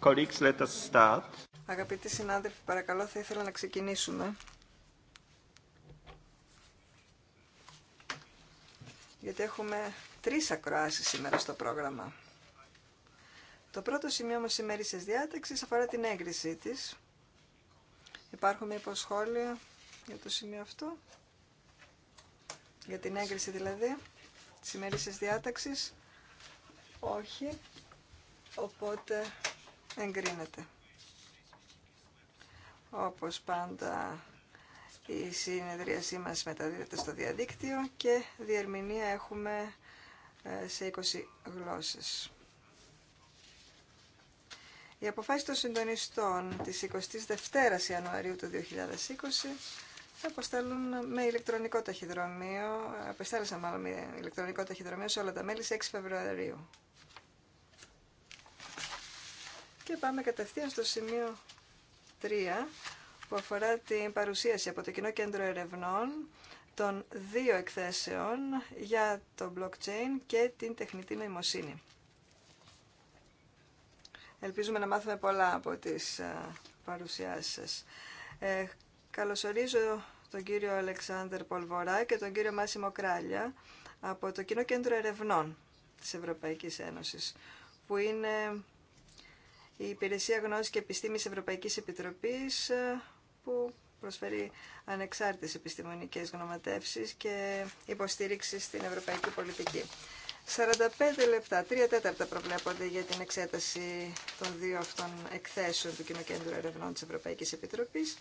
Colleagues, let us start. Αγαπητοί συνάδελφοι, παρακαλώ, θα ήθελα να ξεκινήσουμε. Γιατί έχουμε τρεις ακροάσεις σήμερα στο πρόγραμμα. Το πρώτο σημείο μας σε διάταξη αφορά την έγκρισή της. Υπάρχουν μήπως σχόλια για το σημείο αυτό. Για την έγκριση δηλαδή της ημερήσιας διάταξης. Όχι. Οπότε εγκρίνεται. Όπως πάντα η συνεδρίασή μας μεταδίδεται στο διαδίκτυο και διερμηνία έχουμε ε, σε 20 γλώσσες. Η αποφάση των συντονιστών της 22ης Ιανουαρίου του 2020 θα αποστελούν με ηλεκτρονικό ταχυδρομείο, ε, απεστάλησαν μάλλον με ηλεκτρονικό ταχυδρομείο σε όλα τα μέλη σε 6 Φεβρουαρίου. Και πάμε κατευθείαν στο σημείο 3 που αφορά την παρουσίαση από το Κοινό Κέντρο Ερευνών των δύο εκθέσεων για το blockchain και την τεχνητή νοημοσύνη. Ελπίζουμε να μάθουμε πολλά από τις ε, παρουσιάσεις σας. Ε, καλωσορίζω τον κύριο Αλεξάνδρ Πολβορά και τον κύριο Μάσιμο Κράλια από το Κοινό Κέντρο Ερευνών της Ευρωπαϊκής Ένωσης, που είναι η Υπηρεσία Γνώσης και Επιστήμης Ευρωπαϊκής Επιτροπής ε, που προσφέρει ανεξάρτητες επιστημονικές γνωματεύσεις και υποστήριξη στην ευρωπαϊκή πολιτική. 45 λεπτά, 3 τέταρτα προβλέπονται για την εξέταση των δύο αυτών εκθέσεων του Κοινοκέντρου Ερευνών της Ευρωπαϊκής Επιτροπής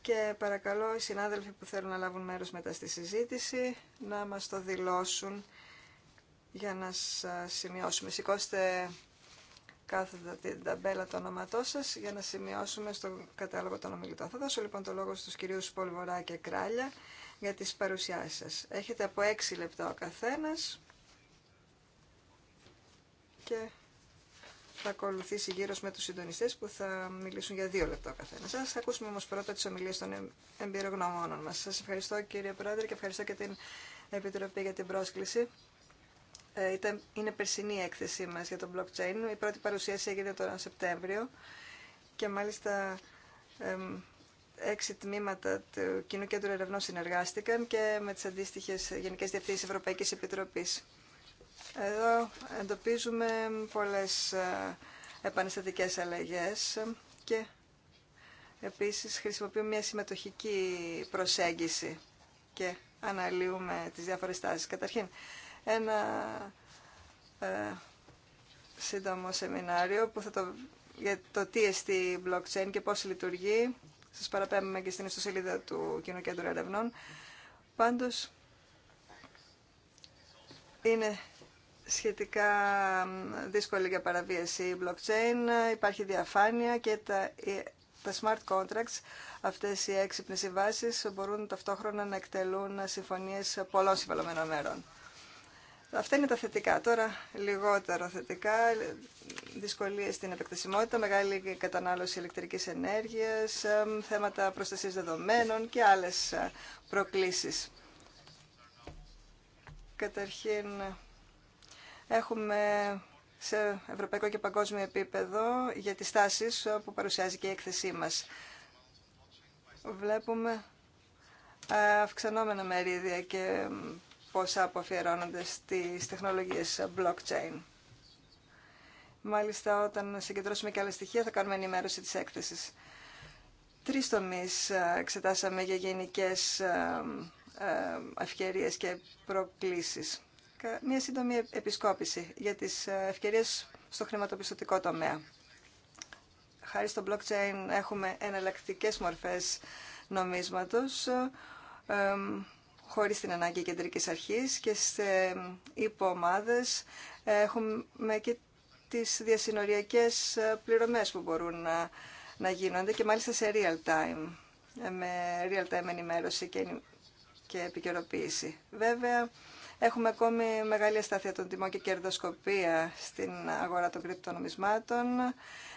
και παρακαλώ οι συνάδελφοι που θέλουν να λάβουν μέρος μετά στη συζήτηση να μας το δηλώσουν για να σας σημειώσουμε. Σηκώστε κάθετα την ταμπέλα του ονόματό σα για να σημειώσουμε στο κατάλογο των ομιλητών. Θα δώσω λοιπόν το λόγο στου κυρίου Πολβορά και Κράλια για τι παρουσιάσει σα. Έχετε από 6 λεπτά ο καθένα και θα ακολουθήσει γύρω με του συντονιστέ που θα μιλήσουν για 2 λεπτά ο καθένα. Α ακούσουμε όμω πρώτα τι ομιλίε των εμπειρογνωμόνων μα. Σα ευχαριστώ κύριε Πρόεδρε και ευχαριστώ και την Επιτροπή για την πρόσκληση. Ε, ήταν, είναι περσινή η έκθεσή μας για το blockchain. Η πρώτη παρουσίαση έγινε τον Σεπτέμβριο και μάλιστα έξι τμήματα του Κοινού Κέντρου Ερευνών συνεργάστηκαν και με τις αντίστοιχες Γενικές Διευθύνσεις Ευρωπαϊκής Επιτροπής. Εδώ εντοπίζουμε πολλές ε, επαναστατικές αλλαγές και επίσης χρησιμοποιούμε μια συμμετοχική προσέγγιση και αναλύουμε τις διάφορες τάσεις. Καταρχήν, ένα ε, σύντομο σεμινάριο που θα το, για το τι εστί blockchain και πώς λειτουργεί. Σας παραπέμπουμε και στην ιστοσελίδα του Κοινού Κέντρου Ερευνών. Πάντως, είναι σχετικά δύσκολη για παραβίαση η blockchain. Υπάρχει διαφάνεια και τα, ε, τα smart contracts, αυτές οι έξυπνες συμβάσει μπορούν ταυτόχρονα να εκτελούν συμφωνίες πολλών συμβαλωμένων μέρων. Αυτά είναι τα θετικά. Τώρα λιγότερο θετικά, δυσκολίες στην επεκτασιμότητα, μεγάλη κατανάλωση ηλεκτρικής ενέργειας, θέματα προστασία δεδομένων και άλλες ε, προκλήσεις. Καταρχήν, έχουμε σε ευρωπαϊκό και παγκόσμιο επίπεδο για τις τάσεις που παρουσιάζει και η έκθεσή μας. Βλέπουμε ε, αυξανόμενα μερίδια και πόσα αποφιερώνονται στις τεχνολογίες blockchain. Μάλιστα, όταν συγκεντρώσουμε και άλλα στοιχεία, θα κάνουμε ενημέρωση της έκθεσης. Τρεις τομείς ε, εξετάσαμε για γενικές ε, ε, ευκαιρίες και προκλήσεις. Μία σύντομη επισκόπηση για τις ευκαιρίες στο χρηματοπιστωτικό τομέα. Χάρη στο blockchain έχουμε εναλλακτικές μορφές νομίσματος, χωρίς την ανάγκη κεντρικής αρχής και σε υποομάδες έχουμε και τις διασυνοριακές ε, πληρωμές που μπορούν να, να γίνονται και μάλιστα σε real time, ε, με real time ενημέρωση και, και επικαιροποίηση. Βέβαια, Έχουμε ακόμη μεγάλη αστάθεια των τιμών και κερδοσκοπία στην αγορά των κρυπτονομισμάτων.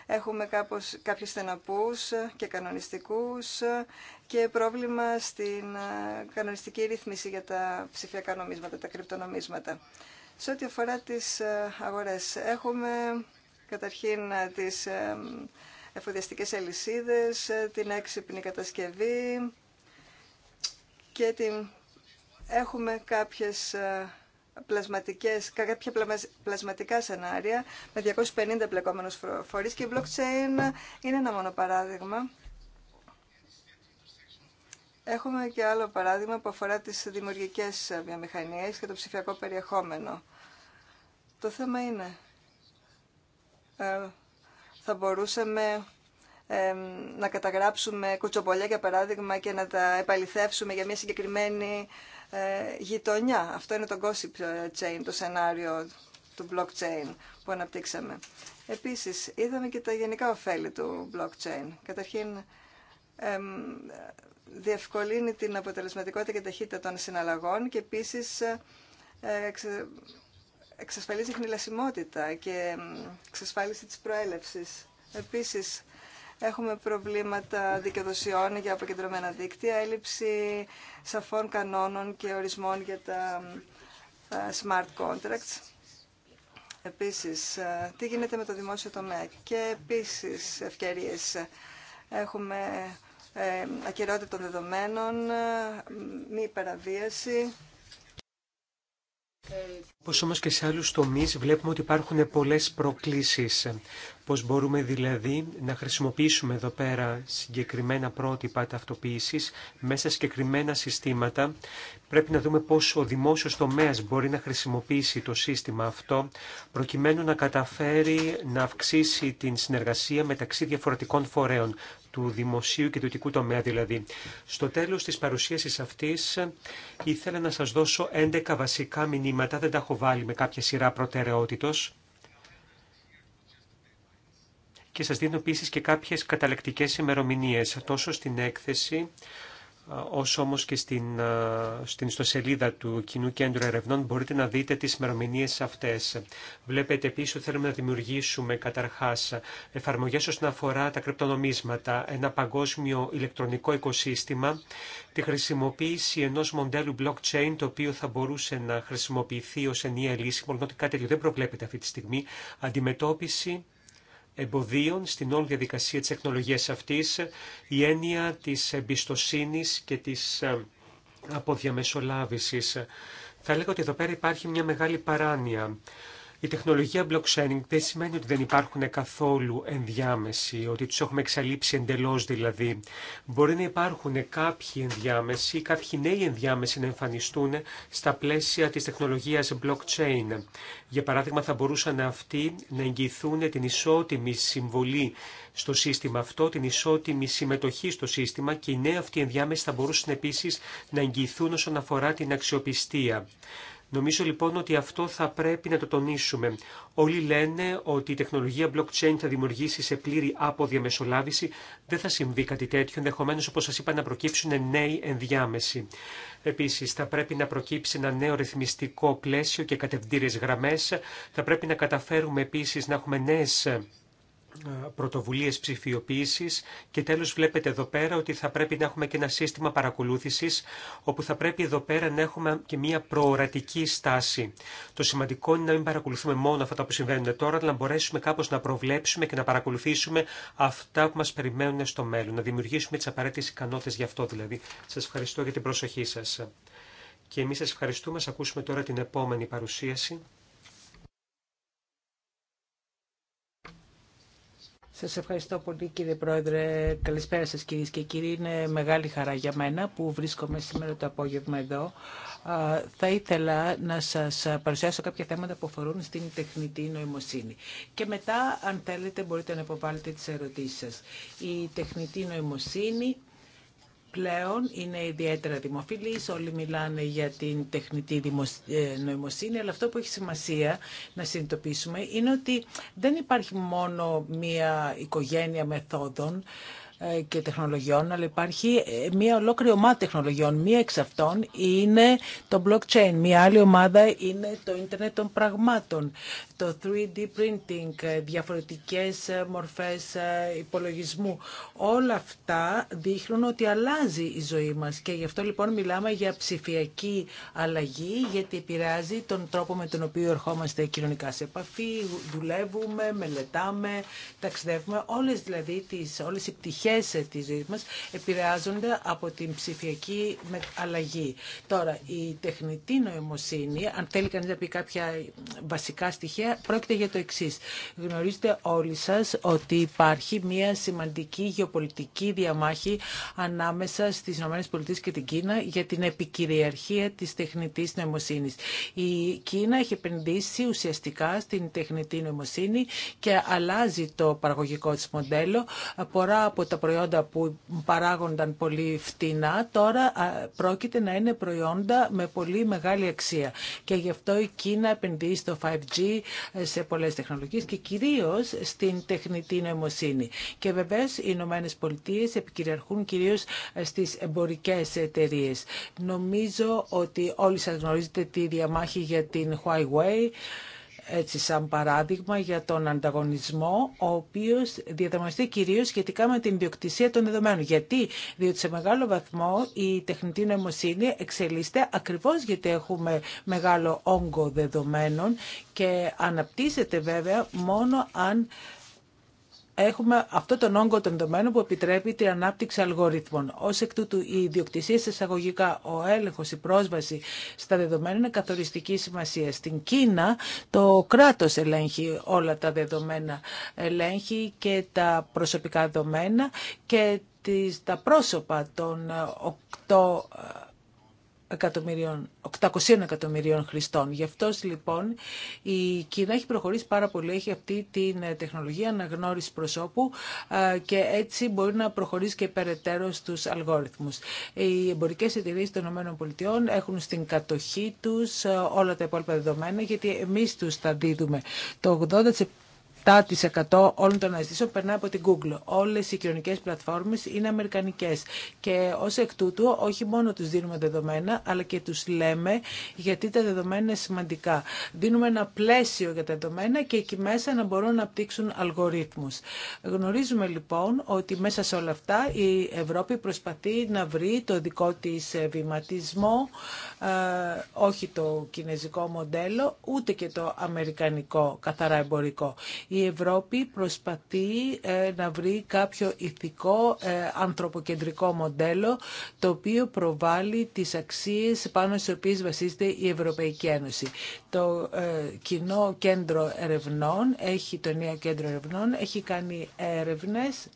Έχουμε κάπως, κάποιους στεναπούς και κανονιστικούς και πρόβλημα στην ε, κανονιστική ρύθμιση για τα ψηφιακά νομίσματα, τα κρυπτονομίσματα. Σε ό,τι αφορά τις ε, αγορές, έχουμε καταρχήν ε, τις εφοδιαστικές αλυσίδες, την έξυπνη κατασκευή και την έχουμε κάποιες ε, πλασματικές, κάποια πλασματικά σενάρια με 250 πλεκόμενους φορείς και η blockchain είναι ένα μόνο παράδειγμα. Έχουμε και άλλο παράδειγμα που αφορά τις δημιουργικές βιομηχανίες και το ψηφιακό περιεχόμενο. Το θέμα είναι, ε, θα μπορούσαμε να καταγράψουμε κουτσομπολιά για παράδειγμα και να τα επαληθεύσουμε για μια συγκεκριμένη ε, γειτονιά. Αυτό είναι το gossip ε, chain, το σενάριο του blockchain που αναπτύξαμε. Επίσης, είδαμε και τα γενικά ωφέλη του blockchain. Καταρχήν, διευκολύνει την αποτελεσματικότητα και ταχύτητα των συναλλαγών και επίσης ε, εξε, εξασφαλίζει χνηλασιμότητα και εξασφάλιση της προέλευσης. Επίσης, Έχουμε προβλήματα δικαιοδοσιών για αποκεντρωμένα δίκτυα, έλλειψη σαφών κανόνων και ορισμών για τα ε, smart contracts. Επίσης, ε, τι γίνεται με το δημόσιο τομέα και επίσης ευκαιρίες. Έχουμε ε, ακυρότητα των δεδομένων, μη παραβίαση όπως όμως και σε άλλους τομείς βλέπουμε ότι υπάρχουν πολλές προκλήσεις. Πώς μπορούμε δηλαδή να χρησιμοποιήσουμε εδώ πέρα συγκεκριμένα πρότυπα ταυτοποίησης μέσα σε συγκεκριμένα συστήματα. Πρέπει να δούμε πώς ο δημόσιος τομέας μπορεί να χρησιμοποιήσει το σύστημα αυτό προκειμένου να καταφέρει να αυξήσει την συνεργασία μεταξύ διαφορετικών φορέων του δημοσίου και του ιδιωτικού τομέα δηλαδή. Στο τέλος της παρουσίασης αυτής ήθελα να σας δώσω 11 βασικά μηνύματα, δεν τα έχω βάλει με κάποια σειρά προτεραιότητος. Και σας δίνω επίση και κάποιες καταλεκτικές ημερομηνίε τόσο στην έκθεση όσο όμως και στην, στην ιστοσελίδα του Κοινού Κέντρου Ερευνών μπορείτε να δείτε τις ημερομηνίε αυτές. Βλέπετε επίσης ότι θέλουμε να δημιουργήσουμε καταρχάς εφαρμογές όσον αφορά τα κρυπτονομίσματα, ένα παγκόσμιο ηλεκτρονικό οικοσύστημα, τη χρησιμοποίηση ενός μοντέλου blockchain το οποίο θα μπορούσε να χρησιμοποιηθεί ως ενιαία λύση, μόνο ότι κάτι τέτοιο δεν προβλέπεται αυτή τη στιγμή, αντιμετώπιση εμποδίων στην όλη διαδικασία της τεχνολογίας αυτής, η έννοια της εμπιστοσύνης και της ε, αποδιαμεσολάβησης. Θα λέγω ότι εδώ πέρα υπάρχει μια μεγάλη παράνοια. Η τεχνολογία blockchain δεν σημαίνει ότι δεν υπάρχουν καθόλου ενδιάμεση, ότι τους έχουμε εξαλείψει εντελώς δηλαδή. Μπορεί να υπάρχουν κάποιοι ενδιάμεσοι, κάποιοι νέοι ενδιάμεσοι να εμφανιστούν στα πλαίσια της τεχνολογίας blockchain. Για παράδειγμα θα μπορούσαν αυτοί να εγγυηθούν την ισότιμη συμβολή στο σύστημα αυτό, την ισότιμη συμμετοχή στο σύστημα και οι νέοι αυτοί ενδιάμεσοι θα μπορούσαν επίσης να εγγυηθούν όσον αφορά την αξιοπιστία. Νομίζω λοιπόν ότι αυτό θα πρέπει να το τονίσουμε. Όλοι λένε ότι η τεχνολογία blockchain θα δημιουργήσει σε πλήρη αποδιαμεσολάβηση. Δεν θα συμβεί κάτι τέτοιο. Ενδεχομένω, όπω σα είπα, να προκύψουν νέοι ενδιάμεσοι. Επίση, θα πρέπει να προκύψει ένα νέο ρυθμιστικό πλαίσιο και κατευντήρες γραμμέ. Θα πρέπει να καταφέρουμε επίση να έχουμε νέε ε, πρωτοβουλίες ψηφιοποίησης και τέλος βλέπετε εδώ πέρα ότι θα πρέπει να έχουμε και ένα σύστημα παρακολούθησης όπου θα πρέπει εδώ πέρα να έχουμε και μια προορατική στάση. Το σημαντικό είναι να μην παρακολουθούμε μόνο αυτά που συμβαίνουν τώρα αλλά να μπορέσουμε κάπως να προβλέψουμε και να παρακολουθήσουμε αυτά που μας περιμένουν στο μέλλον. Να δημιουργήσουμε τις απαραίτητες ικανότητες γι' αυτό δηλαδή. Σας ευχαριστώ για την προσοχή σας. Και εμείς σας ευχαριστούμε. Σας ακούσουμε τώρα την επόμενη παρουσίαση. Σας ευχαριστώ πολύ κύριε Πρόεδρε. Καλησπέρα σας κυρίες και κύριοι. Είναι μεγάλη χαρά για μένα που βρίσκομαι σήμερα το απόγευμα εδώ. Θα ήθελα να σας παρουσιάσω κάποια θέματα που αφορούν στην τεχνητή νοημοσύνη. Και μετά, αν θέλετε, μπορείτε να υποβάλλετε τις ερωτήσεις σας. Η τεχνητή νοημοσύνη πλέον είναι ιδιαίτερα δημοφιλής, όλοι μιλάνε για την τεχνητή ε, νοημοσύνη, αλλά αυτό που έχει σημασία να συνειδητοποιήσουμε είναι ότι δεν υπάρχει μόνο μία οικογένεια μεθόδων, ε, και τεχνολογιών, αλλά υπάρχει ε, μια ολόκληρη ομάδα τεχνολογιών. Μία εξ αυτών είναι το blockchain, μία άλλη ομάδα είναι το ίντερνετ των πραγμάτων το 3D printing, ε, διαφορετικές ε, μορφές ε, υπολογισμού. Όλα αυτά δείχνουν ότι αλλάζει η ζωή μας και γι' αυτό λοιπόν μιλάμε για ψηφιακή αλλαγή γιατί επηρεάζει τον τρόπο με τον οποίο ερχόμαστε κοινωνικά σε επαφή, δουλεύουμε, μελετάμε, ταξιδεύουμε. Όλες δηλαδή τις, όλες οι πτυχές της ζωής μας επηρεάζονται από την ψηφιακή αλλαγή. Τώρα, η τεχνητή νοημοσύνη, αν θέλει κανείς να πει κάποια βασικά στοιχεία, πρόκειται για το εξή. Γνωρίζετε όλοι σα ότι υπάρχει μια σημαντική γεωπολιτική διαμάχη ανάμεσα στι ΗΠΑ και την Κίνα για την επικυριαρχία τη τεχνητή νοημοσύνη. Η Κίνα έχει επενδύσει ουσιαστικά στην τεχνητή νοημοσύνη και αλλάζει το παραγωγικό τη μοντέλο. Πορά από τα προϊόντα που παράγονταν πολύ φτηνά τώρα πρόκειται να είναι προϊόντα με πολύ μεγάλη αξία. Και γι' αυτό η Κίνα επενδύει στο 5G, σε πολλές τεχνολογίες και κυρίως στην τεχνητή νοημοσύνη. Και βεβαίως οι Ηνωμένε Πολιτείε επικυριαρχούν κυρίως στις εμπορικές εταιρείε. Νομίζω ότι όλοι σας γνωρίζετε τη διαμάχη για την Huawei έτσι σαν παράδειγμα για τον ανταγωνισμό, ο οποίος διαδραμαστεί κυρίως σχετικά με την ιδιοκτησία των δεδομένων. Γιατί, διότι σε μεγάλο βαθμό η τεχνητή νοημοσύνη εξελίσσεται ακριβώς γιατί έχουμε μεγάλο όγκο δεδομένων και αναπτύσσεται βέβαια μόνο αν έχουμε αυτό τον όγκο των δεδομένων που επιτρέπει την ανάπτυξη αλγορίθμων. Ω εκ τούτου, η ιδιοκτησία εισαγωγικά, ο έλεγχο, η πρόσβαση στα δεδομένα είναι καθοριστική σημασία. Στην Κίνα, το κράτο ελέγχει όλα τα δεδομένα. Ελέγχει και τα προσωπικά δεδομένα και τα πρόσωπα των οκτώ εκατομμυρίων, 800 εκατομμυρίων χρηστών. Γι' αυτό λοιπόν η Κίνα έχει προχωρήσει πάρα πολύ, έχει αυτή την ε, τεχνολογία αναγνώριση προσώπου ε, και έτσι μπορεί να προχωρήσει και περαιτέρω στους αλγόριθμους. Οι εμπορικές εταιρείες των ΗΠΑ έχουν στην κατοχή τους ε, όλα τα υπόλοιπα δεδομένα γιατί εμείς τους τα δίδουμε. Το 80% 7% όλων των αναζητήσεων περνά από την Google. Όλες οι κοινωνικέ πλατφόρμες είναι αμερικανικέ. και ως εκ τούτου όχι μόνο τους δίνουμε δεδομένα αλλά και τους λέμε γιατί τα δεδομένα είναι σημαντικά. Δίνουμε ένα πλαίσιο για τα δεδομένα και εκεί μέσα να μπορούν να απτύξουν αλγορίθμους. Γνωρίζουμε λοιπόν ότι μέσα σε όλα αυτά η Ευρώπη προσπαθεί να βρει το δικό τη ε, βηματισμό ε, όχι το κινέζικο μοντέλο, ούτε και το αμερικανικό καθαρά εμπορικό. Η Ευρώπη προσπαθεί ε, να βρει κάποιο ηθικό, ε, ανθρωποκεντρικό μοντέλο, το οποίο προβάλλει τις αξίες πάνω στις οποίες βασίζεται η Ευρωπαϊκή Ένωση. Το κοινό κέντρο ερευνών, έχει το νέο κέντρο ερευνών, έχει κάνει έρευνες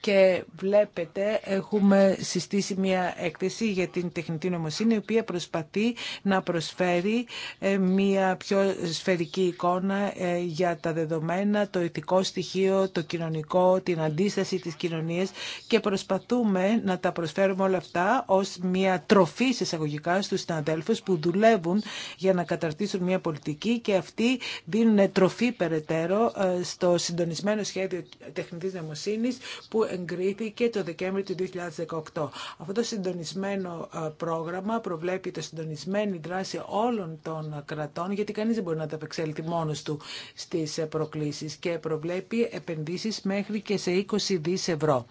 και βλέπετε έχουμε συστήσει μια έκθεση για την τεχνητή νομοσύνη η οποία προσπαθεί να προσφέρει ε, μια πιο σφαιρική εικόνα ε, για τα δεδομένα, το ηθικό στοιχείο, το κοινωνικό, την αντίσταση της κοινωνίας και προσπαθούμε να τα προσφέρουμε όλα αυτά ως μια τροφή εισαγωγικά στους συναδέλφους που δουλεύουν για να καταρτήσουν μια πολιτική και αυτοί δίνουν τροφή περαιτέρω ε, στο συντονισμένο σχέδιο τεχνητής νομοσύνης εγκρίθηκε το Δεκέμβριο του 2018. Αυτό το συντονισμένο ε, πρόγραμμα προβλέπει το συντονισμένη δράση όλων των κρατών, γιατί κανεί δεν μπορεί να τα απεξέλθει μόνος του στι ε, προκλήσει και προβλέπει επενδύσει μέχρι και σε 20 δι ευρώ.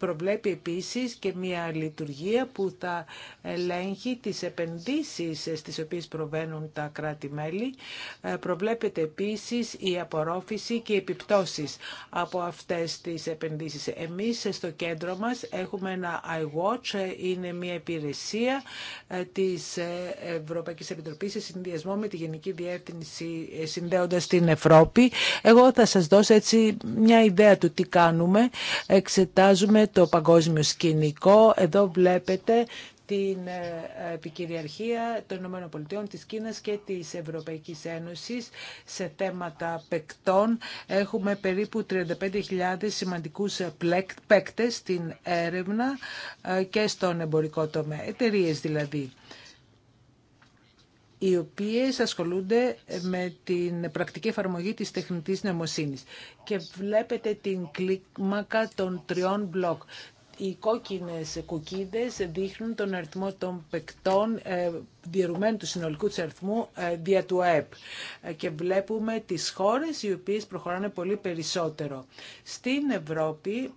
Προβλέπει επίσης και μια λειτουργία που θα ελέγχει τις επενδύσεις στις οποίες προβαίνουν τα κράτη-μέλη. Ε, προβλέπεται επίσης η απορρόφηση και οι επιπτώσεις από αυτές τις επενδύσεις. Εμείς στο κέντρο μας έχουμε ένα iWatch, είναι μια υπηρεσία ε, της Ευρωπαϊκής Επιτροπής σε συνδυασμό με τη Γενική Διεύθυνση ε, συνδέοντας την Ευρώπη. Εγώ θα σας δώσω έτσι μια ιδέα του τι κάνουμε. Εξετάζουμε το παγκόσμιο σκηνικό. Εδώ βλέπετε την ε, επικυριαρχία των ΗΠΑ, της Κίνας και της Ευρωπαϊκής Ένωσης σε θέματα παικτών. Έχουμε περίπου 35.000 σημαντικούς ε, παίκτες στην έρευνα ε, και στον εμπορικό τομέα, εταιρείε δηλαδή οι οποίες ασχολούνται με την πρακτική εφαρμογή της τεχνητής νοημοσύνης. Και βλέπετε την κλίμακα των τριών μπλοκ. Οι κόκκινες κουκίδες δείχνουν τον αριθμό των παικτών ε, διερουμένου του συνολικού του αριθμού ε, δια του ΑΕΠ. Ε, και βλέπουμε τις χώρες οι οποίες προχωράνε πολύ περισσότερο. Στην Ευρώπη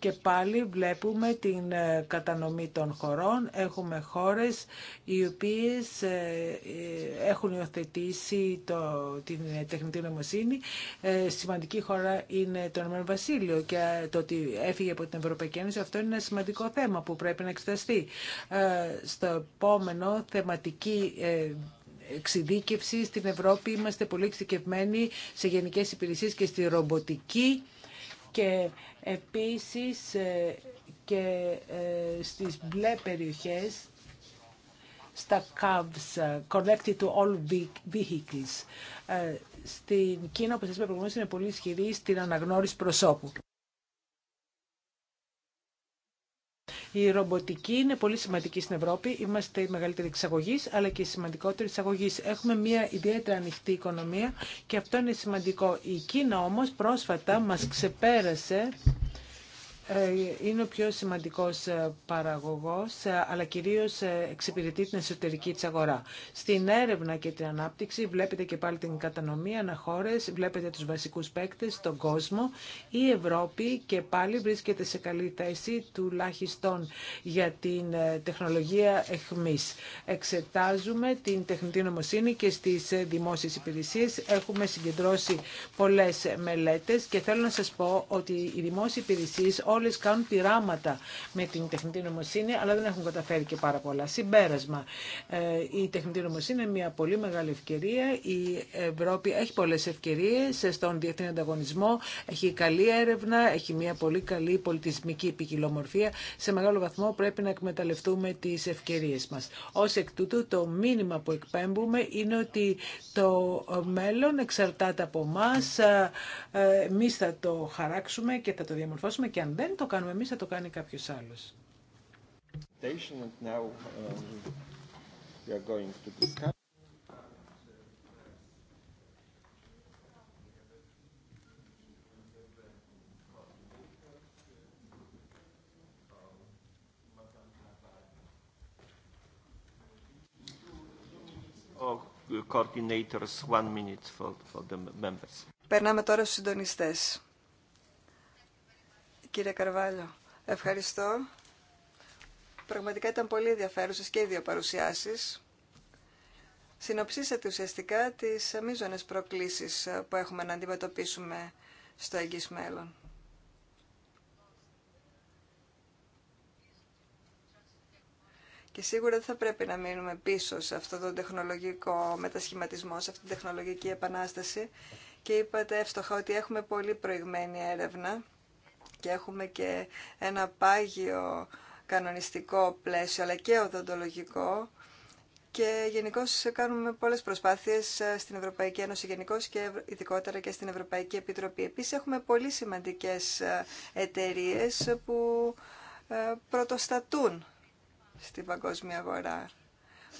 και πάλι βλέπουμε την ε, κατανομή των χωρών. Έχουμε χώρες οι οποίες ε, ε, έχουν υιοθετήσει το, την τεχνητή νομοσύνη. Σημαντική χώρα είναι το Ηνωμένο Βασίλειο και το ότι έφυγε από την Ευρωπαϊκή Ένωση αυτό είναι ένα σημαντικό θέμα που πρέπει να εξεταστεί. Στο επόμενο θεματική εξειδίκευση στην Ευρώπη είμαστε πολύ εξειδικευμένοι σε γενικές υπηρεσίες και στη ρομποτική και επίσης ε, και ε, στις μπλε περιοχές στα CAVs, ε, Connected to All Vehicles. Στην Κίνα, όπως σας είπα προηγουμένως, είναι πολύ ισχυρή στην αναγνώριση προσώπου. Η ρομποτική είναι πολύ σημαντική στην Ευρώπη. Είμαστε η μεγαλύτερη εξαγωγή, αλλά και η σημαντικότερη εξαγωγή. Έχουμε μια ιδιαίτερα ανοιχτή οικονομία και αυτό είναι σημαντικό. Η Κίνα όμω πρόσφατα μα ξεπέρασε ε, είναι ο πιο σημαντικός ε, παραγωγός, ε, αλλά κυρίως εξυπηρετεί την εσωτερική της αγορά. Στην έρευνα και την ανάπτυξη βλέπετε και πάλι την κατανομή αναχώρες, βλέπετε τους βασικούς παίκτες, τον κόσμο. Η Ευρώπη και πάλι βρίσκεται σε καλή θέση, τουλάχιστον για την τεχνολογία εχμής. Εξετάζουμε την τεχνητή νομοσύνη και στις δημόσιες υπηρεσίες. Έχουμε συγκεντρώσει πολλές μελέτες και θέλω να σας πω ότι οι δημόσιες υπηρεσίες όλες κάνουν πειράματα με την τεχνητή νομοσύνη, αλλά δεν έχουν καταφέρει και πάρα πολλά. Συμπέρασμα, ε, η τεχνητή νομοσύνη είναι μια πολύ μεγάλη ευκαιρία. Η Ευρώπη έχει πολλές ευκαιρίες στον διεθνή ανταγωνισμό, έχει καλή έρευνα, έχει μια πολύ καλή πολιτισμική ποικιλομορφία. Σε μεγάλο βαθμό πρέπει να εκμεταλλευτούμε τις ευκαιρίες μας. Ως εκ τούτου το μήνυμα που εκπέμπουμε είναι ότι το μέλλον εξαρτάται από εμά. Ε, Εμεί θα το χαράξουμε και θα το διαμορφώσουμε και αν δεν δεν το κάνουμε εμείς, θα το κάνει κάποιος άλλος. Περνάμε τώρα στους συντονιστές κύριε Καρβάλιο. Ευχαριστώ. Πραγματικά ήταν πολύ ενδιαφέρουσες και οι δύο παρουσιάσεις. Συνοψίσατε ουσιαστικά τις μείζονε προκλήσεις που έχουμε να αντιμετωπίσουμε στο εγγύς μέλλον. Και σίγουρα δεν θα πρέπει να μείνουμε πίσω σε αυτό τον τεχνολογικό μετασχηματισμό, σε αυτή την τεχνολογική επανάσταση. Και είπατε εύστοχα ότι έχουμε πολύ προηγμένη έρευνα και έχουμε και ένα πάγιο κανονιστικό πλαίσιο αλλά και οδοντολογικό και γενικώ κάνουμε πολλέ προσπάθειε ε, στην Ευρωπαϊκή Ένωση γενικώ και ειδικότερα και στην Ευρωπαϊκή Επιτροπή. Επίση, έχουμε πολύ σημαντικέ ε, εταιρείε που ε, πρωτοστατούν στην παγκόσμια αγορά.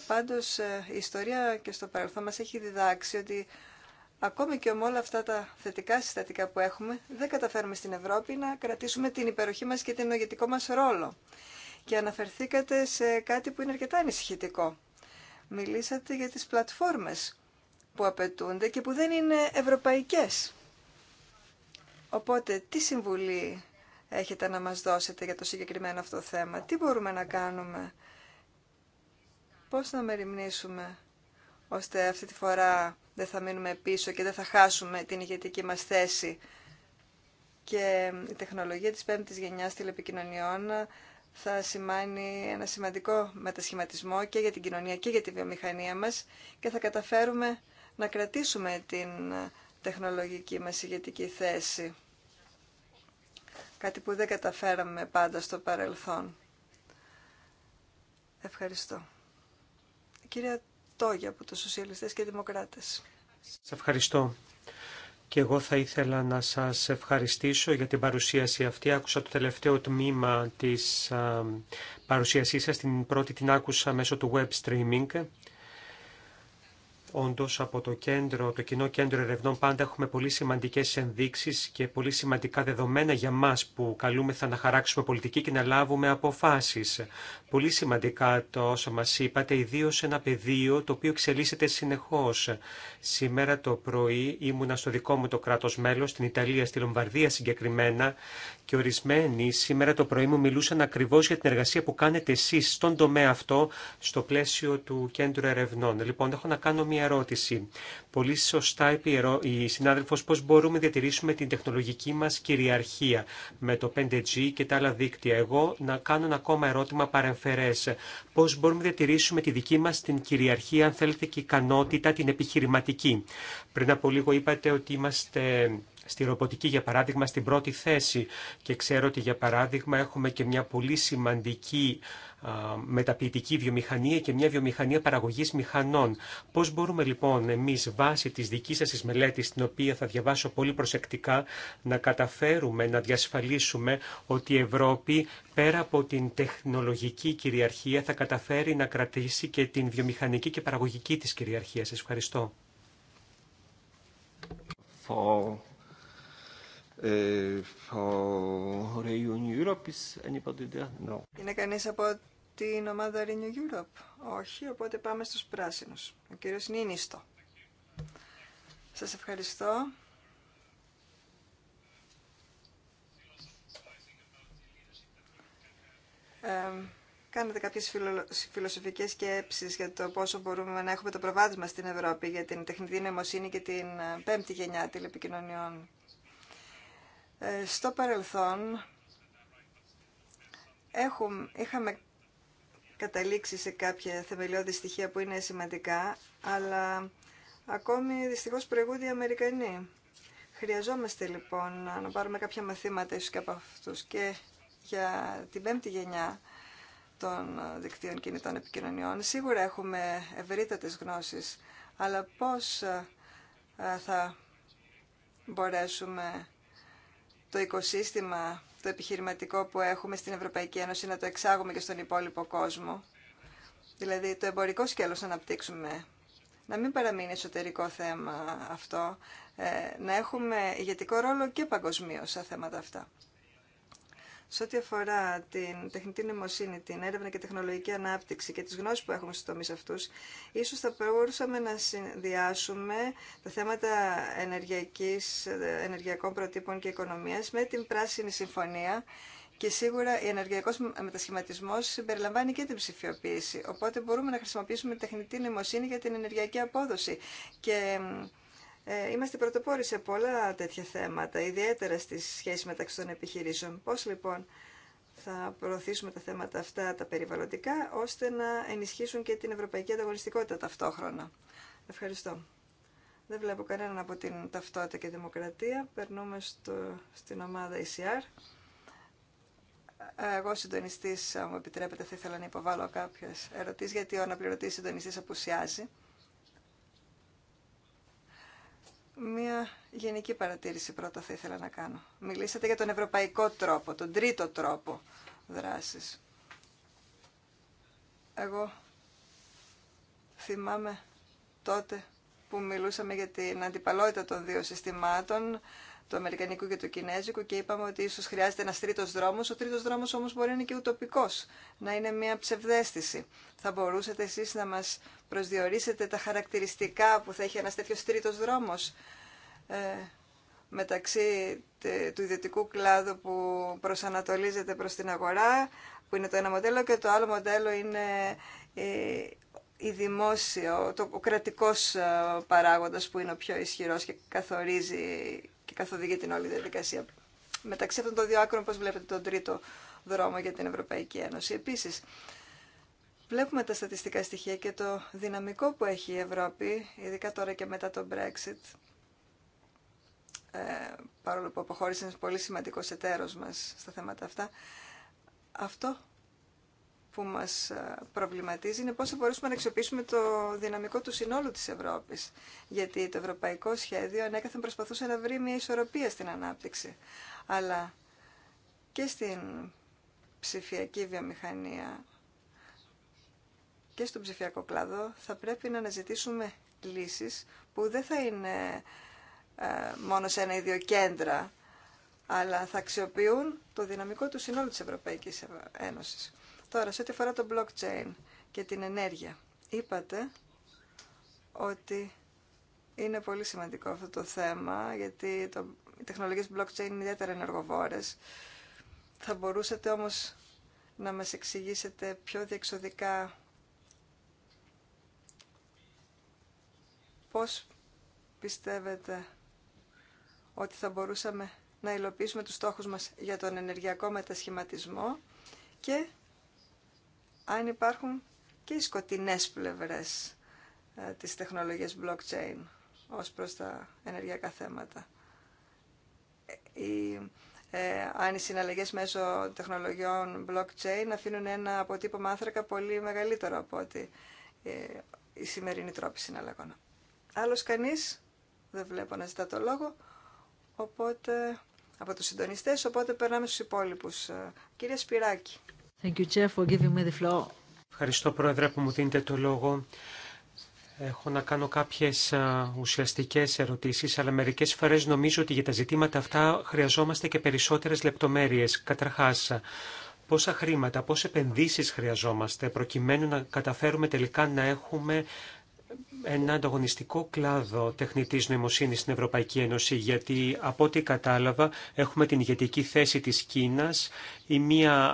Πάντως, η ιστορία και στο παρελθόν μας έχει διδάξει ότι Ακόμη και με όλα αυτά τα θετικά συστατικά που έχουμε, δεν καταφέρουμε στην Ευρώπη να κρατήσουμε την υπεροχή μας και την ηγετικό μας ρόλο. Και αναφερθήκατε σε κάτι που είναι αρκετά ανησυχητικό. Μιλήσατε για τις πλατφόρμες που απαιτούνται και που δεν είναι ευρωπαϊκές. Οπότε, τι συμβουλή έχετε να μας δώσετε για το συγκεκριμένο αυτό θέμα. Τι μπορούμε να κάνουμε. Πώς να μεριμνήσουμε ώστε αυτή τη φορά δεν θα μείνουμε πίσω και δεν θα χάσουμε την ηγετική μας θέση. Και η τεχνολογία της πέμπτης γενιάς τηλεπικοινωνιών θα σημάνει ένα σημαντικό μετασχηματισμό και για την κοινωνία και για τη βιομηχανία μας και θα καταφέρουμε να κρατήσουμε την τεχνολογική μας ηγετική θέση. Κάτι που δεν καταφέραμε πάντα στο παρελθόν. Ευχαριστώ. Κυρία Τόγια από τους Σοσιαλιστές και Δημοκράτες. Σας ευχαριστώ. Και εγώ θα ήθελα να σας ευχαριστήσω για την παρουσίαση αυτή. Άκουσα το τελευταίο τμήμα της παρουσίασής σας, την πρώτη την άκουσα μέσω του web streaming. Όντω, από το, κέντρο, το κοινό κέντρο ερευνών πάντα έχουμε πολύ σημαντικέ ενδείξει και πολύ σημαντικά δεδομένα για μα που καλούμεθα να χαράξουμε πολιτική και να λάβουμε αποφάσει. Πολύ σημαντικά το όσα μα είπατε, ιδίω ένα πεδίο το οποίο εξελίσσεται συνεχώ. Σήμερα το πρωί ήμουνα στο δικό μου το κράτο μέλο, στην Ιταλία, στη Λομβαρδία συγκεκριμένα και ορισμένοι σήμερα το πρωί μου μιλούσαν ακριβώ για την εργασία που κάνετε εσεί στον τομέα αυτό, στο πλαίσιο του κέντρου ερευνών. Λοιπόν, έχω να κάνω μία ερώτηση. Πολύ σωστά είπε η συνάδελφο, πώ μπορούμε να διατηρήσουμε την τεχνολογική μα κυριαρχία με το 5G και τα άλλα δίκτυα. Εγώ να κάνω ένα ακόμα ερώτημα παρεμφερέ. Πώ μπορούμε να διατηρήσουμε τη δική μα την κυριαρχία, αν θέλετε, και ικανότητα την επιχειρηματική. Πριν από λίγο είπατε ότι είμαστε στη ρομποτική για παράδειγμα στην πρώτη θέση και ξέρω ότι για παράδειγμα έχουμε και μια πολύ σημαντική μεταποιητική βιομηχανία και μια βιομηχανία παραγωγής μηχανών. Πώς μπορούμε λοιπόν εμείς βάσει της δικής σας της μελέτης, την οποία θα διαβάσω πολύ προσεκτικά, να καταφέρουμε να διασφαλίσουμε ότι η Ευρώπη πέρα από την τεχνολογική κυριαρχία θα καταφέρει να κρατήσει και την βιομηχανική και παραγωγική της κυριαρχία. Σας ευχαριστώ. For ε, Europe is anybody Είναι κανείς από την ομάδα Renew Europe? Όχι, οπότε πάμε στους πράσινους. Ο κύριος Νίνιστο. Σας ευχαριστώ. Ε, κάνετε κάποιες φιλο, φιλοσοφικές σκέψεις για το πόσο μπορούμε να έχουμε το προβάδισμα στην Ευρώπη για την τεχνητή νοημοσύνη και την ε, πέμπτη γενιά τηλεπικοινωνιών ε, στο παρελθόν έχουμε, είχαμε καταλήξει σε κάποια θεμελιώδη στοιχεία που είναι σημαντικά, αλλά ακόμη δυστυχώς προηγούνται οι Αμερικανοί. Χρειαζόμαστε λοιπόν να πάρουμε κάποια μαθήματα ίσως και από αυτούς και για την πέμπτη γενιά των δικτύων κινητών επικοινωνιών. Σίγουρα έχουμε ευρύτατες γνώσεις, αλλά πώς ε, θα μπορέσουμε το οικοσύστημα, το επιχειρηματικό που έχουμε στην Ευρωπαϊκή Ένωση να το εξάγουμε και στον υπόλοιπο κόσμο. Δηλαδή το εμπορικό σκέλος να αναπτύξουμε. Να μην παραμείνει εσωτερικό θέμα αυτό. Ε, να έχουμε ηγετικό ρόλο και παγκοσμίω σε θέματα αυτά. Σε ό,τι αφορά την τεχνητή νοημοσύνη, την έρευνα και τεχνολογική ανάπτυξη και τις γνώσεις που έχουμε στους τομείς αυτούς, ίσως θα μπορούσαμε να συνδυάσουμε τα θέματα ενεργειακής, ενεργειακών προτύπων και οικονομίας με την Πράσινη Συμφωνία και σίγουρα η ενεργειακός μετασχηματισμός συμπεριλαμβάνει και την ψηφιοποίηση. Οπότε μπορούμε να χρησιμοποιήσουμε τεχνητή νοημοσύνη για την ενεργειακή απόδοση και ε, είμαστε πρωτοπόροι σε πολλά τέτοια θέματα, ιδιαίτερα στη σχέση μεταξύ των επιχειρήσεων. Πώς λοιπόν θα προωθήσουμε τα θέματα αυτά τα περιβαλλοντικά, ώστε να ενισχύσουν και την ευρωπαϊκή ανταγωνιστικότητα ταυτόχρονα. Ευχαριστώ. Δεν βλέπω κανέναν από την ταυτότητα και δημοκρατία. Περνούμε στο, στην ομάδα ECR. Εγώ συντονιστή, αν μου επιτρέπετε, θα ήθελα να υποβάλω κάποιε ερωτήσει, γιατί ο αναπληρωτή συντονιστή απουσιάζει. Μία γενική παρατήρηση πρώτα θα ήθελα να κάνω. Μιλήσατε για τον ευρωπαϊκό τρόπο, τον τρίτο τρόπο δράσης. Εγώ θυμάμαι τότε που μιλούσαμε για την αντιπαλότητα των δύο συστημάτων του Αμερικανικού και του Κινέζικου και είπαμε ότι ίσως χρειάζεται ένας τρίτος δρόμος. Ο τρίτος δρόμος όμως μπορεί να είναι και ουτοπικός, να είναι μια ψευδέστηση. Θα μπορούσατε εσείς να μας προσδιορίσετε τα χαρακτηριστικά που θα έχει ένας τέτοιος τρίτος δρόμος ε, μεταξύ του ιδιωτικού κλάδου που προσανατολίζεται προς την αγορά, που είναι το ένα μοντέλο και το άλλο μοντέλο είναι ε, η δημόσιο, το, ο κρατικός ε, παράγοντας που είναι ο πιο ισχυρός και καθορίζει και καθοδηγεί την όλη διαδικασία. Μεταξύ αυτών των δύο άκρων, πώς βλέπετε τον τρίτο δρόμο για την Ευρωπαϊκή Ένωση. Επίσης, βλέπουμε τα στατιστικά στοιχεία και το δυναμικό που έχει η Ευρώπη, ειδικά τώρα και μετά το Brexit, ε, παρόλο που αποχώρησε ένας πολύ σημαντικό εταίρος μας στα θέματα αυτά, αυτό που μας ε, προβληματίζει είναι πώς θα μπορούσαμε να αξιοποιήσουμε το δυναμικό του συνόλου της Ευρώπης. Γιατί το ευρωπαϊκό σχέδιο ανέκαθεν προσπαθούσε να βρει μια ισορροπία στην ανάπτυξη. Αλλά και στην ψηφιακή βιομηχανία και στον ψηφιακό κλάδο θα πρέπει να αναζητήσουμε λύσεις που δεν θα είναι ε, μόνο σε ένα ίδιο κέντρα, αλλά θα αξιοποιούν το δυναμικό του συνόλου της Ευρωπαϊκής Ένωσης. Τώρα, σε ό,τι αφορά το blockchain και την ενέργεια, είπατε ότι είναι πολύ σημαντικό αυτό το θέμα, γιατί το, οι τεχνολογίες blockchain είναι ιδιαίτερα ενεργοβόρες. Θα μπορούσατε όμως να μας εξηγήσετε πιο διεξοδικά πώς πιστεύετε ότι θα μπορούσαμε να υλοποιήσουμε τους στόχους μας για τον ενεργειακό μετασχηματισμό και αν υπάρχουν και οι σκοτεινές πλευρές ε, της τεχνολογίας blockchain ως προς τα ενεργειακά θέματα. Ε, ε, αν οι συναλλαγές μέσω τεχνολογιών blockchain αφήνουν ένα αποτύπωμα άνθρακα πολύ μεγαλύτερο από ότι ε, η σημερινή τρόπη συναλλαγών. Άλλος κανείς δεν βλέπω να ζητά το λόγο, οπότε από τους συντονιστές, οπότε περνάμε στους υπόλοιπους. Ε, κύριε Σπυράκη. Ευχαριστώ, Πρόεδρε, που μου δίνετε το λόγο. Έχω να κάνω κάποιες ουσιαστικές ερωτήσεις, αλλά μερικές φορές νομίζω ότι για τα ζητήματα αυτά χρειαζόμαστε και περισσότερες λεπτομέρειες. Καταρχάς, πόσα χρήματα, πόσες επενδύσεις χρειαζόμαστε προκειμένου να καταφέρουμε τελικά να έχουμε ένα ανταγωνιστικό κλάδο τεχνητής νοημοσύνης στην Ευρωπαϊκή Ένωση, γιατί από ό,τι κατάλαβα έχουμε την ηγετική θέση της Κίνας ή μια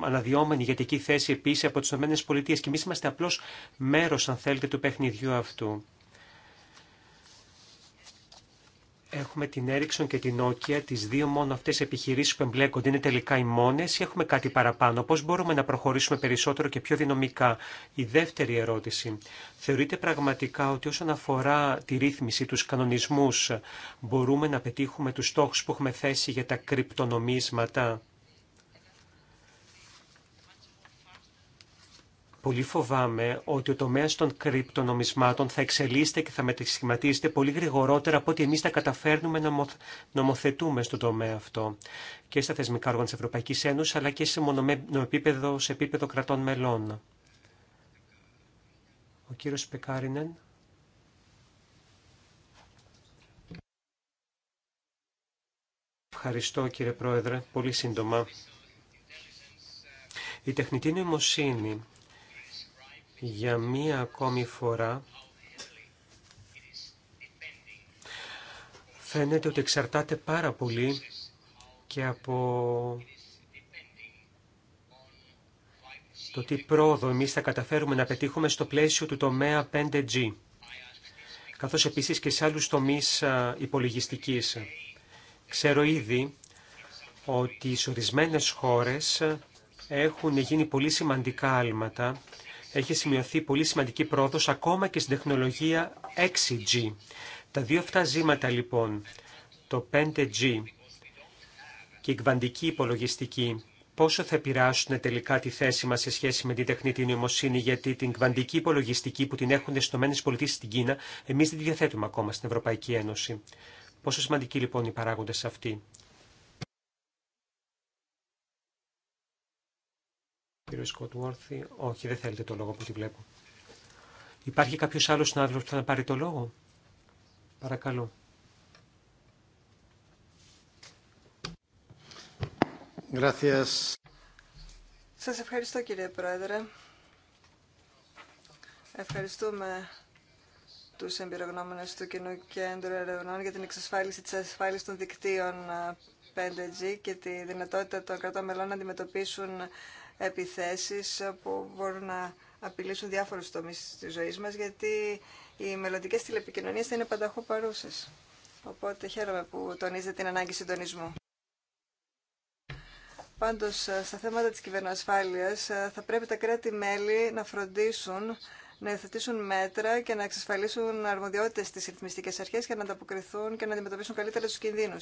αναδυόμενη ηγετική θέση επίσης από τις ΗΠΑ και εμείς είμαστε απλώς μέρος, αν θέλετε, του παιχνιδιού αυτού. Έχουμε την Ericsson και την Nokia, τις δύο μόνο αυτές επιχειρήσεις που εμπλέκονται είναι τελικά οι μόνες ή έχουμε κάτι παραπάνω. Πώς μπορούμε να προχωρήσουμε περισσότερο και πιο δυναμικά. Η δεύτερη ερώτηση. Θεωρείτε πραγματικά ότι όσον αφορά τη ρύθμιση, τους κανονισμούς, μπορούμε να πετύχουμε τους στόχους που έχουμε θέσει για τα κρυπτονομίσματα. Πολύ φοβάμαι ότι ο τομέα των κρυπτονομισμάτων θα εξελίσσεται και θα μετασχηματίζεται πολύ γρηγορότερα από ότι εμεί θα καταφέρνουμε να νομοθετούμε στον τομέα αυτό και στα θεσμικά όργανα τη Ευρωπαϊκή Ένωση αλλά και σε επίπεδο, σε επίπεδο κρατών μελών. Ο κύριο Πεκάρινεν. Ευχαριστώ κύριε Πρόεδρε. Πολύ σύντομα. Η τεχνητή νοημοσύνη για μία ακόμη φορά φαίνεται ότι εξαρτάται πάρα πολύ και από το τι πρόοδο εμείς θα καταφέρουμε να πετύχουμε στο πλαίσιο του τομέα 5G, καθώς επίσης και σε άλλους τομείς υπολογιστικής. Ξέρω ήδη ότι οι ορισμένε χώρες έχουν γίνει πολύ σημαντικά άλματα έχει σημειωθεί πολύ σημαντική πρόοδος ακόμα και στην τεχνολογία 6G. Τα δύο αυτά ζήματα λοιπόν, το 5G και η κβαντική υπολογιστική, πόσο θα επηρεάσουν τελικά τη θέση μας σε σχέση με την τεχνητή νοημοσύνη, γιατί την κβαντική υπολογιστική που την έχουν στις ΗΠΑ στην Κίνα, εμείς δεν τη διαθέτουμε ακόμα στην Ευρωπαϊκή Ένωση. Πόσο σημαντικοί λοιπόν οι παράγοντες αυτοί. κύριο Σκοτουόρθι. Όχι, δεν θέλετε το λόγο που τη βλέπω. Υπάρχει κάποιος άλλος συνάδελφος που θα πάρει το λόγο. Παρακαλώ. Gracias. Σας ευχαριστώ κύριε Πρόεδρε. Ευχαριστούμε τους εμπειρογνώμονες του Κοινού Κέντρου Ερευνών για την εξασφάλιση της ασφάλισης των δικτύων 5G και τη δυνατότητα των κρατών μελών να αντιμετωπίσουν επιθέσεις που μπορούν να απειλήσουν διάφορους τομείς της ζωής μας, γιατί οι μελλοντικέ τηλεπικοινωνίες θα είναι πανταχού παρούσες. Οπότε χαίρομαι που τονίζετε την ανάγκη συντονισμού. Πάντως, στα θέματα της κυβερνοασφάλειας θα πρέπει τα κράτη-μέλη να φροντίσουν να υιοθετήσουν μέτρα και να εξασφαλίσουν αρμοδιότητε στι ρυθμιστικές αρχέ για να ανταποκριθούν και να αντιμετωπίσουν καλύτερα του κινδύνου.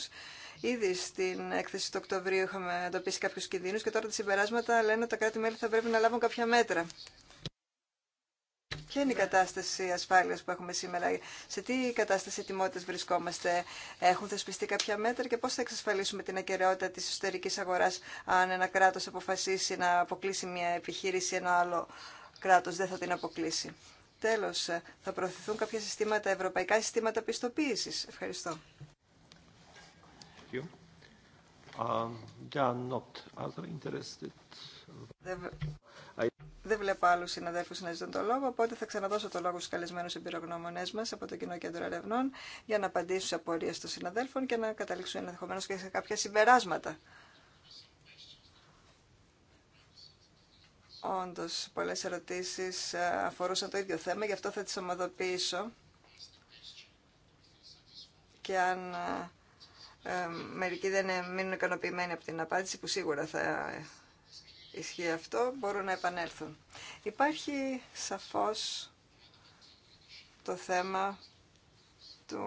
Ήδη στην έκθεση του Οκτωβρίου είχαμε εντοπίσει κάποιου κινδύνου και τώρα τα συμπεράσματα λένε ότι τα κράτη-μέλη θα πρέπει να λάβουν κάποια μέτρα. Ποια είναι η κατάσταση ασφάλεια που έχουμε σήμερα, σε τι κατάσταση τιμότητα βρισκόμαστε, έχουν θεσπιστεί κάποια μέτρα και πώ θα εξασφαλίσουμε την ακαιρεότητα τη εσωτερική αγορά αν ένα κράτο αποφασίσει να αποκλείσει μια επιχείρηση, ένα άλλο κράτος δεν θα την αποκλείσει. Τέλος, ε, θα προωθηθούν κάποια συστήματα, ευρωπαϊκά συστήματα πιστοποίησης. Ευχαριστώ. Um, δεν βλέπω άλλου συναδέλφου να ζητούν το λόγο, οπότε θα ξαναδώσω το λόγο στου καλεσμένου εμπειρογνώμονέ μα από το Κοινό Κέντρο Ερευνών για να απαντήσουν σε απορίε των συναδέλφων και να καταλήξουν ενδεχομένω και σε κάποια συμπεράσματα. Όντως, πολλές ερωτήσεις ε, αφορούσαν το ίδιο θέμα, γι' αυτό θα τις ομοδοποιήσω. Και αν ε, ε, μερικοί δεν μείνουν ικανοποιημένοι από την απάντηση, που σίγουρα θα ισχύει αυτό, μπορούν να επανέλθουν. Υπάρχει σαφώς το θέμα του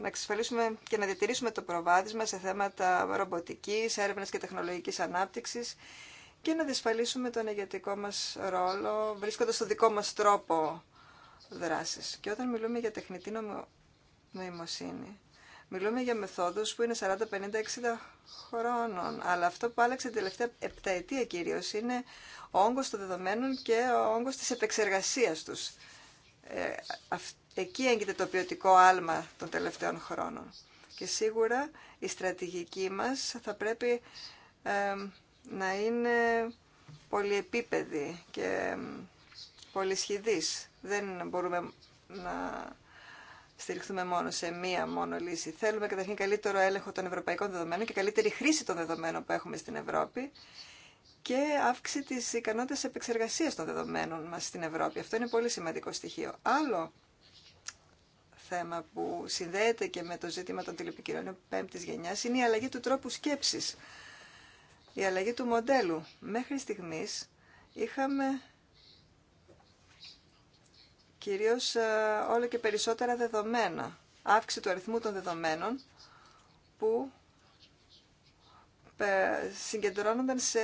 να εξασφαλίσουμε και να διατηρήσουμε το προβάδισμα σε θέματα ρομποτικής, έρευνας και τεχνολογικής ανάπτυξης και να διασφαλίσουμε τον ηγετικό μας ρόλο βρίσκοντας το δικό μας τρόπο δράσης. Και όταν μιλούμε για τεχνητή νοημοσύνη, μιλούμε για μεθόδους που είναι 40, 50, 60 χρόνων. Αλλά αυτό που άλλαξε την τελευταία επταετία κυρίω είναι ο όγκος των δεδομένων και ο όγκος της επεξεργασίας τους. Ε, εκεί έγκυται το ποιοτικό άλμα των τελευταίων χρόνων. Και σίγουρα η στρατηγική μας θα πρέπει ε, να είναι πολυεπίπεδη και πολυσχηδής. Δεν μπορούμε να στηριχθούμε μόνο σε μία μόνο λύση. Θέλουμε καταρχήν καλύτερο έλεγχο των ευρωπαϊκών δεδομένων και καλύτερη χρήση των δεδομένων που έχουμε στην Ευρώπη και αύξηση της ικανότητα επεξεργασίας των δεδομένων μας στην Ευρώπη. Αυτό είναι πολύ σημαντικό στοιχείο. Άλλο θέμα που συνδέεται και με το ζήτημα των τηλεπικοινωνιών πέμπτη Γενιά είναι η αλλαγή του τρόπου σκέψη η αλλαγή του μοντέλου. Μέχρι στιγμής είχαμε κυρίως ε, όλο και περισσότερα δεδομένα, αύξηση του αριθμού των δεδομένων που ε, συγκεντρώνονταν σε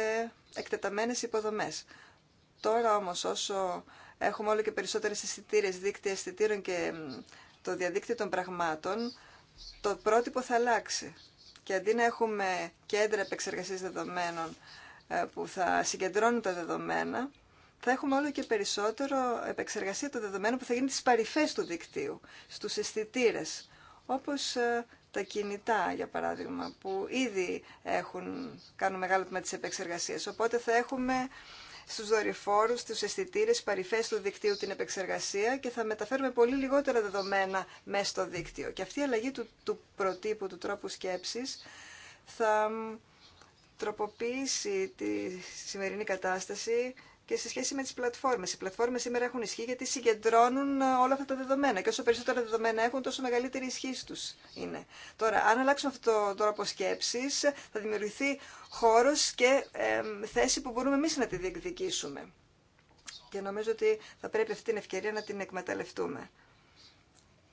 εκτεταμένες υποδομές. Τώρα όμως όσο έχουμε όλο και περισσότερες αισθητήρες, δίκτυα αισθητήρων και το διαδίκτυο των πραγμάτων, το πρότυπο θα αλλάξει. Και αντί να έχουμε κέντρα επεξεργασίας δεδομένων ε, που θα συγκεντρώνουν τα δεδομένα, θα έχουμε όλο και περισσότερο επεξεργασία των δεδομένων που θα γίνει στις παρυφές του δικτύου, στους αισθητήρε, όπως ε, τα κινητά, για παράδειγμα, που ήδη έχουν, κάνουν μεγάλο τμήμα της επεξεργασίας. Οπότε θα έχουμε στους δορυφόρους, στους αισθητήρε παρυφές του δικτύου την επεξεργασία και θα μεταφέρουμε πολύ λιγότερα δεδομένα μέσα στο δίκτυο. Και αυτή η αλλαγή του, του προτύπου, του τρόπου σκέψης θα τροποποίησει τη σημερινή κατάσταση και σε σχέση με τι πλατφόρμε. Οι πλατφόρμε σήμερα έχουν ισχύ γιατί συγκεντρώνουν ε, όλα αυτά τα δεδομένα και όσο περισσότερα δεδομένα έχουν τόσο μεγαλύτερη ισχύ του είναι. Τώρα, αν αλλάξουμε αυτό τον τρόπο σκέψη, θα δημιουργηθεί χώρο και ε, θέση που μπορούμε εμεί να τη διεκδικήσουμε. Και νομίζω ότι θα πρέπει αυτή την ευκαιρία να την εκμεταλλευτούμε.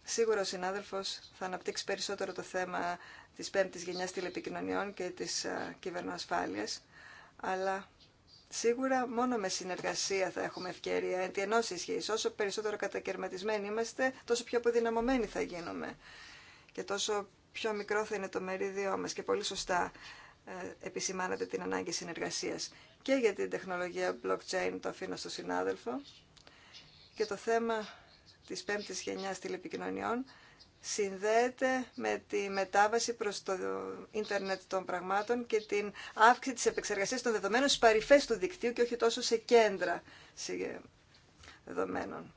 Σίγουρα ο συνάδελφο θα αναπτύξει περισσότερο το θέμα τη πέμπτη γενιά τηλεπικοινωνιών και τη ε, κυβερνοασφάλεια. αλλά Σίγουρα μόνο με συνεργασία θα έχουμε ευκαιρία εν τη ενός Όσο περισσότερο κατακαιρματισμένοι είμαστε, τόσο πιο αποδυναμωμένοι θα γίνουμε. Και τόσο πιο μικρό θα είναι το μερίδιό μας. Και πολύ σωστά ε, επισημάνατε την ανάγκη συνεργασίας. Και για την τεχνολογία blockchain το αφήνω στο συνάδελφο. Και το θέμα της πέμπτης γενιάς τηλεπικοινωνιών συνδέεται με τη μετάβαση προς το ίντερνετ των πραγμάτων και την αύξηση της επεξεργασίας των δεδομένων στις παρυφές του δικτύου και όχι τόσο σε κέντρα δεδομένων.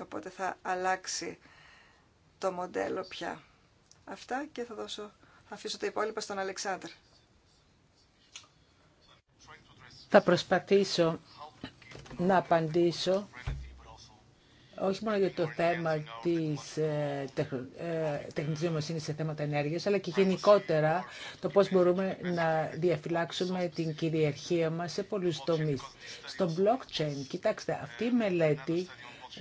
Οπότε θα αλλάξει το μοντέλο πια. Αυτά και θα δώσω, θα αφήσω τα υπόλοιπα στον Αλεξάνδρ. Θα προσπαθήσω να απαντήσω όχι μόνο για το θέμα της ε, τεχ, ε, σε θέματα ενέργειας, αλλά και γενικότερα το πώς μπορούμε να διαφυλάξουμε την κυριαρχία μας σε πολλούς τομείς. Στο blockchain, κοιτάξτε, αυτή η μελέτη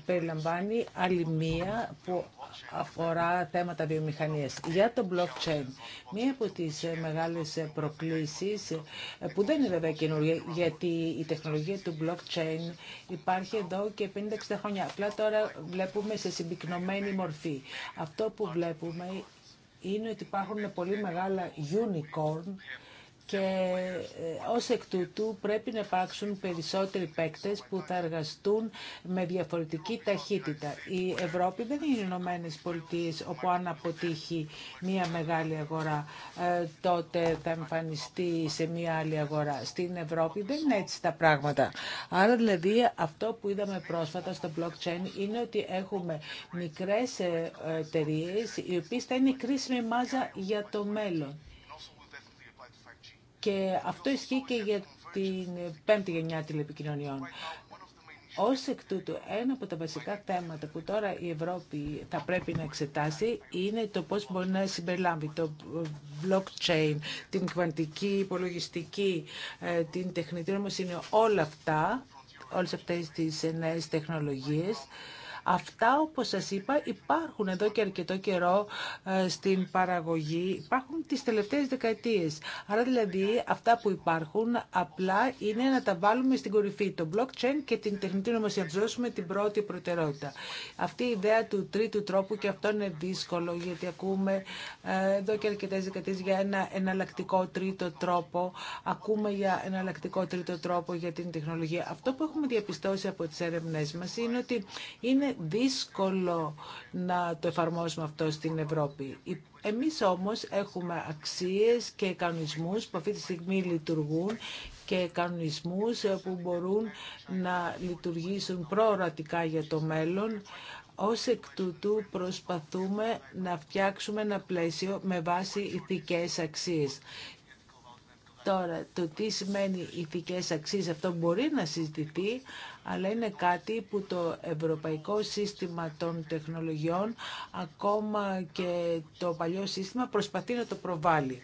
περιλαμβάνει άλλη μία που αφορά θέματα βιομηχανίας. Για το blockchain, μία από τις μεγάλες προκλήσεις, που δεν είναι βέβαια καινούργια, γιατί η τεχνολογία του blockchain υπάρχει εδώ και 50-60 χρόνια. Απλά τώρα βλέπουμε σε συμπυκνωμένη μορφή. Αυτό που βλέπουμε είναι ότι υπάρχουν πολύ μεγάλα unicorn, και ε, ως εκ τούτου πρέπει να υπάρξουν περισσότεροι παίκτες που θα εργαστούν με διαφορετική ταχύτητα. Η Ευρώπη δεν είναι οι Ηνωμένε Πολιτείε όπου αν αποτύχει μια μεγάλη αγορά ε, τότε θα εμφανιστεί σε μια άλλη αγορά. Στην Ευρώπη δεν είναι έτσι τα πράγματα. Άρα δηλαδή αυτό που είδαμε πρόσφατα στο blockchain είναι ότι έχουμε μικρές ε, εταιρείε οι οποίες θα είναι κρίσιμη μάζα για το μέλλον. Και αυτό ισχύει και για την πέμπτη γενιά τηλεπικοινωνιών. Ω εκ τούτου, ένα από τα βασικά θέματα που τώρα η Ευρώπη θα πρέπει να εξετάσει είναι το πώς μπορεί να συμπεριλάμβει το blockchain, την κβαντική υπολογιστική, ε, την τεχνητή νομοσύνη, όλα αυτά, όλες αυτές τις νέες τεχνολογίες Αυτά, όπως σας είπα, υπάρχουν εδώ και αρκετό καιρό ε, στην παραγωγή. Υπάρχουν τις τελευταίες δεκαετίες. Άρα, δηλαδή, αυτά που υπάρχουν απλά είναι να τα βάλουμε στην κορυφή. Το blockchain και την τεχνητή νομοσία. Να δώσουμε την πρώτη προτεραιότητα. Αυτή η ιδέα του τρίτου τρόπου και αυτό είναι δύσκολο, γιατί ακούμε ε, εδώ και αρκετέ δεκαετίες για ένα εναλλακτικό τρίτο τρόπο. Ακούμε για εναλλακτικό τρίτο τρόπο για την τεχνολογία. Αυτό που έχουμε διαπιστώσει από τις έρευνές μας είναι ότι είναι δύσκολο να το εφαρμόσουμε αυτό στην Ευρώπη. Εμείς όμως έχουμε αξίες και κανονισμούς που αυτή τη στιγμή λειτουργούν και κανονισμούς που μπορούν να λειτουργήσουν προορατικά για το μέλλον. Ως εκ τούτου προσπαθούμε να φτιάξουμε ένα πλαίσιο με βάση ηθικές αξίες. Τώρα, το τι σημαίνει ηθικές αξίες, αυτό μπορεί να συζητηθεί, αλλά είναι κάτι που το ευρωπαϊκό σύστημα των τεχνολογιών, ακόμα και το παλιό σύστημα, προσπαθεί να το προβάλλει.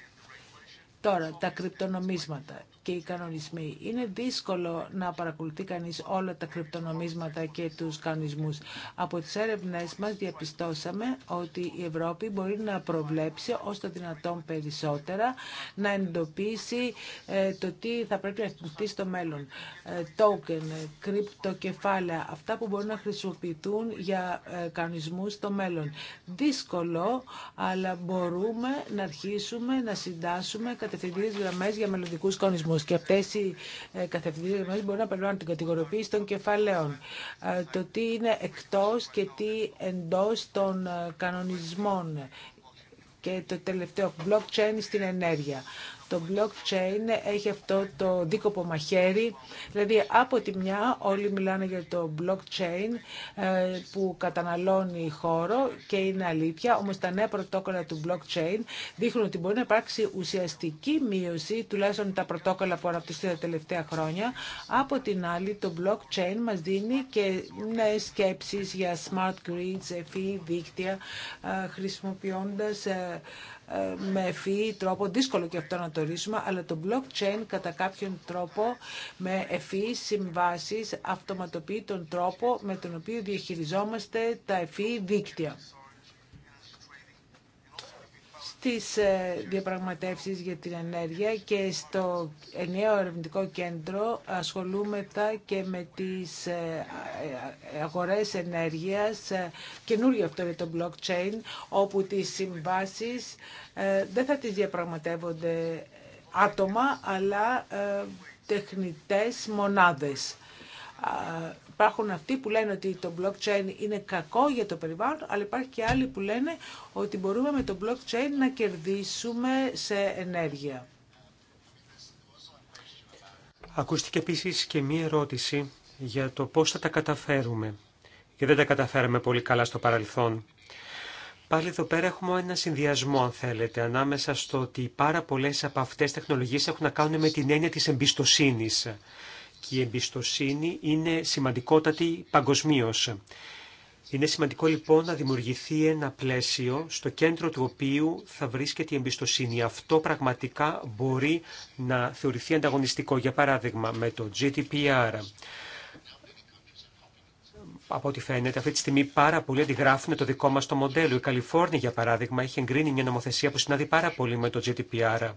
Τώρα, τα κρυπτονομίσματα και οι κανονισμοί. Είναι δύσκολο να παρακολουθεί κανείς όλα τα κρυπτονομίσματα και τους κανονισμούς. Από τις έρευνες μας διαπιστώσαμε ότι η Ευρώπη μπορεί να προβλέψει όσο το δυνατόν περισσότερα, να εντοπίσει ε, το τι θα πρέπει να χρησιμοποιηθεί στο μέλλον. Ε, token, κρυπτοκεφάλαια, αυτά που μπορούν να χρησιμοποιηθούν για ε, κανονισμούς στο μέλλον. Δύσκολο, αλλά μπορούμε να αρχίσουμε να συντάσσουμε κατευθυντήριες γραμμές για μελλοντικούς κανονισμούς και αυτέ οι ε, καθευθυντές μας μπορούν να περνάνε την κατηγοροποίηση των κεφαλαίων. Ε, το τι είναι εκτός και τι εντός των ε, κανονισμών και το τελευταίο blockchain στην ενέργεια. Το blockchain έχει αυτό το δίκοπο μαχαίρι. Δηλαδή από τη μια όλοι μιλάνε για το blockchain ε, που καταναλώνει χώρο και είναι αλήθεια. Όμως τα νέα πρωτόκολλα του blockchain δείχνουν ότι μπορεί να υπάρξει ουσιαστική μείωση τουλάχιστον τα πρωτόκολλα που αναπτύσσονται τα τελευταία χρόνια. Από την άλλη το blockchain μας δίνει και νέες σκέψεις για smart grids, εφή, δίκτυα ε, χρησιμοποιώντας ε, με ευφυή τρόπο, δύσκολο και αυτό να το ορίσουμε, αλλά το blockchain κατά κάποιον τρόπο με ευφυή συμβάσεις αυτοματοποιεί τον τρόπο με τον οποίο διαχειριζόμαστε τα ευφυή δίκτυα στις ε, διαπραγματεύσεις για την ενέργεια και στο ενιαίο ερευνητικό κέντρο ασχολούμεθα και με τις ε, ε, αγορές ενέργειας, Καινούργιο αυτό είναι το blockchain, όπου τις συμβάσεις δεν θα τις διαπραγματεύονται άτομα, αλλά τεχνητές μονάδες Υπάρχουν αυτοί που λένε ότι το blockchain είναι κακό για το περιβάλλον, αλλά υπάρχει και άλλοι που λένε ότι μπορούμε με το blockchain να κερδίσουμε σε ενέργεια. Ακούστηκε επίσης και μία ερώτηση για το πώς θα τα καταφέρουμε. Και δεν τα καταφέραμε πολύ καλά στο παρελθόν. Πάλι εδώ πέρα έχουμε ένα συνδυασμό, αν θέλετε, ανάμεσα στο ότι πάρα πολλές από αυτές τις τεχνολογίες έχουν να κάνουν με την έννοια της εμπιστοσύνης και η εμπιστοσύνη είναι σημαντικότατη παγκοσμίω. Είναι σημαντικό λοιπόν να δημιουργηθεί ένα πλαίσιο στο κέντρο του οποίου θα βρίσκεται η εμπιστοσύνη. Αυτό πραγματικά μπορεί να θεωρηθεί ανταγωνιστικό. Για παράδειγμα, με το GDPR. Από ό,τι φαίνεται, αυτή τη στιγμή πάρα πολλοί αντιγράφουν το δικό μας το μοντέλο. Η Καλιφόρνια, για παράδειγμα, έχει εγκρίνει μια νομοθεσία που συνάδει πάρα πολύ με το GDPR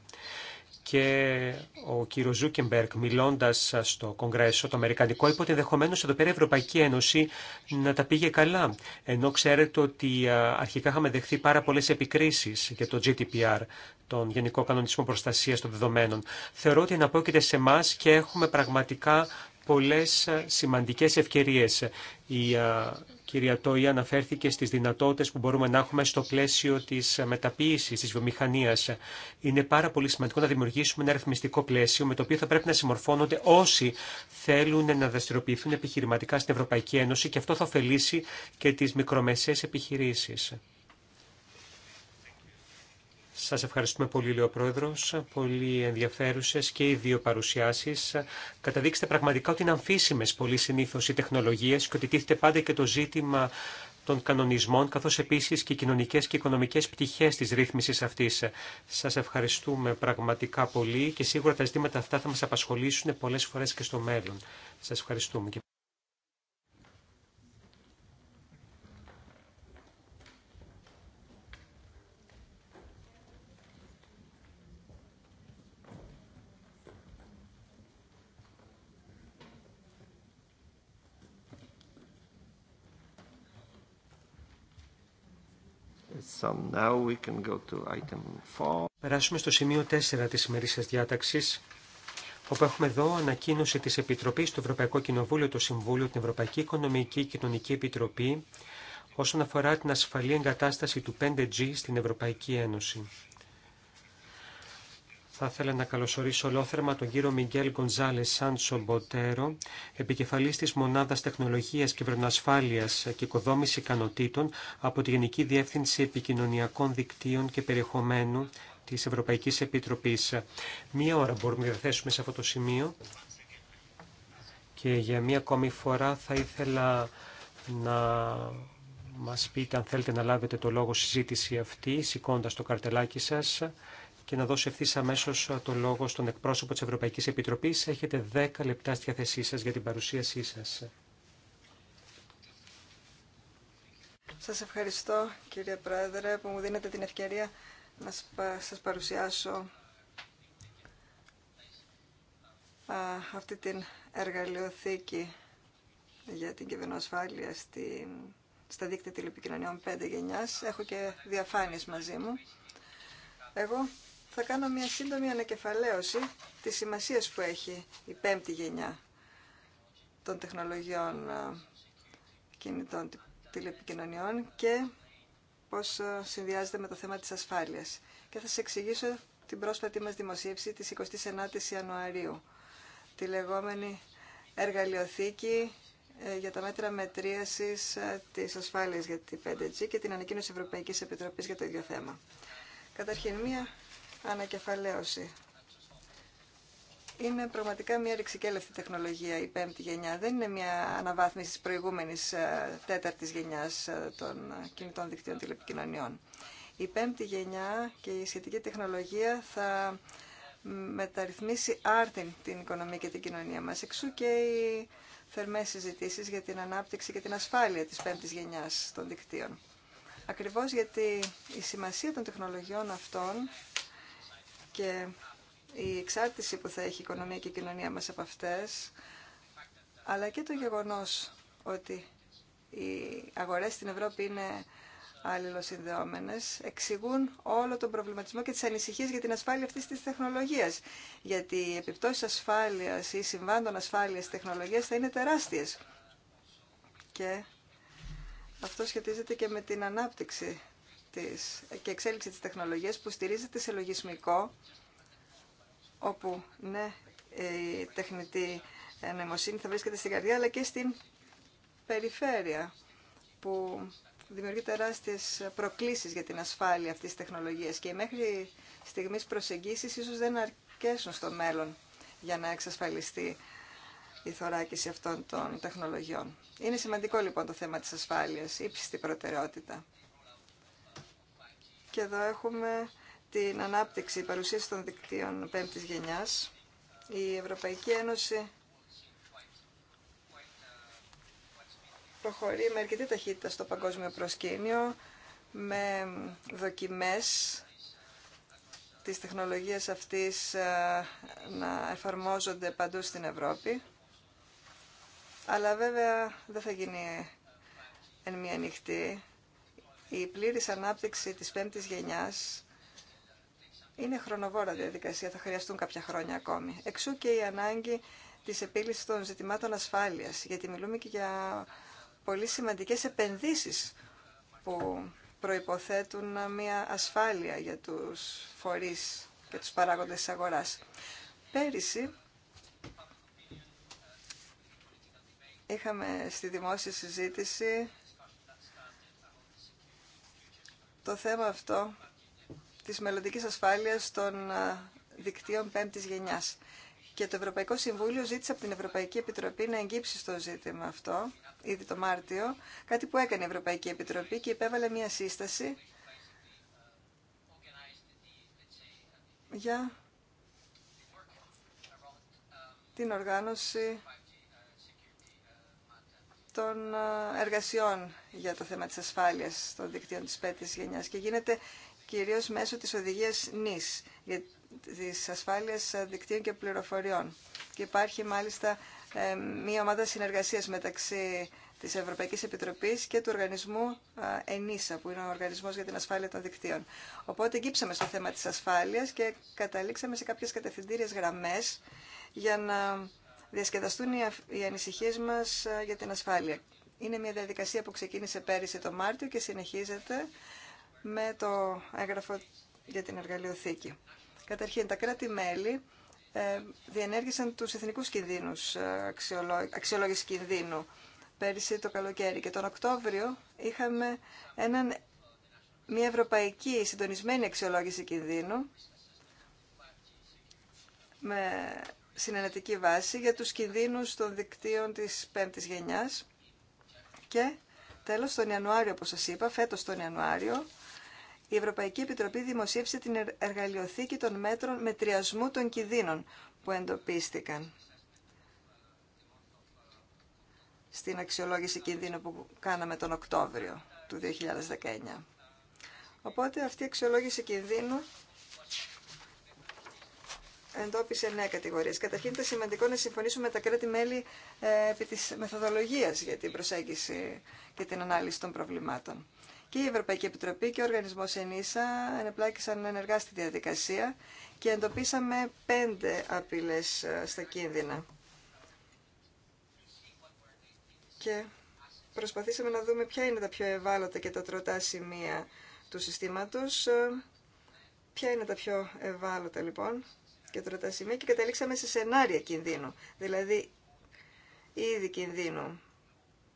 και ο κύριο Ζούκεμπερκ μιλώντα στο Κογκρέσο, το Αμερικανικό, είπε ότι ενδεχομένω εδώ πέρα η Ευρωπαϊκή Ένωση να τα πήγε καλά. Ενώ ξέρετε ότι αρχικά είχαμε δεχθεί πάρα πολλέ επικρίσει για το GDPR, τον Γενικό Κανονισμό Προστασία των Δεδομένων. Θεωρώ ότι εναπόκειται σε εμά και έχουμε πραγματικά πολλέ σημαντικέ ευκαιρίε. Η κυρία Τόη αναφέρθηκε στις δυνατότητες που μπορούμε να έχουμε στο πλαίσιο της μεταποίησης της βιομηχανίας. Είναι πάρα πολύ σημαντικό να δημιουργήσουμε ένα αριθμιστικό πλαίσιο με το οποίο θα πρέπει να συμμορφώνονται όσοι θέλουν να δραστηριοποιηθούν επιχειρηματικά στην Ευρωπαϊκή Ένωση και αυτό θα ωφελήσει και τις μικρομεσαίες επιχειρήσεις. Σας ευχαριστούμε πολύ, λέει Πολύ ενδιαφέρουσε και οι δύο παρουσιάσεις. Καταδείξτε πραγματικά ότι είναι αμφίσιμε πολύ συνήθω οι τεχνολογίες και ότι τίθεται πάντα και το ζήτημα των κανονισμών, καθώς επίσης και οι κοινωνικές και οικονομικές πτυχές τη ρύθμιση αυτή. Σας ευχαριστούμε πραγματικά πολύ και σίγουρα τα ζητήματα αυτά θα μας απασχολήσουν πολλέ φορέ και στο μέλλον. Σα ευχαριστούμε. Περάσουμε στο σημείο 4 της ημερήσιας διάταξης, όπου έχουμε εδώ ανακοίνωση της Επιτροπής του Ευρωπαϊκού Κοινοβούλιο, το Συμβούλιο, την Ευρωπαϊκή Οικονομική και Κοινωνική Επιτροπή, όσον αφορά την ασφαλή εγκατάσταση του 5G στην Ευρωπαϊκή Ένωση. Θα ήθελα να καλωσορίσω ολόθερμα τον κύριο Μιγγέλ Γκονζάλε Σάντσο Μποτέρο, επικεφαλή τη Μονάδα Τεχνολογία Κυβερνοασφάλεια και Οικοδόμηση Ικανοτήτων από τη Γενική Διεύθυνση Επικοινωνιακών Δικτύων και Περιεχομένου τη Ευρωπαϊκή Επιτροπή. Μία ώρα μπορούμε να διαθέσουμε σε αυτό το σημείο. Και για μία ακόμη φορά θα ήθελα να μας πείτε αν θέλετε να λάβετε το λόγο συζήτηση αυτή, σηκώντα το καρτελάκι σας και να δώσω ευθύ αμέσω το λόγο στον εκπρόσωπο τη Ευρωπαϊκή Επιτροπή. Έχετε 10 λεπτά στη διάθεσή σα για την παρουσίασή σα. Σας ευχαριστώ κύριε Πρόεδρε που μου δίνετε την ευκαιρία να σας παρουσιάσω αυτή την εργαλειοθήκη για την κυβερνοασφάλεια στη στα δίκτυα τηλεπικοινωνιών 5 γενιάς. Έχω και διαφάνειες μαζί μου. Εγώ θα κάνω μια σύντομη ανακεφαλαίωση της σημασίας που έχει η πέμπτη γενιά των τεχνολογιών ε, κινητών τηλεπικοινωνιών και πώς ε, συνδυάζεται με το θέμα της ασφάλειας. Και θα σας εξηγήσω την πρόσφατη μας δημοσίευση της 29ης Ιανουαρίου, τη λεγόμενη εργαλειοθήκη ε, για τα μέτρα μετρίασης της ασφάλειας για τη 5G και την ανακοίνωση Ευρωπαϊκής Επιτροπής για το ίδιο θέμα. Καταρχήν, μια ανακεφαλαίωση. Είναι πραγματικά μια ρηξικέλευτη τεχνολογία η πέμπτη γενιά. Δεν είναι μια αναβάθμιση της προηγούμενης ε, τέταρτης γενιάς ε, των κινητών δικτύων τηλεπικοινωνιών. Η πέμπτη γενιά και η σχετική τεχνολογία θα μεταρρυθμίσει άρτην την οικονομία και την κοινωνία μας. Εξού και οι θερμές συζητήσεις για την ανάπτυξη και την ασφάλεια της πέμπτης γενιάς των δικτύων. Ακριβώς γιατί η σημασία των τεχνολογιών αυτών και η εξάρτηση που θα έχει η οικονομία και η κοινωνία μας από αυτές, αλλά και το γεγονός ότι οι αγορές στην Ευρώπη είναι αλληλοσυνδεόμενες, εξηγούν όλο τον προβληματισμό και τις ανησυχίες για την ασφάλεια αυτής της τεχνολογίας. Γιατί οι επιπτώσεις ασφάλειας ή συμβάντων ασφάλειας τεχνολογίας θα είναι τεράστιες. Και αυτό σχετίζεται και με την ανάπτυξη της, και εξέλιξη της τεχνολογίας που στηρίζεται σε λογισμικό, όπου ναι, η τεχνητή ε, νοημοσύνη θα βρίσκεται στην καρδιά, αλλά και στην περιφέρεια, που δημιουργεί τεράστιε προκλήσεις για την ασφάλεια αυτής της τεχνολογίας και οι μέχρι στιγμής προσεγγίσεις ίσως δεν αρκέσουν στο μέλλον για να εξασφαλιστεί η θωράκιση αυτών των τεχνολογιών. Είναι σημαντικό λοιπόν το θέμα της ασφάλειας, ύψιστη προτεραιότητα. Και εδώ έχουμε την ανάπτυξη παρουσίαση των δικτύων πέμπτης γενιάς. Η Ευρωπαϊκή Ένωση προχωρεί με αρκετή ταχύτητα στο παγκόσμιο προσκήνιο, με δοκιμές της τεχνολογίας αυτής ε, να εφαρμόζονται παντού στην Ευρώπη. Αλλά βέβαια δεν θα γίνει εν μία νυχτή η πλήρης ανάπτυξη της πέμπτης γενιάς είναι χρονοβόρα διαδικασία, θα χρειαστούν κάποια χρόνια ακόμη. Εξού και η ανάγκη της επίλυσης των ζητημάτων ασφάλειας, γιατί μιλούμε και για πολύ σημαντικές επενδύσεις που προϋποθέτουν μια ασφάλεια για τους φορείς και τους παράγοντες της αγοράς. Πέρυσι είχαμε στη δημόσια συζήτηση το θέμα αυτό της μελλοντική ασφάλειας των δικτύων πέμπτης γενιάς. Και το Ευρωπαϊκό Συμβούλιο ζήτησε από την Ευρωπαϊκή Επιτροπή να εγγύψει στο ζήτημα αυτό, ήδη το Μάρτιο, κάτι που έκανε η Ευρωπαϊκή Επιτροπή και υπέβαλε μία σύσταση για την οργάνωση των ε, εργασιών για το θέμα της ασφάλειας των δικτύων της πέτης γενιάς και γίνεται κυρίως μέσω της οδηγίας ΝΙΣ, για τις ασφάλειας δικτύων και πληροφοριών. Και υπάρχει μάλιστα ε, μία ομάδα συνεργασίας μεταξύ της Ευρωπαϊκής Επιτροπής και του οργανισμού ε, ΕΝΙΣΑ, που είναι ο Οργανισμός για την Ασφάλεια των Δικτύων. Οπότε γύψαμε στο θέμα της ασφάλειας και καταλήξαμε σε κάποιες κατευθυντήριες γραμμές για να διασκεδαστούν οι ανησυχίε μας για την ασφάλεια. Είναι μια διαδικασία που ξεκίνησε πέρυσι το Μάρτιο και συνεχίζεται με το έγγραφο για την εργαλειοθήκη. Καταρχήν, τα κράτη-μέλη ε, διενέργησαν τους εθνικούς κινδύνους αξιολόγηση κινδύνου πέρυσι το καλοκαίρι και τον Οκτώβριο είχαμε έναν, μια ευρωπαϊκή συντονισμένη αξιολόγηση κινδύνου με συνενετική βάση για τους κινδύνους των δικτύων της πέμπτης γενιάς και τέλος τον Ιανουάριο, όπως σας είπα, φέτος τον Ιανουάριο, η Ευρωπαϊκή Επιτροπή δημοσίευσε την εργαλειοθήκη των μέτρων μετριασμού των κινδύνων που εντοπίστηκαν στην αξιολόγηση κινδύνου που κάναμε τον Οκτώβριο του 2019. Οπότε αυτή η αξιολόγηση κινδύνου εντόπισε νέα κατηγορίες. Καταρχήν ήταν σημαντικό να συμφωνήσουμε με τα κράτη-μέλη ε, επί της μεθοδολογίας για την προσέγγιση και την ανάλυση των προβλημάτων. Και η Ευρωπαϊκή Επιτροπή και ο Οργανισμός ΕΝΙΣΑ ενεπλάκησαν ενεργά στη διαδικασία και εντοπίσαμε πέντε απειλές ε, στα κίνδυνα. Και προσπαθήσαμε να δούμε ποια είναι τα πιο ευάλωτα και τα τροτά σημεία του συστήματος. Ε, ποια είναι τα πιο ευάλωτα λοιπόν και τώρα τα σημεία και καταλήξαμε σε σενάρια κινδύνου. Δηλαδή, ήδη κινδύνου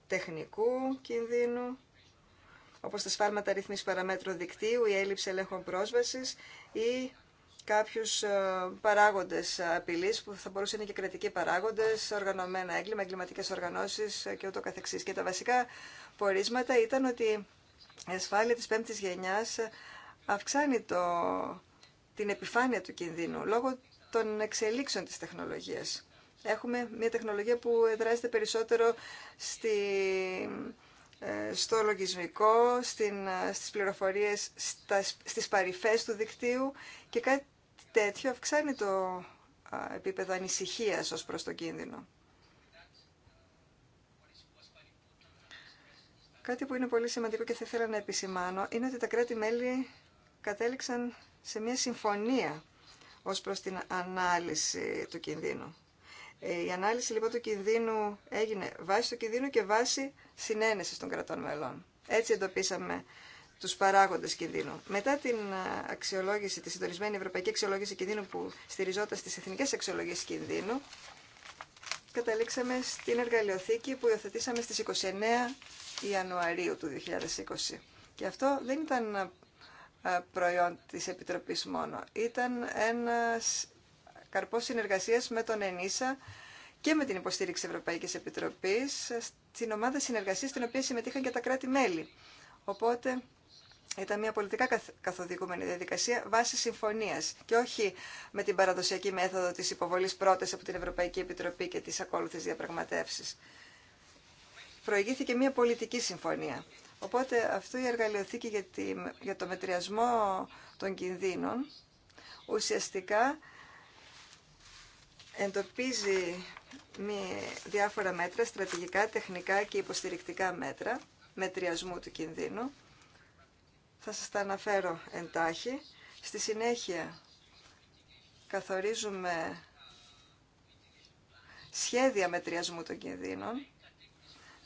τεχνικού κινδύνου, όπως τα σφάλματα ρυθμής παραμέτρου δικτύου, η έλλειψη ελέγχων πρόσβασης ή κάποιους ε, παράγοντες απειλής που θα μπορούσαν είναι και κρατικοί παράγοντες, οργανωμένα έγκλημα, εγκληματικές οργανώσεις ε, και ούτω καθεξής. Και τα βασικά πορίσματα ήταν ότι η ασφάλεια της πέμπτης γενιάς ε, αυξάνει το την επιφάνεια του κινδύνου λόγω των εξελίξεων της τεχνολογίας. Έχουμε μια τεχνολογία που εδράζεται περισσότερο στη, ε, στο λογισμικό, στην, ε, στις πληροφορίες, στα, στις παρυφές του δικτύου και κάτι τέτοιο αυξάνει το επίπεδο ανησυχίας ως προς το κίνδυνο. Κάτι που είναι πολύ σημαντικό και θα ήθελα να επισημάνω είναι ότι τα κράτη-μέλη κατέληξαν σε μια συμφωνία ως προς την ανάλυση του κινδύνου. Ε, η ανάλυση λοιπόν του κινδύνου έγινε βάση του κινδύνου και βάσει συνένεση των κρατών μελών. Έτσι εντοπίσαμε τους παράγοντες κινδύνου. Μετά την ε, αξιολόγηση, τη συντονισμένη ευρωπαϊκή αξιολόγηση κινδύνου που στηριζόταν στις εθνικές αξιολογίες κινδύνου, καταλήξαμε στην εργαλειοθήκη που υιοθετήσαμε στις 29 Ιανουαρίου του 2020. Και αυτό δεν ήταν ε, προϊόν της Επιτροπής μόνο. Ήταν ένας καρπός συνεργασίας με τον ΕΝΙΣΑ και με την υποστήριξη Ευρωπαϊκής Επιτροπής στην ομάδα συνεργασίας στην οποία συμμετείχαν και τα κράτη-μέλη. Οπότε ήταν μια πολιτικά καθοδηγούμενη διαδικασία βάσει συμφωνία και όχι με την παραδοσιακή μέθοδο τη υποβολή πρώτε από την Ευρωπαϊκή Επιτροπή και τι ακόλουθε διαπραγματεύσει. Προηγήθηκε μια πολιτική συμφωνία. Οπότε αυτό η εργαλειοθήκη για, το μετριασμό των κινδύνων ουσιαστικά εντοπίζει μη διάφορα μέτρα, στρατηγικά, τεχνικά και υποστηρικτικά μέτρα μετριασμού του κινδύνου. Θα σας τα αναφέρω εντάχει. Στη συνέχεια καθορίζουμε σχέδια μετριασμού των κινδύνων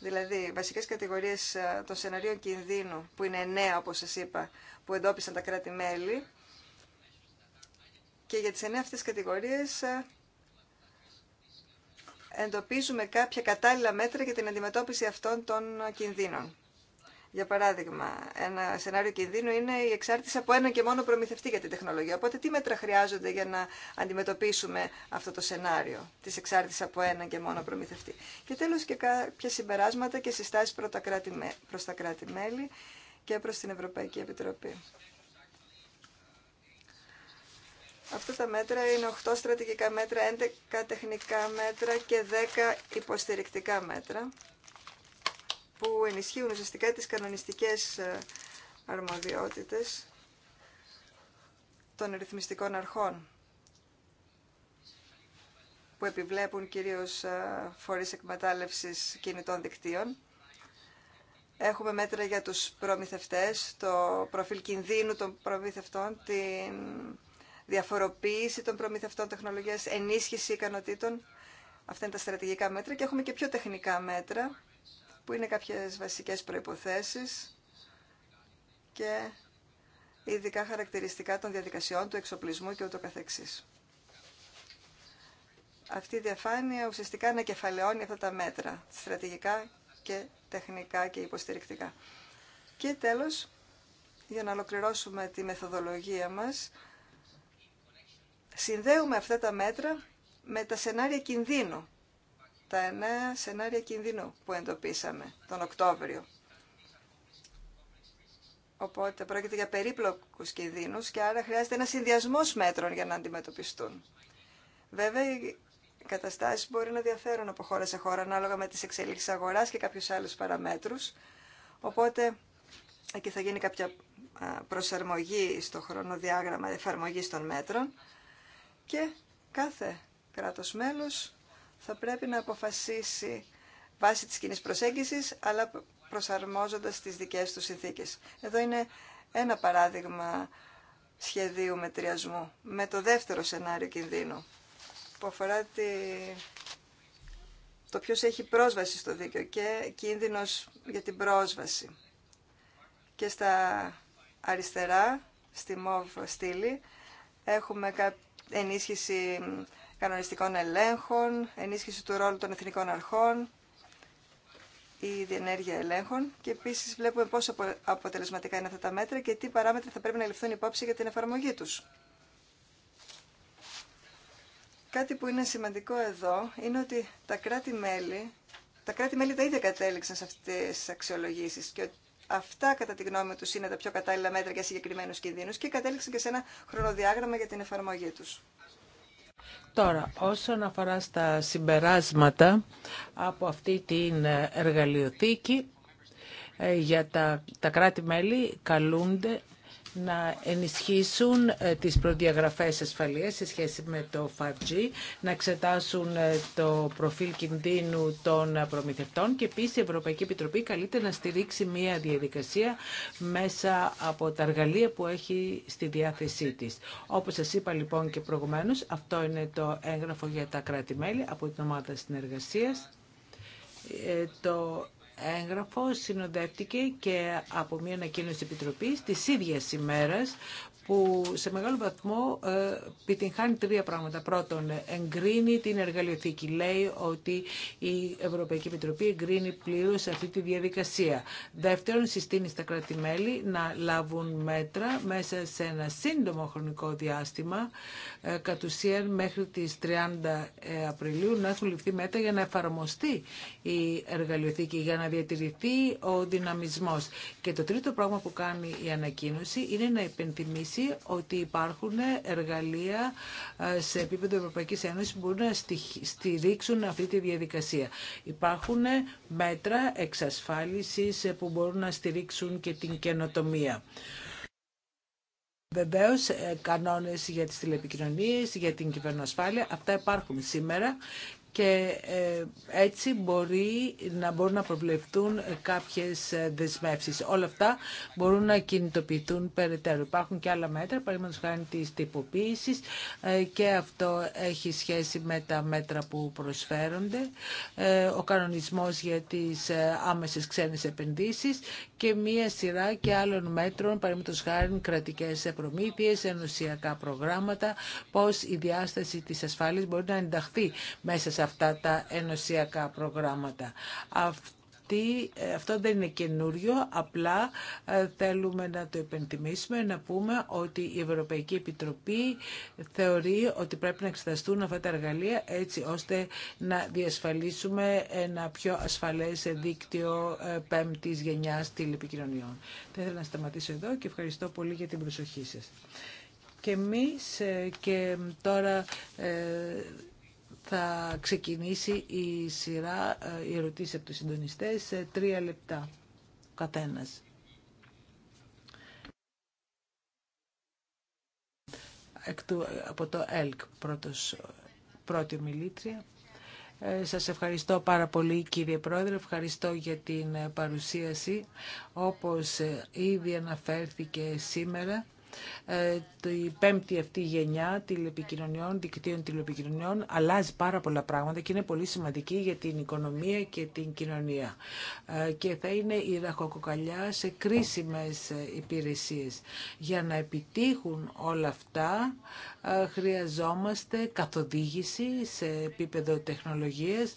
Δηλαδή, βασικές κατηγορίες ε, των σενάριων κινδύνου, που είναι εννέα, όπως σας είπα, που εντόπισαν τα κράτη-μέλη. Και για τις εννέα αυτές κατηγορίες ε, εντοπίζουμε κάποια κατάλληλα μέτρα για την αντιμετώπιση αυτών των κινδύνων. Για παράδειγμα, ένα σενάριο κινδύνου είναι η εξάρτηση από ένα και μόνο προμηθευτή για την τεχνολογία. Οπότε τι μέτρα χρειάζονται για να αντιμετωπίσουμε αυτό το σενάριο τη εξάρτηση από ένα και μόνο προμηθευτή. Και τέλο και κάποια συμπεράσματα και συστάσει προ τα κράτη-μέλη και προ την Ευρωπαϊκή Επιτροπή. Αυτά τα μέτρα είναι 8 στρατηγικά μέτρα, 11 τεχνικά μέτρα και 10 υποστηρικτικά μέτρα που ενισχύουν ουσιαστικά τις κανονιστικές ε, αρμοδιότητες των ρυθμιστικών αρχών που επιβλέπουν κυρίως ε, φορείς εκμετάλλευσης κινητών δικτύων. Έχουμε μέτρα για τους προμηθευτές, το προφίλ κινδύνου των προμηθευτών, τη διαφοροποίηση των προμηθευτών τεχνολογίας, ενίσχυση ικανοτήτων. Αυτά είναι τα στρατηγικά μέτρα και έχουμε και πιο τεχνικά μέτρα που είναι κάποιες βασικές προϋποθέσεις και ειδικά χαρακτηριστικά των διαδικασιών του εξοπλισμού και ούτω καθεξής. Αυτή η διαφάνεια ουσιαστικά ανακεφαλαιώνει αυτά τα μέτρα, στρατηγικά και τεχνικά και υποστηρικτικά. Και τέλος, για να ολοκληρώσουμε τη μεθοδολογία μας, συνδέουμε αυτά τα μέτρα με τα σενάρια κινδύνου τα εννέα σενάρια κινδύνου που εντοπίσαμε τον Οκτώβριο. Οπότε πρόκειται για περίπλοκους κινδύνους και άρα χρειάζεται ένα συνδυασμός μέτρων για να αντιμετωπιστούν. Βέβαια, οι καταστάσεις μπορεί να διαφέρουν από χώρα σε χώρα ανάλογα με τις εξελίξεις αγοράς και κάποιους άλλους παραμέτρους. Οπότε, εκεί θα γίνει κάποια προσαρμογή στο χρονοδιάγραμμα εφαρμογής των μέτρων και κάθε κράτος μέλος θα πρέπει να αποφασίσει βάσει της κοινή προσέγγισης, αλλά προσαρμόζοντας τις δικές του συνθήκες. Εδώ είναι ένα παράδειγμα σχεδίου μετριασμού, με το δεύτερο σενάριο κινδύνου, που αφορά τη... το ποιος έχει πρόσβαση στο δίκαιο και κίνδυνος για την πρόσβαση. Και στα αριστερά, στη ΜΟΒ στήλη, έχουμε ενίσχυση κανονιστικών ελέγχων, ενίσχυση του ρόλου των εθνικών αρχών, η διενέργεια ελέγχων και επίση βλέπουμε πόσο αποτελεσματικά είναι αυτά τα μέτρα και τι παράμετρα θα πρέπει να ληφθούν υπόψη για την εφαρμογή του. Κάτι που είναι σημαντικό εδώ είναι ότι τα κράτη-μέλη τα, κρατη ίδια κατέληξαν σε αυτέ τι αξιολογήσει. και αυτά κατά τη γνώμη του είναι τα πιο κατάλληλα μέτρα για συγκεκριμένου κινδύνους και κατέληξαν και σε ένα χρονοδιάγραμμα για την εφαρμογή του. Τώρα, όσον αφορά στα συμπεράσματα από αυτή την εργαλειοθήκη, ε, για τα, τα κράτη-μέλη καλούνται να ενισχύσουν ε, τις προδιαγραφές ασφαλείας σε σχέση με το 5G, να εξετάσουν ε, το προφίλ κινδύνου των προμηθευτών και επίσης η Ευρωπαϊκή Επιτροπή καλείται να στηρίξει μια διαδικασία μέσα από τα εργαλεία που έχει στη διάθεσή της. Όπως σας είπα λοιπόν και προηγουμένως, αυτό είναι το έγγραφο για τα κράτη-μέλη από την ομάδα συνεργασίας. Ε, το έγγραφο συνοδεύτηκε και από μια ανακοίνωση επιτροπής της ίδιας ημέρας που σε μεγάλο βαθμό ε, επιτυγχάνει τρία πράγματα. Πρώτον, εγκρίνει την εργαλειοθήκη. Λέει ότι η Ευρωπαϊκή Επιτροπή εγκρίνει πλήρω αυτή τη διαδικασία. Δεύτερον, συστήνει στα κράτη-μέλη να λάβουν μέτρα μέσα σε ένα σύντομο χρονικό διάστημα, ε, κατ' ουσίαν μέχρι τις 30 ε, Απριλίου, να έχουν ληφθεί μέτρα για να εφαρμοστεί η εργαλειοθήκη, για να διατηρηθεί ο δυναμισμό. Και το τρίτο πράγμα που κάνει η ανακοίνωση είναι να υπενθυμίσει ότι υπάρχουν εργαλεία ε, σε επίπεδο Ευρωπαϊκής Ένωσης που μπορούν να στηρίξουν αυτή τη διαδικασία. Υπάρχουν μέτρα εξασφάλισης ε, που μπορούν να στηρίξουν και την καινοτομία. Βεβαίω, ε, κανόνε για τι τηλεπικοινωνίε, για την κυβερνοασφάλεια, αυτά υπάρχουν σήμερα και ε, έτσι μπορεί να μπορούν να προβλεφτούν κάποιες δεσμεύσεις. Όλα αυτά μπορούν να κινητοποιηθούν περαιτέρω. Υπάρχουν και άλλα μέτρα, παραδείγματος χάρη της τυποποίησης ε, και αυτό έχει σχέση με τα μέτρα που προσφέρονται, ε, ο κανονισμός για τις άμεσες ξένες επενδύσεις και μία σειρά και άλλων μέτρων, παραδείγματος χάρη κρατικές προμήθειες, ενωσιακά προγράμματα, πώς η διάσταση της ασφάλειας μπορεί να ενταχθεί μέσα σε αυτά τα ενωσιακά προγράμματα. Ε, αυτό δεν είναι καινούριο, απλά ε, θέλουμε να το υπενθυμίσουμε, να πούμε ότι η Ευρωπαϊκή Επιτροπή θεωρεί ότι πρέπει να εξεταστούν αυτά τα εργαλεία έτσι ώστε να διασφαλίσουμε ένα πιο ασφαλές δίκτυο ε, πέμπτης γενιάς τηλεπικοινωνιών. Θα ήθελα να σταματήσω εδώ και ευχαριστώ πολύ για την προσοχή σας. Και εμείς και τώρα θα ξεκινήσει η σειρά, η ε, ερωτήση από τους συντονιστές σε τρία λεπτά καθένας. από το ΕΛΚ, πρώτος, πρώτη μιλήτρια. Ε, σας ευχαριστώ πάρα πολύ κύριε Πρόεδρε, ευχαριστώ για την παρουσίαση. Όπως ε, ήδη αναφέρθηκε σήμερα, ε, η πέμπτη αυτή γενιά τηλεπικοινωνιών, δικτύων τηλεπικοινωνιών αλλάζει πάρα πολλά πράγματα και είναι πολύ σημαντική για την οικονομία και την κοινωνία. Ε, και θα είναι η ραχοκοκαλιά σε κρίσιμες ε, υπηρεσίες. Για να επιτύχουν όλα αυτά χρειαζόμαστε καθοδήγηση σε επίπεδο τεχνολογίες,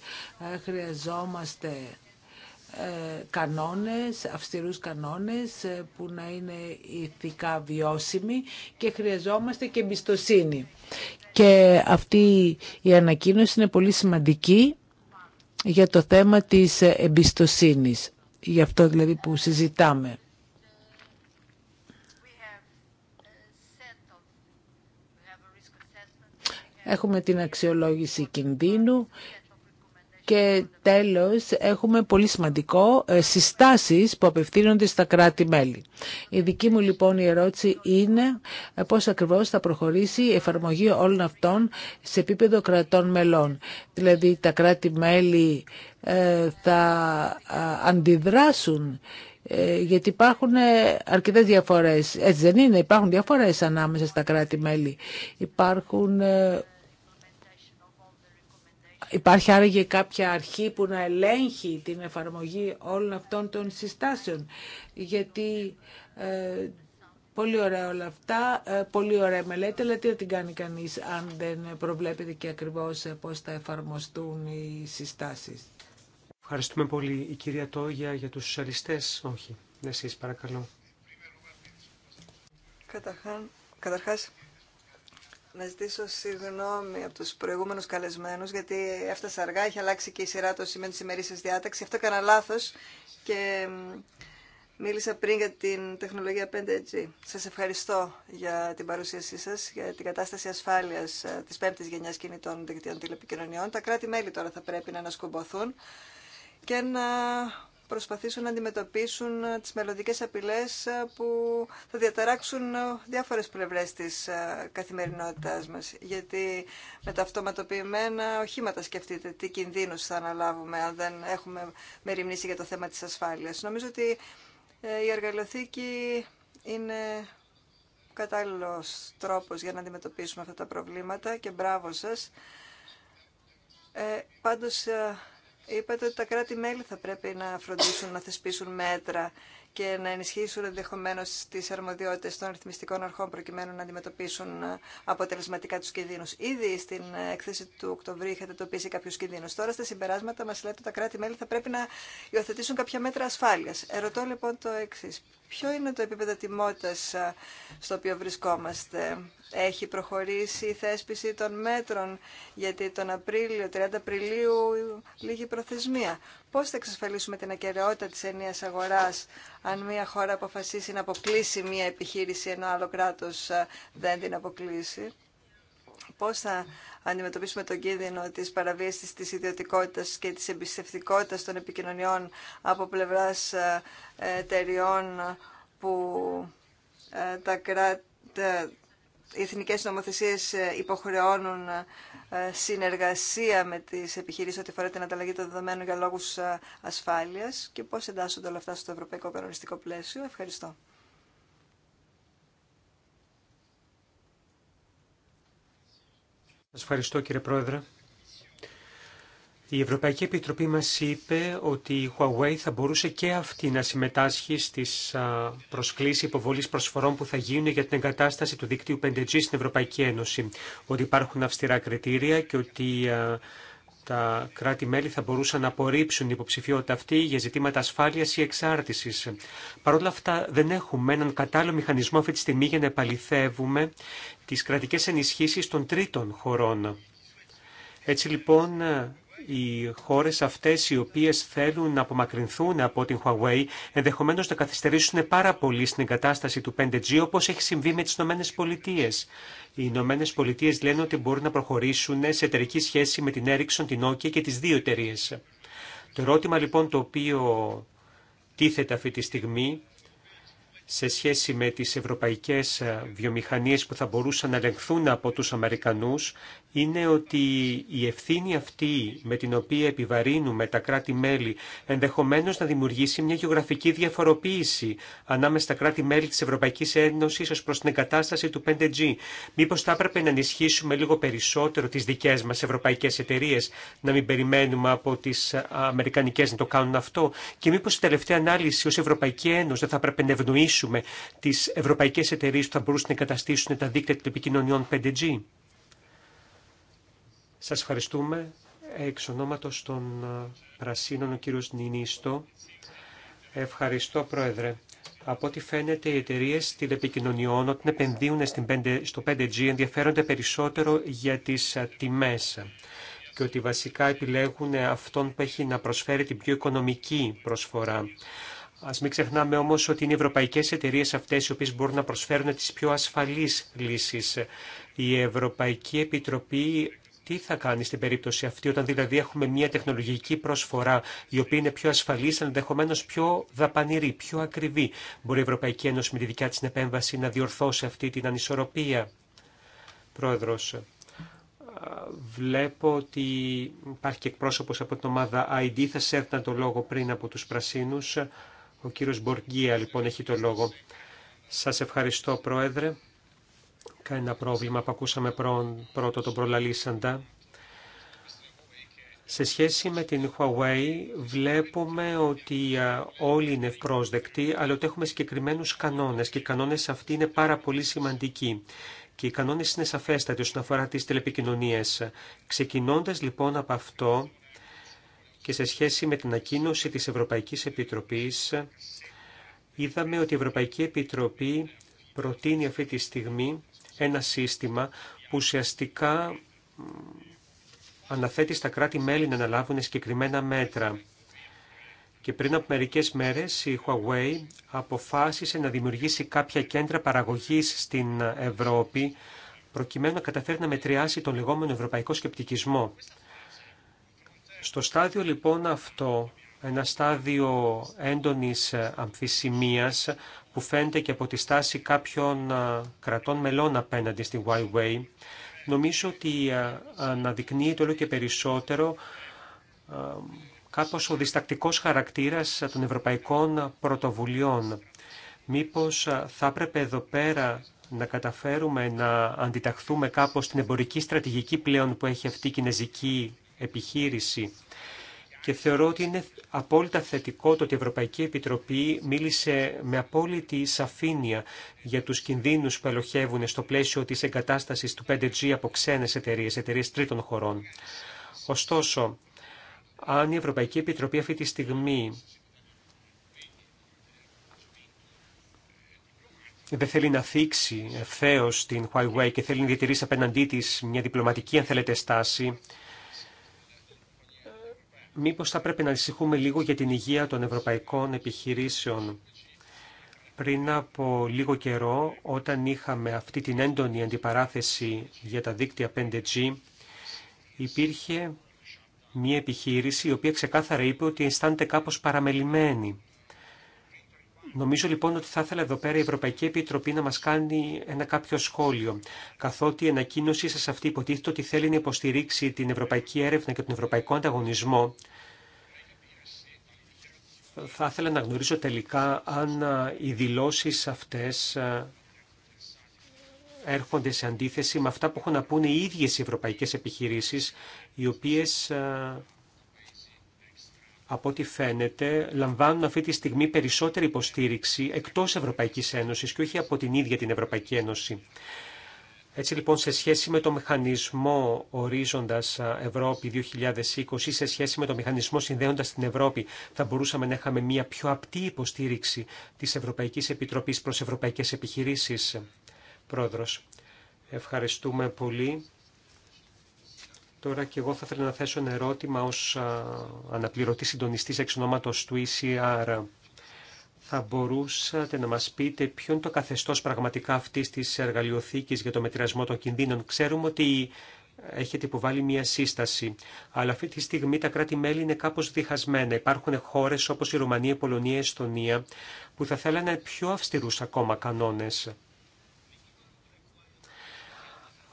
χρειαζόμαστε ε, κανόνες, αυστηρούς κανόνες ε, που να είναι ηθικά βιώσιμοι και χρειαζόμαστε και εμπιστοσύνη. Και αυτή η ανακοίνωση είναι πολύ σημαντική για το θέμα της εμπιστοσύνης, για αυτό δηλαδή που συζητάμε. Έχουμε την αξιολόγηση κινδύνου και τέλος έχουμε πολύ σημαντικό ε, συστάσεις που απευθύνονται στα κράτη-μέλη. Η δική μου λοιπόν η ερώτηση είναι ε, πώς ακριβώς θα προχωρήσει η εφαρμογή όλων αυτών σε επίπεδο κρατών μελών. Δηλαδή τα κράτη-μέλη ε, θα αντιδράσουν γιατί υπάρχουν αρκετές διαφορές. Έτσι δεν είναι, υπάρχουν διαφορές ανάμεσα στα κράτη-μέλη. Υπάρχουν Υπάρχει άραγε κάποια αρχή που να ελέγχει την εφαρμογή όλων αυτών των συστάσεων. Γιατί ε, πολύ ωραία όλα αυτά, ε, πολύ ωραία μελέτη, αλλά τι θα την κάνει κανείς αν δεν προβλέπεται και ακριβώς ε, πώς θα εφαρμοστούν οι συστάσεις. Ευχαριστούμε πολύ. Η κυρία Τόγια για τους σοσιαλιστές. Όχι, εσείς παρακαλώ. καταρχάς, να ζητήσω συγγνώμη από τους προηγούμενους καλεσμένους, γιατί έφτασα αργά, έχει αλλάξει και η σειρά των σημείων της ημερήσιας διάταξη. Αυτό έκανα λάθος και μίλησα πριν για την τεχνολογία 5G. Σας ευχαριστώ για την παρουσίασή σας, για την κατάσταση ασφάλειας ε, της πέμπτης γενιάς κινητών δικτύων τηλεπικοινωνιών. Τα κράτη-μέλη τώρα θα πρέπει να ανασκουμποθούν και να προσπαθήσουν να αντιμετωπίσουν ε, τις μελλοντικές απειλές ε, που θα διαταράξουν ε, διάφορες πλευρές της καθημερινότητάς μας. Γιατί με τα αυτοματοποιημένα οχήματα σκεφτείτε τι κινδύνους θα αναλάβουμε αν δεν έχουμε μεριμνήσει για το θέμα της ασφάλειας. Νομίζω ότι η εργαλειοθήκη είναι κατάλληλος τρόπος για να αντιμετωπίσουμε αυτά τα προβλήματα και μπράβο σας. Ε, πάντως Είπατε ότι τα κράτη-μέλη θα πρέπει να φροντίσουν να θεσπίσουν μέτρα και να ενισχύσουν ενδεχομένω τι αρμοδιότητε των ρυθμιστικών αρχών προκειμένου να αντιμετωπίσουν ε, αποτελεσματικά του κινδύνου. Ήδη στην ε, έκθεση του Οκτωβρίου είχατε τοπίσει κάποιου κινδύνου. Τώρα στα συμπεράσματα μα λέτε ότι τα κράτη-μέλη θα πρέπει να υιοθετήσουν κάποια μέτρα ασφάλεια. Ερωτώ λοιπόν το εξή. Ποιο είναι το επίπεδο τιμότητας στο οποίο βρισκόμαστε. Έχει προχωρήσει η θέσπιση των μέτρων, γιατί τον Απρίλιο, 30 Απριλίου, λίγη προθεσμία. Πώς θα εξασφαλίσουμε την ακαιρεότητα της ενίας αγοράς, αν μια χώρα αποφασίσει να αποκλείσει μια επιχείρηση, ενώ άλλο κράτος δεν την αποκλείσει. Πώς θα αντιμετωπίσουμε τον κίνδυνο της παραβίασης της ιδιωτικότητας και της εμπιστευτικότητας των επικοινωνιών από πλευράς ε, εταιριών που ε, τα κράτη, οι εθνικές νομοθεσίες ε, υποχρεώνουν συνεργασία με τις επιχειρήσεις ό,τι αφορά την ανταλλαγή των δεδομένων για λόγους ασφάλειας και πώς εντάσσονται όλα αυτά στο ευρωπαϊκό κανονιστικό πλαίσιο. Ευχαριστώ. Σας ευχαριστώ κύριε Πρόεδρε. Η Ευρωπαϊκή Επιτροπή μας είπε ότι η Huawei θα μπορούσε και αυτή να συμμετάσχει στις προσκλήσεις υποβολής προσφορών που θα γίνουν για την εγκατάσταση του δικτύου 5G στην Ευρωπαϊκή Ένωση. Ότι υπάρχουν αυστηρά κριτήρια και ότι τα κράτη-μέλη θα μπορούσαν να απορρίψουν την υποψηφιότητα αυτή για ζητήματα ασφάλειας ή εξάρτησης. Παρ' όλα αυτά δεν έχουμε έναν κατάλληλο μηχανισμό αυτή τη στιγμή για να επαληθεύουμε τις κρατικές ενισχύσεις των τρίτων χωρών. Έτσι λοιπόν οι χώρες αυτές οι οποίες θέλουν να απομακρυνθούν από την Huawei ενδεχομένως να καθυστερήσουν πάρα πολύ στην εγκατάσταση του 5G όπως έχει συμβεί με τις Ηνωμένες Πολιτείες. Οι Ηνωμένε Πολιτείε λένε ότι μπορούν να προχωρήσουν σε εταιρική σχέση με την Ericsson, την Nokia και τις δύο εταιρείε. Το ερώτημα λοιπόν το οποίο τίθεται αυτή τη στιγμή σε σχέση με τις ευρωπαϊκές βιομηχανίες που θα μπορούσαν να ελεγχθούν από τους Αμερικανούς είναι ότι η ευθύνη αυτή με την οποία επιβαρύνουμε τα κράτη-μέλη ενδεχομένως να δημιουργήσει μια γεωγραφική διαφοροποίηση ανάμεσα στα κράτη-μέλη της Ευρωπαϊκής Ένωσης ως προς την εγκατάσταση του 5G. Μήπως θα έπρεπε να ενισχύσουμε λίγο περισσότερο τις δικές μας ευρωπαϊκές εταιρείε, να μην περιμένουμε από τις Αμερικανικές να το κάνουν αυτό και μήπως η τελευταία ανάλυση ως Ευρωπαϊκή Ένωση δεν θα έπρεπε να ευνοήσουμε τις ευρωπαϊκές εταιρείε που θα μπορούσαν να εγκαταστήσουν τα δίκτυα των 5 5G. Σας ευχαριστούμε. Εξ ονόματος των ε, Πρασίνων, ο κύριος Νινίστο. Ευχαριστώ, Πρόεδρε. Από ό,τι φαίνεται, οι εταιρείε τηλεπικοινωνιών όταν επενδύουν στο 5G ενδιαφέρονται περισσότερο για τις ε, τιμές και ότι βασικά επιλέγουν ε, αυτόν που έχει να προσφέρει την πιο οικονομική προσφορά. Α μην ξεχνάμε όμω ότι είναι οι ευρωπαϊκέ εταιρείε αυτέ οι οποίε μπορούν να προσφέρουν τι πιο ασφαλεί λύσει. Η Ευρωπαϊκή Επιτροπή τι θα κάνει στην περίπτωση αυτή, όταν δηλαδή έχουμε μια τεχνολογική προσφορά η οποία είναι πιο ασφαλή, αλλά ενδεχομένω πιο δαπανηρή, πιο ακριβή. Μπορεί η Ευρωπαϊκή Ένωση με τη δικιά τη επέμβαση να διορθώσει αυτή την ανισορροπία. Πρόεδρο, βλέπω ότι υπάρχει και εκπρόσωπο από την ομάδα ID. Θα σε το λόγο πριν από του πρασίνου. Ο κύριο Μποργία λοιπόν έχει το λόγο. Σα ευχαριστώ Πρόεδρε. Κανένα πρόβλημα που ακούσαμε πρώτο τον προλαλήσαντα. Σε σχέση με την Huawei βλέπουμε ότι όλοι είναι ευπρόσδεκτοι, αλλά ότι έχουμε συγκεκριμένους κανόνες και οι κανόνες αυτοί είναι πάρα πολύ σημαντικοί. Και οι κανόνες είναι σαφέστατοι όσον αφορά τις τηλεπικοινωνίες. Ξεκινώντας λοιπόν από αυτό και σε σχέση με την ακίνωση της Ευρωπαϊκής Επιτροπής, είδαμε ότι η Ευρωπαϊκή Επιτροπή προτείνει αυτή τη στιγμή ένα σύστημα που ουσιαστικά αναθέτει στα κράτη-μέλη να αναλάβουν συγκεκριμένα μέτρα. Και πριν από μερικές μέρες η Huawei αποφάσισε να δημιουργήσει κάποια κέντρα παραγωγής στην Ευρώπη προκειμένου να καταφέρει να μετριάσει τον λεγόμενο ευρωπαϊκό σκεπτικισμό. Στο στάδιο λοιπόν αυτό, ένα στάδιο έντονης αμφισημίας, που φαίνεται και από τη στάση κάποιων κρατών μελών απέναντι στη Huawei. Νομίζω ότι αναδεικνύεται όλο και περισσότερο κάπως ο διστακτικός χαρακτήρας των ευρωπαϊκών πρωτοβουλειών. Μήπως θα έπρεπε εδώ πέρα να καταφέρουμε να αντιταχθούμε κάπως την εμπορική στρατηγική πλέον που έχει αυτή η κινέζικη επιχείρηση και θεωρώ ότι είναι απόλυτα θετικό το ότι η Ευρωπαϊκή Επιτροπή μίλησε με απόλυτη σαφήνεια για τους κινδύνους που ελοχεύουν στο πλαίσιο της εγκατάστασης του 5G από ξένες εταιρείες, εταιρείες τρίτων χωρών. Ωστόσο, αν η Ευρωπαϊκή Επιτροπή αυτή τη στιγμή δεν θέλει να θίξει ευθέω την Huawei και θέλει να διατηρήσει απέναντί της μια διπλωματική, αν θέλετε, στάση, μήπως θα πρέπει να ανησυχούμε λίγο για την υγεία των ευρωπαϊκών επιχειρήσεων. Πριν από λίγο καιρό, όταν είχαμε αυτή την έντονη αντιπαράθεση για τα δίκτυα 5G, υπήρχε μια επιχείρηση η οποία ξεκάθαρα είπε ότι αισθάνεται κάπως παραμελημένη Νομίζω λοιπόν ότι θα ήθελα εδώ πέρα η Ευρωπαϊκή Επιτροπή να μας κάνει ένα κάποιο σχόλιο, καθότι η ανακοίνωσή σα αυτή υποτίθεται ότι θέλει να υποστηρίξει την ευρωπαϊκή έρευνα και τον ευρωπαϊκό ανταγωνισμό. Θα ήθελα να γνωρίσω τελικά αν οι δηλώσεις αυτές έρχονται σε αντίθεση με αυτά που έχουν να πούνε οι ίδιες οι ευρωπαϊκές επιχειρήσεις, οι οποίες από ό,τι φαίνεται, λαμβάνουν αυτή τη στιγμή περισσότερη υποστήριξη εκτός Ευρωπαϊκής Ένωσης και όχι από την ίδια την Ευρωπαϊκή Ένωση. Έτσι λοιπόν σε σχέση με το μηχανισμό ορίζοντας Ευρώπη 2020 σε σχέση με το μηχανισμό συνδέοντας την Ευρώπη θα μπορούσαμε να είχαμε μια πιο απτή υποστήριξη της Ευρωπαϊκής Επιτροπής προς Ευρωπαϊκές Επιχειρήσεις. Πρόεδρος, ευχαριστούμε πολύ. Τώρα και εγώ θα ήθελα να θέσω ένα ερώτημα ως αναπληρωτή συντονιστής εξ ονόματος του ECR. Θα μπορούσατε να μας πείτε ποιο είναι το καθεστώς πραγματικά αυτής της εργαλειοθήκης για το μετριασμό των κινδύνων. Ξέρουμε ότι έχετε υποβάλει μια σύσταση. Αλλά αυτή τη στιγμή τα κράτη-μέλη είναι κάπως διχασμένα. Υπάρχουν χώρες όπως η Ρουμανία, η Πολωνία, η Εστονία που θα θέλανε πιο αυστηρούς ακόμα κανόνες.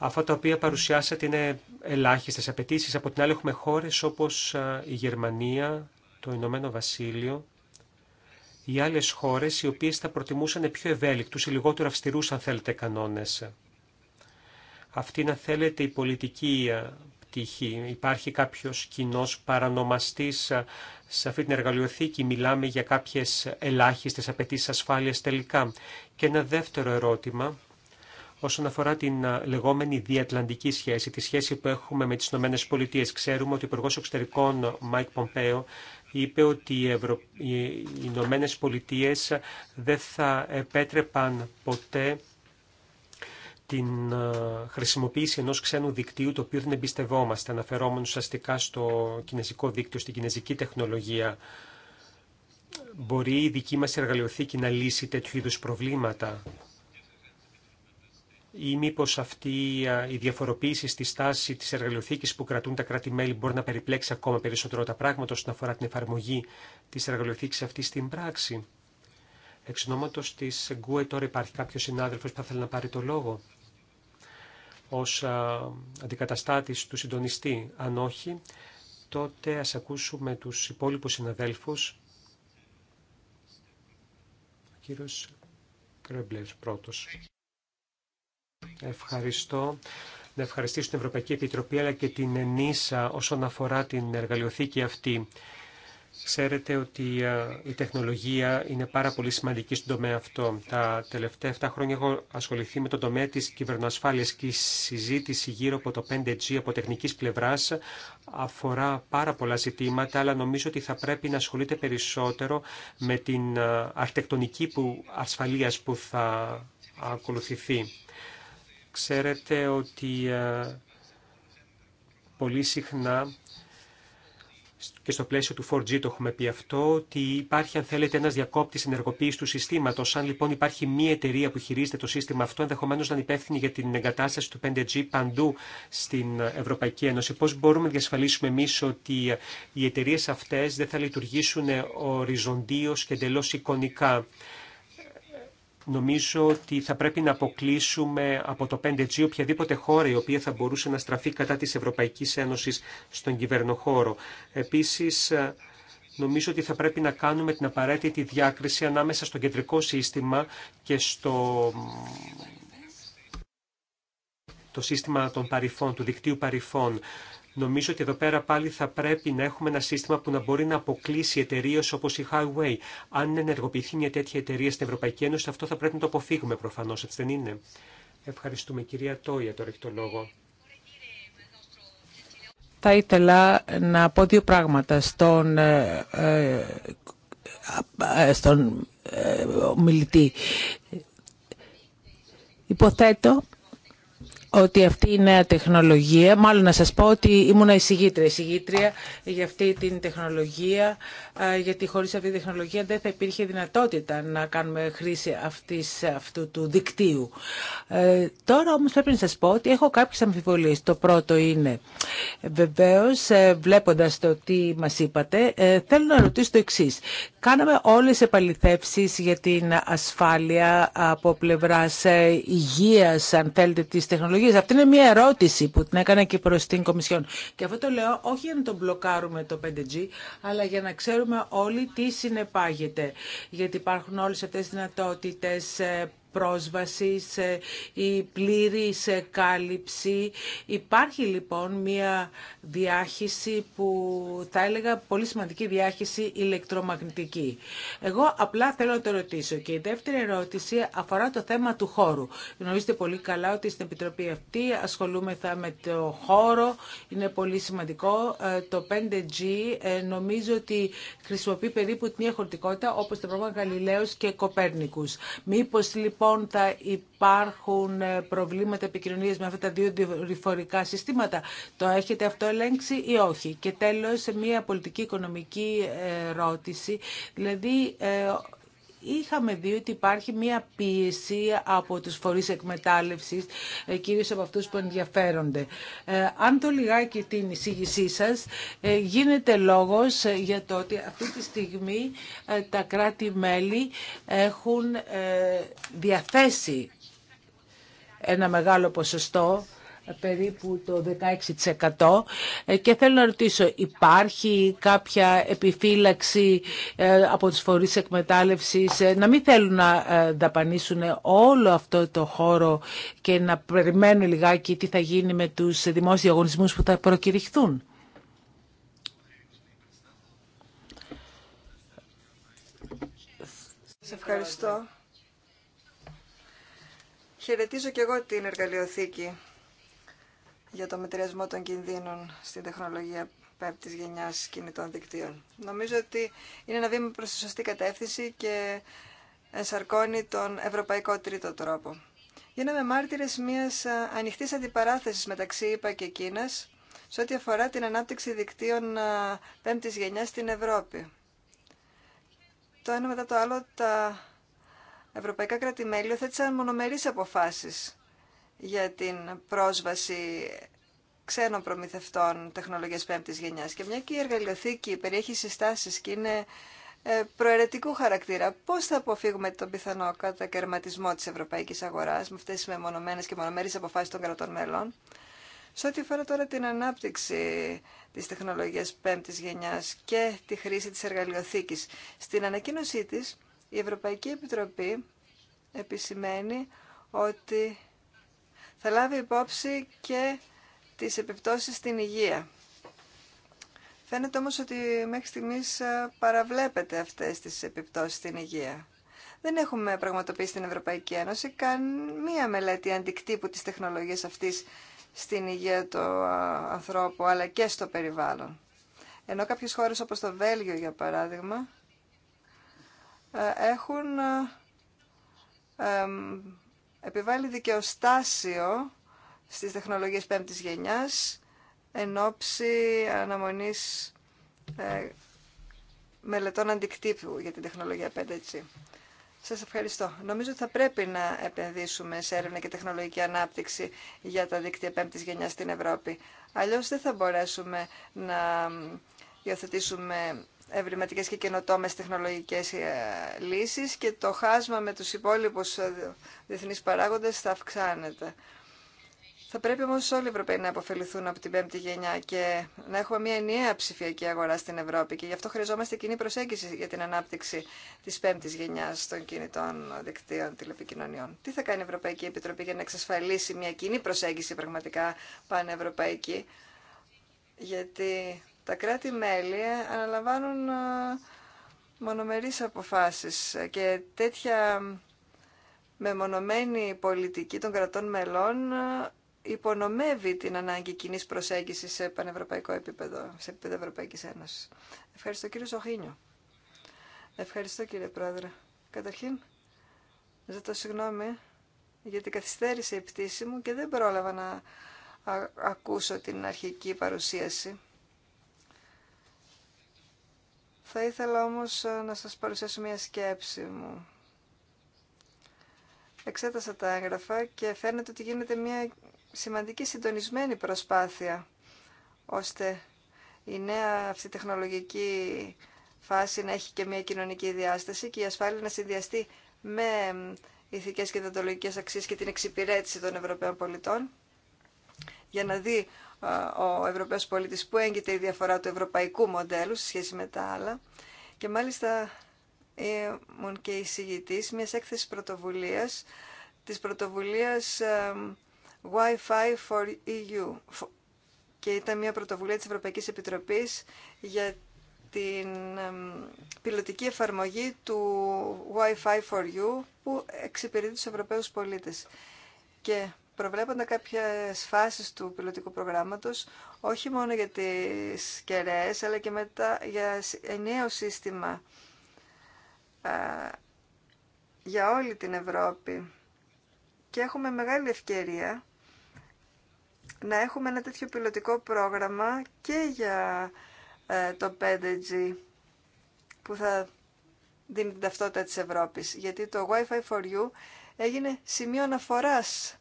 Αυτά τα οποία παρουσιάσατε είναι ελάχιστες απαιτήσει. Από την άλλη έχουμε χώρες όπως η Γερμανία, το Ηνωμένο Βασίλειο, οι άλλες χώρες οι οποίες θα προτιμούσαν πιο ευέλικτους ή λιγότερο αυστηρούς αν θέλετε κανόνες. Αυτή να θέλετε η πολιτική πτυχή. Υπάρχει κάποιος κοινό παρανομαστής σε αυτή την εργαλειοθήκη. Μιλάμε για κάποιες ελάχιστες απαιτήσει ασφάλειας τελικά. Και ένα δεύτερο ερώτημα όσον αφορά την λεγόμενη διατλαντική σχέση, τη σχέση που έχουμε με τις Ηνωμένες Πολιτείες. Ξέρουμε ότι ο Υπουργός Εξωτερικών Μάικ Πομπέο είπε ότι οι, Ευρω... οι Ηνωμένε Πολιτείε δεν θα επέτρεπαν ποτέ την χρησιμοποίηση ενός ξένου δικτύου το οποίο δεν εμπιστευόμαστε, αναφερόμενο ουσιαστικά στο κινέζικο δίκτυο, στην κινέζικη τεχνολογία. Μπορεί η δική μας εργαλειοθήκη να λύσει τέτοιου είδους προβλήματα ή μήπως αυτή η μηπω αυτη η διαφοροποιηση στη στάση τη εργαλειοθήκη που κρατούν τα κράτη-μέλη μπορεί να περιπλέξει ακόμα περισσότερο τα πράγματα όσον αφορά την εφαρμογή τη εργαλειοθήκη αυτή στην πράξη. Εξ ονόματο τη ΓκουΕ, τώρα υπάρχει κάποιο συνάδελφο που θα θέλει να πάρει το λόγο ω αντικαταστάτη του συντονιστή. Αν όχι, τότε α ακούσουμε του υπόλοιπου συναδέλφου. Ο κύριος Κρέμπλερ πρώτος. Ευχαριστώ. Να ευχαριστήσω την Ευρωπαϊκή Επιτροπή αλλά και την ΕΝΙΣΑ όσον αφορά την εργαλειοθήκη αυτή. Ξέρετε ότι η τεχνολογία είναι πάρα πολύ σημαντική στον τομέα αυτό. Τα τελευταία 7 χρόνια έχω ασχοληθεί με τον τομέα της κυβερνοασφάλειας και η συζήτηση γύρω από το 5G από τεχνικής πλευράς αφορά πάρα πολλά ζητήματα, αλλά νομίζω ότι θα πρέπει να ασχολείται περισσότερο με την αρχιτεκτονική που, ασφαλείας που θα ακολουθηθεί. Ξέρετε ότι ε, πολύ συχνά και στο πλαίσιο του 4G το έχουμε πει αυτό, ότι υπάρχει αν θέλετε ένας διακόπτης ενεργοποίησης του συστήματος. Αν λοιπόν υπάρχει μία εταιρεία που χειρίζεται το σύστημα αυτό, ενδεχομένως να είναι υπεύθυνη για την εγκατάσταση του 5G παντού στην Ευρωπαϊκή Ένωση. Πώς μπορούμε να διασφαλίσουμε εμείς ότι ε, οι εταιρείε αυτές δεν θα λειτουργήσουν οριζοντίως και εντελώ εικονικά. Νομίζω ότι θα πρέπει να αποκλείσουμε από το 5G οποιαδήποτε χώρα η οποία θα μπορούσε να στραφεί κατά της Ευρωπαϊκής Ένωσης στον κυβερνοχώρο. Επίσης, νομίζω ότι θα πρέπει να κάνουμε την απαραίτητη διάκριση ανάμεσα στο κεντρικό σύστημα και στο το σύστημα των παρυφών, του δικτύου παρυφών. Νομίζω ότι εδώ πέρα πάλι θα πρέπει να έχουμε ένα σύστημα που να μπορεί να αποκλείσει εταιρείε όπω η Highway. Αν ενεργοποιηθεί μια τέτοια εταιρεία στην Ευρωπαϊκή Ένωση, αυτό θα πρέπει να το αποφύγουμε προφανώ, έτσι δεν είναι. Ευχαριστούμε. Κυρία Τόια, τώρα έχει το λόγο. Θα ήθελα να πω δύο πράγματα στον, ε, ε, ε στον ε, Υποθέτω ότι αυτή η νέα τεχνολογία, μάλλον να σας πω ότι ήμουν εισηγήτρια, εισηγήτρια για αυτή την τεχνολογία ε, γιατί χωρίς αυτή τη τεχνολογία δεν θα υπήρχε δυνατότητα να κάνουμε χρήση αυτής, αυτού του δικτύου. Ε, τώρα όμως πρέπει να σας πω ότι έχω κάποιες αμφιβολίες. Το πρώτο είναι, βεβαίως, ε, βλέποντας το τι μας είπατε, ε, θέλω να ρωτήσω το εξή. Κάναμε όλες τις επαληθεύσεις για την ασφάλεια από πλευράς υγείας, αν θέλετε, της τεχνολογίας. Αυτή είναι μια ερώτηση που την έκανα και προς την Κομισιόν. Και αυτό το λέω όχι για να τον μπλοκάρουμε το 5G, αλλά για να ξέρουμε όλοι τι συνεπάγεται. Γιατί υπάρχουν όλες αυτές τις δυνατότητες ε, πρόσβασης, η πλήρης κάλυψη. Υπάρχει λοιπόν μια διάχυση που θα έλεγα πολύ σημαντική διάχυση ηλεκτρομαγνητική. Εγώ απλά θέλω να το ρωτήσω και η δεύτερη ερώτηση αφορά το θέμα του χώρου. Γνωρίζετε πολύ καλά ότι στην Επιτροπή αυτή ασχολούμεθα με το χώρο, είναι πολύ σημαντικό. Ε, το 5G ε, νομίζω ότι χρησιμοποιεί περίπου την ίδια χωρητικότητα όπως το πρόγραμμα Γαλιλαίος και Κοπέρνικους. Μήπως λοιπόν λοιπόν θα υπάρχουν ε, προβλήματα επικοινωνίας με αυτά τα δύο διφορικά συστήματα. Το έχετε αυτό ελέγξει ή όχι. Και τέλος, μια πολιτική οικονομική ε, ερώτηση, δηλαδή ε, είχαμε δει ότι υπάρχει μία πίεση από τους φορείς εκμετάλλευσης, ε, κυρίως από αυτούς που ενδιαφέρονται. Ε, αν το λιγάκι την εισήγησή σας, ε, γίνεται λόγος για το ότι αυτή τη στιγμή τα κράτη-μέλη έχουν διαθέσει ένα μεγάλο ποσοστό περίπου το 16% ε, και θέλω να ρωτήσω υπάρχει κάποια επιφύλαξη ε, από τις φορείς εκμετάλλευσης ε, να μην θέλουν να δαπανίσουν όλο αυτό το χώρο και να περιμένουν λιγάκι τι θα γίνει με τους δημόσιους διαγωνισμούς που θα προκηρυχθούν. Σας ευχαριστώ. Χαιρετίζω και εγώ την εργαλειοθήκη για το μετριασμό των κινδύνων στην τεχνολογία πέμπτης γενιάς κινητών δικτύων. Νομίζω ότι είναι ένα βήμα προς τη σωστή κατεύθυνση και ενσαρκώνει τον ευρωπαϊκό τρίτο τρόπο. Γίναμε μάρτυρες μιας ανοιχτής αντιπαράθεσης μεταξύ ΙΠΑ και Κίνας σε ό,τι αφορά την ανάπτυξη δικτύων πέμπτης γενιάς στην Ευρώπη. Το ένα μετά το άλλο τα ευρωπαϊκά κράτη-μέλη θέτησαν μονομερείς αποφάσεις για την πρόσβαση ξένων προμηθευτών τεχνολογίας πέμπτης γενιάς. Και μια και η εργαλειοθήκη περιέχει συστάσεις και είναι ε, προαιρετικού χαρακτήρα. Πώς θα αποφύγουμε τον πιθανό κατακαιρματισμό της ευρωπαϊκής αγοράς με αυτές τις μεμονωμένες και μονομέρειες αποφάσεις των κρατών μελών. Σε ό,τι αφορά τώρα την ανάπτυξη της τεχνολογίας πέμπτης γενιάς και τη χρήση της εργαλειοθήκης, στην ανακοίνωσή της η Ευρωπαϊκή Επιτροπή επισημαίνει ότι θα λάβει υπόψη και τις επιπτώσεις στην υγεία. Φαίνεται όμως ότι μέχρι στιγμής ε, παραβλέπεται αυτές τις επιπτώσεις στην υγεία. Δεν έχουμε πραγματοποιήσει στην Ευρωπαϊκή Ένωση καν μία μελέτη αντικτύπου της τεχνολογίας αυτής στην υγεία του ε, ανθρώπου αλλά και στο περιβάλλον. Ενώ κάποιες χώρες όπως το Βέλγιο για παράδειγμα ε, έχουν επιβάλλει δικαιοστάσιο στις τεχνολογίες πέμπτης γενιάς εν ώψη αναμονής ε, μελετών αντικτύπου για την τεχνολογία 5G. Σας ευχαριστώ. Νομίζω ότι θα πρέπει να επενδύσουμε σε έρευνα και τεχνολογική ανάπτυξη για τα δίκτυα πέμπτης γενιάς στην Ευρώπη. Αλλιώς δεν θα μπορέσουμε να υιοθετήσουμε ευρηματικές και καινοτόμες τεχνολογικές ε, λύσεις και το χάσμα με τους υπόλοιπους ε, διεθνείς παράγοντες θα αυξάνεται. Θα πρέπει όμως όλοι οι Ευρωπαίοι να αποφεληθούν από την πέμπτη γενιά και να έχουμε μια ενιαία ψηφιακή αγορά στην Ευρώπη και γι' αυτό χρειαζόμαστε κοινή προσέγγιση για την ανάπτυξη της πέμπτης γενιάς των κινητών δικτύων τηλεπικοινωνιών. Τι θα κάνει η Ευρωπαϊκή Επιτροπή για να εξασφαλίσει μια κοινή προσέγγιση πραγματικά πανευρωπαϊκή, γιατί τα κράτη-μέλη ε, αναλαμβάνουν ε, μονομερείς αποφάσεις και τέτοια μεμονωμένη πολιτική των κρατών μελών ε, υπονομεύει την ανάγκη κοινή προσέγγιση σε πανευρωπαϊκό επίπεδο, σε επίπεδο Ευρωπαϊκή Ένωση. Ευχαριστώ κύριε Σοχίνιο. Ευχαριστώ κύριε Πρόεδρε. Καταρχήν, ζητώ συγγνώμη γιατί καθυστέρησε η πτήση μου και δεν πρόλαβα να ακούσω την αρχική παρουσίαση. Θα ήθελα όμως ε, να σας παρουσιάσω μια σκέψη μου. Εξέτασα τα έγγραφα και φαίνεται ότι γίνεται μια σημαντική συντονισμένη προσπάθεια ώστε η νέα αυτή τεχνολογική φάση να έχει και μια κοινωνική διάσταση και η ασφάλεια να συνδυαστεί με ηθικές και δοντολογικές αξίες και την εξυπηρέτηση των Ευρωπαίων πολιτών για να δει ο Ευρωπαίος πολίτης, πού έγκυται η διαφορά του ευρωπαϊκού μοντέλου σε σχέση με τα άλλα. Και μάλιστα ήμουν και εισηγητής μιας έκθεσης πρωτοβουλίας, της πρωτοβουλίας Wi-Fi for EU. Και ήταν μια πρωτοβουλία της Ευρωπαϊκής Επιτροπής για την πιλωτική εφαρμογή του Wi-Fi for You e που εξυπηρετεί τους Ευρωπαίους πολίτες. Και προβλέποντα κάποιες φάσεις του πιλωτικού προγράμματος, όχι μόνο για τις κεραίες, αλλά και μετά για νέο σύστημα για όλη την Ευρώπη. Και έχουμε μεγάλη ευκαιρία να έχουμε ένα τέτοιο πιλωτικό πρόγραμμα και για ε, το 5G που θα δίνει την ταυτότητα της Ευρώπης. Γιατί το Wi-Fi for You έγινε σημείο αναφοράς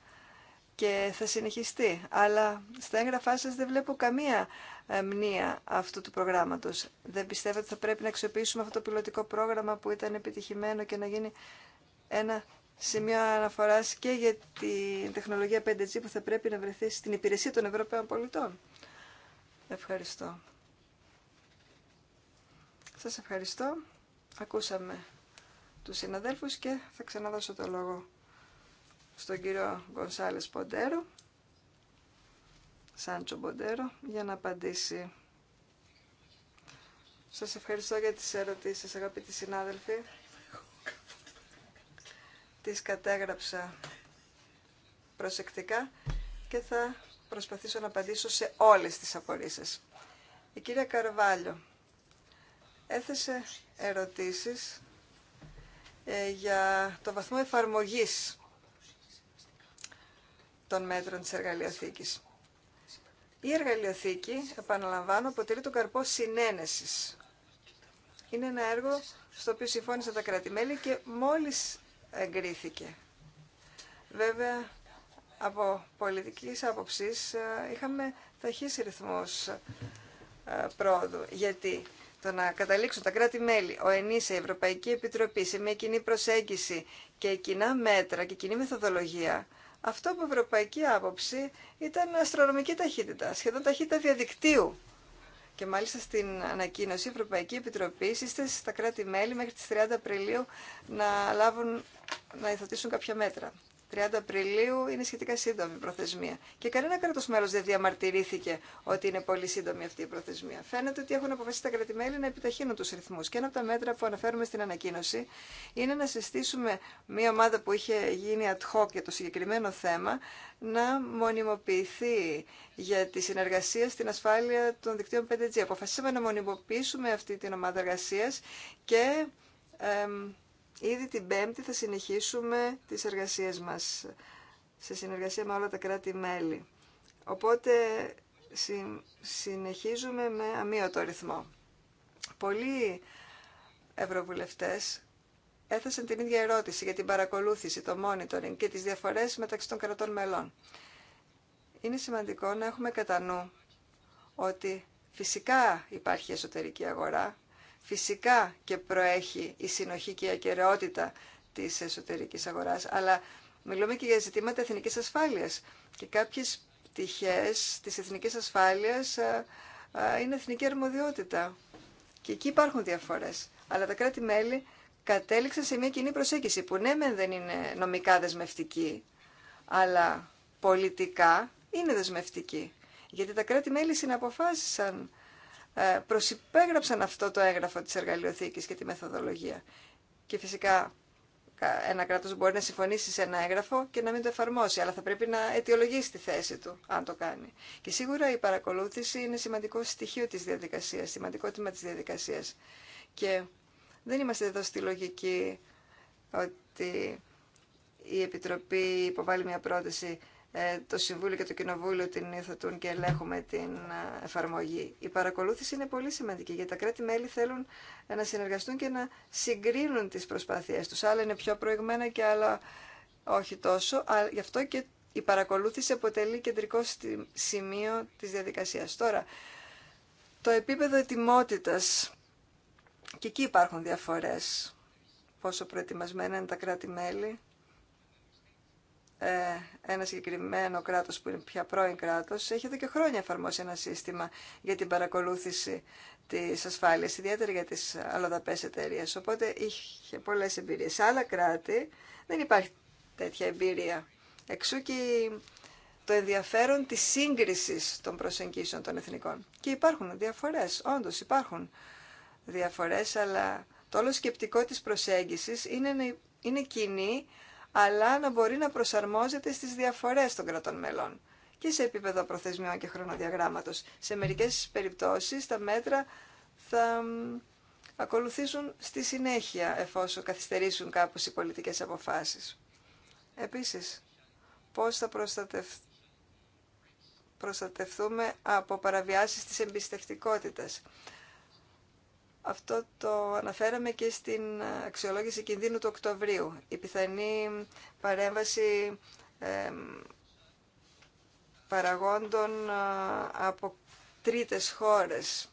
και θα συνεχιστεί. Αλλά στα έγγραφά σας δεν βλέπω καμία ε, μνήα αυτού του προγράμματος. Δεν πιστεύω ότι θα πρέπει να αξιοποιήσουμε αυτό το πιλωτικό πρόγραμμα που ήταν επιτυχημένο και να γίνει ένα σημείο αναφοράς και για την τεχνολογία 5G που θα πρέπει να βρεθεί στην υπηρεσία των Ευρωπαίων πολιτών. Ευχαριστώ. Σας ευχαριστώ. Ακούσαμε τους συναδέλφους και θα ξαναδώσω το λόγο στον κύριο Γκονσάλες Ποντέρο, Σάντσο Ποντέρο, για να απαντήσει. Σας ευχαριστώ για τις ερωτήσεις, αγαπητοί συνάδελφοι. Τις κατέγραψα προσεκτικά και θα προσπαθήσω να απαντήσω σε όλες τις απορίες σας. Η κυρία Καρβάλιο έθεσε ερωτήσεις ε, για το βαθμό εφαρμογής των μέτρων της εργαλειοθήκης. Η εργαλειοθήκη, επαναλαμβάνω, αποτελεί τον καρπό συνένεσης. Είναι ένα έργο στο οποίο συμφώνησαν τα κρατημέλη και μόλις εγκρίθηκε. Βέβαια, από πολιτικής άποψης ε, είχαμε ταχύς ρυθμός ε, πρόοδου. Γιατί το να καταλήξουν τα κράτη-μέλη, ο ΕΝΗΣΕ, η Ευρωπαϊκή Επιτροπή σε μια κοινή προσέγγιση και κοινά μέτρα και κοινή μεθοδολογία αυτό από ευρωπαϊκή άποψη ήταν αστρονομική ταχύτητα, σχεδόν ταχύτητα διαδικτύου. Και μάλιστα στην ανακοίνωση η Ευρωπαϊκή Επιτροπή είστε στα κράτη-μέλη μέχρι τις 30 Απριλίου να λάβουν, να υιοθετήσουν κάποια μέτρα. 30 Απριλίου είναι σχετικά σύντομη η προθεσμία. Και κανένα κράτο μέλο δεν διαμαρτυρήθηκε ότι είναι πολύ σύντομη αυτή η προθεσμία. Φαίνεται ότι έχουν αποφασίσει τα κρατημέλη να επιταχύνουν του ρυθμού. Και ένα από τα μέτρα που αναφέρουμε στην ανακοίνωση είναι να συστήσουμε μία ομάδα που είχε γίνει ad hoc για το συγκεκριμένο θέμα να μονιμοποιηθεί για τη συνεργασία στην ασφάλεια των δικτύων 5G. Αποφασίσαμε να μονιμοποιήσουμε αυτή την ομάδα εργασία και. Ήδη την Πέμπτη θα συνεχίσουμε τις εργασίες μας σε συνεργασία με όλα τα κράτη-μέλη. Οπότε συνεχίζουμε με αμύωτο ρυθμό. Πολλοί ευρωβουλευτές έθεσαν την ίδια ερώτηση για την παρακολούθηση, το monitoring και τις διαφορές μεταξύ των κρατών μελών. Είναι σημαντικό να έχουμε κατά νου ότι φυσικά υπάρχει εσωτερική αγορά Φυσικά και προέχει η συνοχή και η ακαιρεότητα της εσωτερικής αγοράς, αλλά μιλούμε και για ζητήματα εθνικής ασφάλειας και κάποιες πτυχές της εθνικής ασφάλειας ε, ε, είναι εθνική αρμοδιότητα. Και εκεί υπάρχουν διαφορές. Αλλά τα κράτη-μέλη κατέληξαν σε μια κοινή προσέγγιση που ναι μεν δεν είναι νομικά δεσμευτική, αλλά πολιτικά είναι δεσμευτική. Γιατί τα κράτη-μέλη συναποφάσισαν ε, προσυπέγραψαν αυτό το έγγραφο της εργαλειοθήκης και τη μεθοδολογία. Και φυσικά ένα κράτος μπορεί να συμφωνήσει σε ένα έγγραφο και να μην το εφαρμόσει, αλλά θα πρέπει να αιτιολογήσει τη θέση του, αν το κάνει. Και σίγουρα η παρακολούθηση είναι σημαντικό στοιχείο της διαδικασίας, σημαντικό τμήμα της διαδικασίας. Και δεν είμαστε εδώ στη λογική ότι η Επιτροπή υποβάλλει μια πρόταση ε, το Συμβούλιο και το Κοινοβούλιο την υιοθετούν και ελέγχουμε την ε, εφαρμογή. Η παρακολούθηση είναι πολύ σημαντική γιατί τα κράτη-μέλη θέλουν να συνεργαστούν και να συγκρίνουν τις προσπάθειές τους. Άλλα είναι πιο προηγμένα και άλλα όχι τόσο. Γι' αυτό και η παρακολούθηση αποτελεί κεντρικό σημείο της διαδικασίας. Τώρα, το επίπεδο ετοιμότητας και εκεί υπάρχουν διαφορές. Πόσο προετοιμασμένα είναι τα κράτη-μέλη ε, ένα συγκεκριμένο κράτος που είναι πια πρώην κράτος έχει εδώ και χρόνια εφαρμόσει ένα σύστημα για την παρακολούθηση της ασφάλειας, ιδιαίτερα για τις αλλοδαπές εταιρείε. Οπότε είχε πολλές εμπειρίες. Σε άλλα κράτη δεν υπάρχει τέτοια εμπειρία. Εξού και το ενδιαφέρον της σύγκρισης των προσεγγίσεων των εθνικών. Και υπάρχουν διαφορές, όντως υπάρχουν διαφορές, αλλά το όλο σκεπτικό της προσέγγισης είναι, είναι κοινή αλλά να μπορεί να προσαρμόζεται στις διαφορές των κρατών μελών και σε επίπεδο προθεσμιών και χρονοδιαγράμματος. Σε μερικές περιπτώσεις τα μέτρα θα ακολουθήσουν στη συνέχεια εφόσον καθυστερήσουν κάπως οι πολιτικές αποφάσεις. Επίσης, πώς θα προστατευτούμε από παραβιάσεις της εμπιστευτικότητας. Αυτό το αναφέραμε και στην αξιολόγηση κινδύνου του Οκτωβρίου. Η πιθανή παρέμβαση παραγόντων από τρίτες χώρες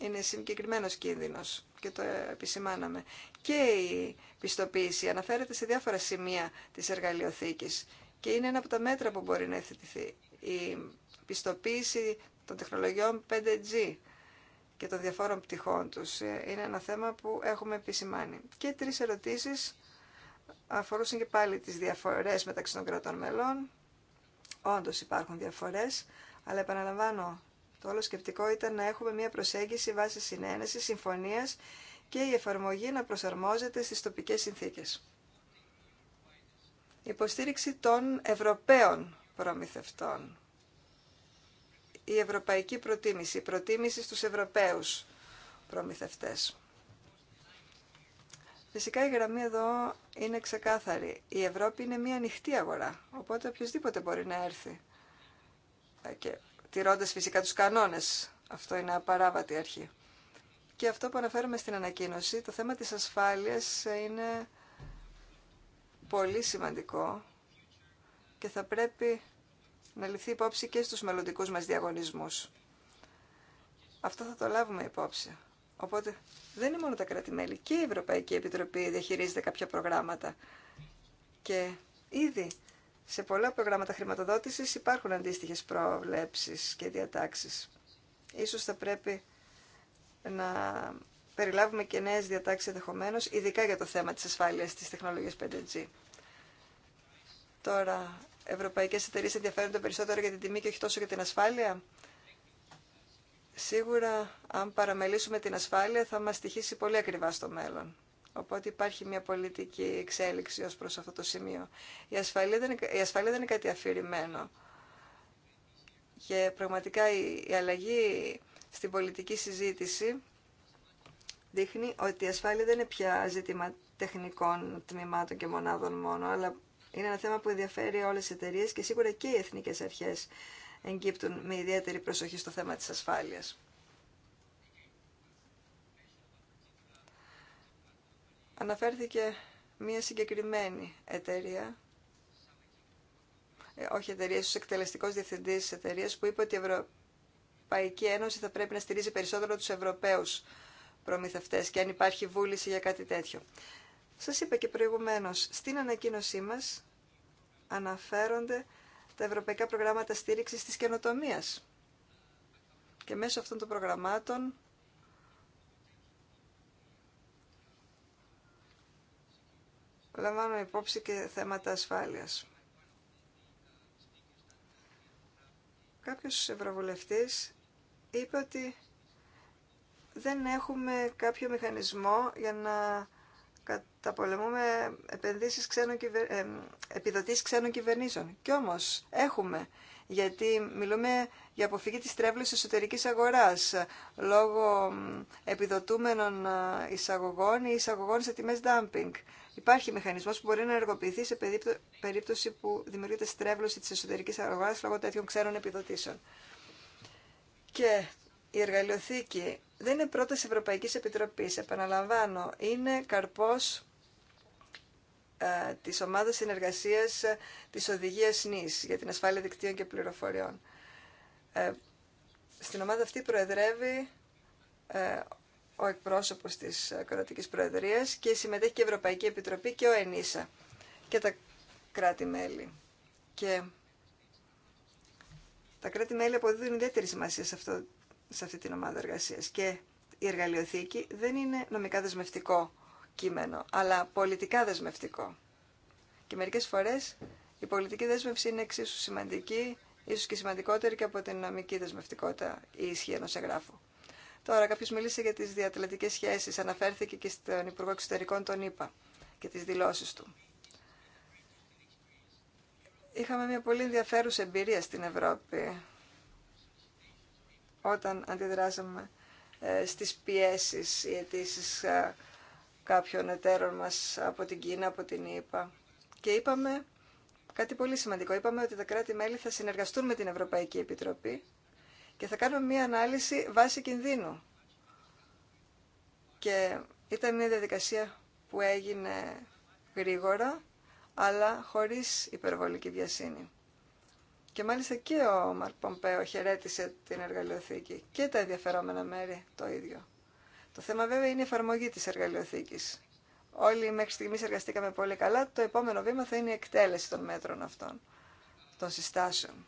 είναι συγκεκριμένος κίνδυνος και το επισημάναμε. Και η πιστοποίηση αναφέρεται σε διάφορα σημεία της εργαλειοθήκης και είναι ένα από τα μέτρα που μπορεί να εθετηθεί. Η πιστοποίηση των τεχνολογιών 5G και των διαφόρων πτυχών τους. Ε, είναι ένα θέμα που έχουμε επισημάνει. Και τρεις ερωτήσεις αφορούσαν και πάλι τις διαφορές μεταξύ των κρατών μελών. Όντως υπάρχουν διαφορές, αλλά επαναλαμβάνω, το όλο σκεπτικό ήταν να έχουμε μια προσέγγιση βάσει συνένεση, συμφωνίας και η εφαρμογή να προσαρμόζεται στις τοπικές συνθήκες. Υποστήριξη των Ευρωπαίων προμηθευτών η ευρωπαϊκή προτίμηση, η προτίμηση στους Ευρωπαίους προμηθευτές. Φυσικά η γραμμή εδώ είναι ξεκάθαρη. Η Ευρώπη είναι μια ανοιχτή αγορά, οπότε οποιοδήποτε μπορεί να έρθει. Ε, και τηρώντας φυσικά τους κανόνες, αυτό είναι απαράβατη αρχή. Και αυτό που αναφέρουμε στην ανακοίνωση, το θέμα της ασφάλειας ε, είναι πολύ σημαντικό και θα πρέπει να ληφθεί υπόψη και στους μελλοντικού μας διαγωνισμούς. Αυτό θα το λάβουμε υπόψη. Οπότε δεν είναι μόνο τα κράτη-μέλη και η Ευρωπαϊκή Επιτροπή διαχειρίζεται κάποια προγράμματα. Και ήδη σε πολλά προγράμματα χρηματοδότησης υπάρχουν αντίστοιχες προβλέψεις και διατάξεις. Ίσως θα πρέπει να περιλάβουμε και νέες διατάξεις ενδεχομένω, ειδικά για το θέμα της ασφάλειας της τεχνολογίας 5G. Τώρα, ευρωπαϊκές εταιρείε ενδιαφέρονται περισσότερο για την τιμή και όχι τόσο για την ασφάλεια. Σίγουρα, αν παραμελήσουμε την ασφάλεια, θα μας στοιχήσει πολύ ακριβά στο μέλλον. Οπότε υπάρχει μια πολιτική εξέλιξη ω προς αυτό το σημείο. Η ασφάλεια δεν είναι, η ασφάλεια δεν είναι κάτι αφηρημένο. Και πραγματικά η, αλλαγή στην πολιτική συζήτηση δείχνει ότι η ασφάλεια δεν είναι πια ζήτημα τεχνικών τμήματων και μονάδων μόνο, αλλά είναι ένα θέμα που ενδιαφέρει όλες τις εταιρείε και σίγουρα και οι εθνικές αρχές εγκύπτουν με ιδιαίτερη προσοχή στο θέμα της ασφάλειας. Αναφέρθηκε μία συγκεκριμένη εταιρεία, ε, όχι εταιρεία, του εκτελεστικός διευθυντής της εταιρείας, που είπε ότι η Ευρωπαϊκή Ένωση θα πρέπει να στηρίζει περισσότερο τους Ευρωπαίους προμηθευτές και αν υπάρχει βούληση για κάτι τέτοιο. Σας είπα και προηγουμένως, στην ανακοίνωσή μας αναφέρονται τα ευρωπαϊκά προγράμματα στήριξης της καινοτομίας. Και μέσω αυτών των προγραμμάτων λαμβάνουμε υπόψη και θέματα ασφάλειας. Κάποιος ευρωβουλευτής είπε ότι δεν έχουμε κάποιο μηχανισμό για να καταπολεμούμε επενδύσεις ξένων ε, επιδοτήσεις ξένων κυβερνήσεων. Κι όμως έχουμε, γιατί μιλούμε για αποφυγή της τρέβλης εσωτερικής αγοράς λόγω επιδοτούμενων ε, εισαγωγών ή εισαγωγών σε τιμές dumping. Υπάρχει μηχανισμός που μπορεί να ενεργοποιηθεί σε περίπτωση που δημιουργείται στρέβλωση της εσωτερικής αγοράς λόγω τέτοιων ξένων επιδοτήσεων. Και η εργαλειοθήκη δεν είναι πρόταση Ευρωπαϊκής Επιτροπής. Επαναλαμβάνω, είναι καρπός ε, της ομάδας συνεργασίας ε, της Οδηγίας ΝΙΣ για την ασφάλεια δικτύων και πληροφοριών. Ε, στην ομάδα αυτή προεδρεύει ο εκπρόσωπος της Κροατικής Προεδρίας και συμμετέχει και η Ευρωπαϊκή Επιτροπή και ο ΕΝΙΣΑ και τα κράτη-μέλη. Και τα κράτη-μέλη αποδίδουν ιδιαίτερη σημασία σε αυτό σε αυτή την ομάδα εργασίας. Και η εργαλειοθήκη δεν είναι νομικά δεσμευτικό κείμενο, αλλά πολιτικά δεσμευτικό. Και μερικές φορές η πολιτική δέσμευση είναι εξίσου σημαντική, ίσως και σημαντικότερη και από την νομική δεσμευτικότητα ή ισχύ ενός εγγράφου. Τώρα, κάποιο μίλησε για τι διατλαντικέ σχέσει. Αναφέρθηκε και στον Υπουργό Εξωτερικών, τον είπα, και τι δηλώσει του. Είχαμε μια πολύ ενδιαφέρουσα εμπειρία στην Ευρώπη όταν αντιδράσαμε ε, στις πιέσεις ή αιτήσει ε, κάποιων εταίρων μας από την Κίνα, από την ΗΠΑ. Και είπαμε κάτι πολύ σημαντικό. Είπαμε ότι τα κράτη-μέλη θα συνεργαστούν με την Ευρωπαϊκή Επιτροπή και θα κάνουμε μία ανάλυση βάση κινδύνου. Και ήταν μια διαδικασία που έγινε γρήγορα, αλλά χωρίς υπερβολική βιασύνη. Και μάλιστα και ο Μαρκ Πομπέο χαιρέτησε την εργαλειοθήκη και τα ενδιαφερόμενα μέρη το ίδιο. Το θέμα βέβαια είναι η εφαρμογή της εργαλειοθήκης. Όλοι μέχρι στιγμή εργαστήκαμε πολύ καλά, το επόμενο βήμα θα είναι η εκτέλεση των μέτρων αυτών, των συστάσεων.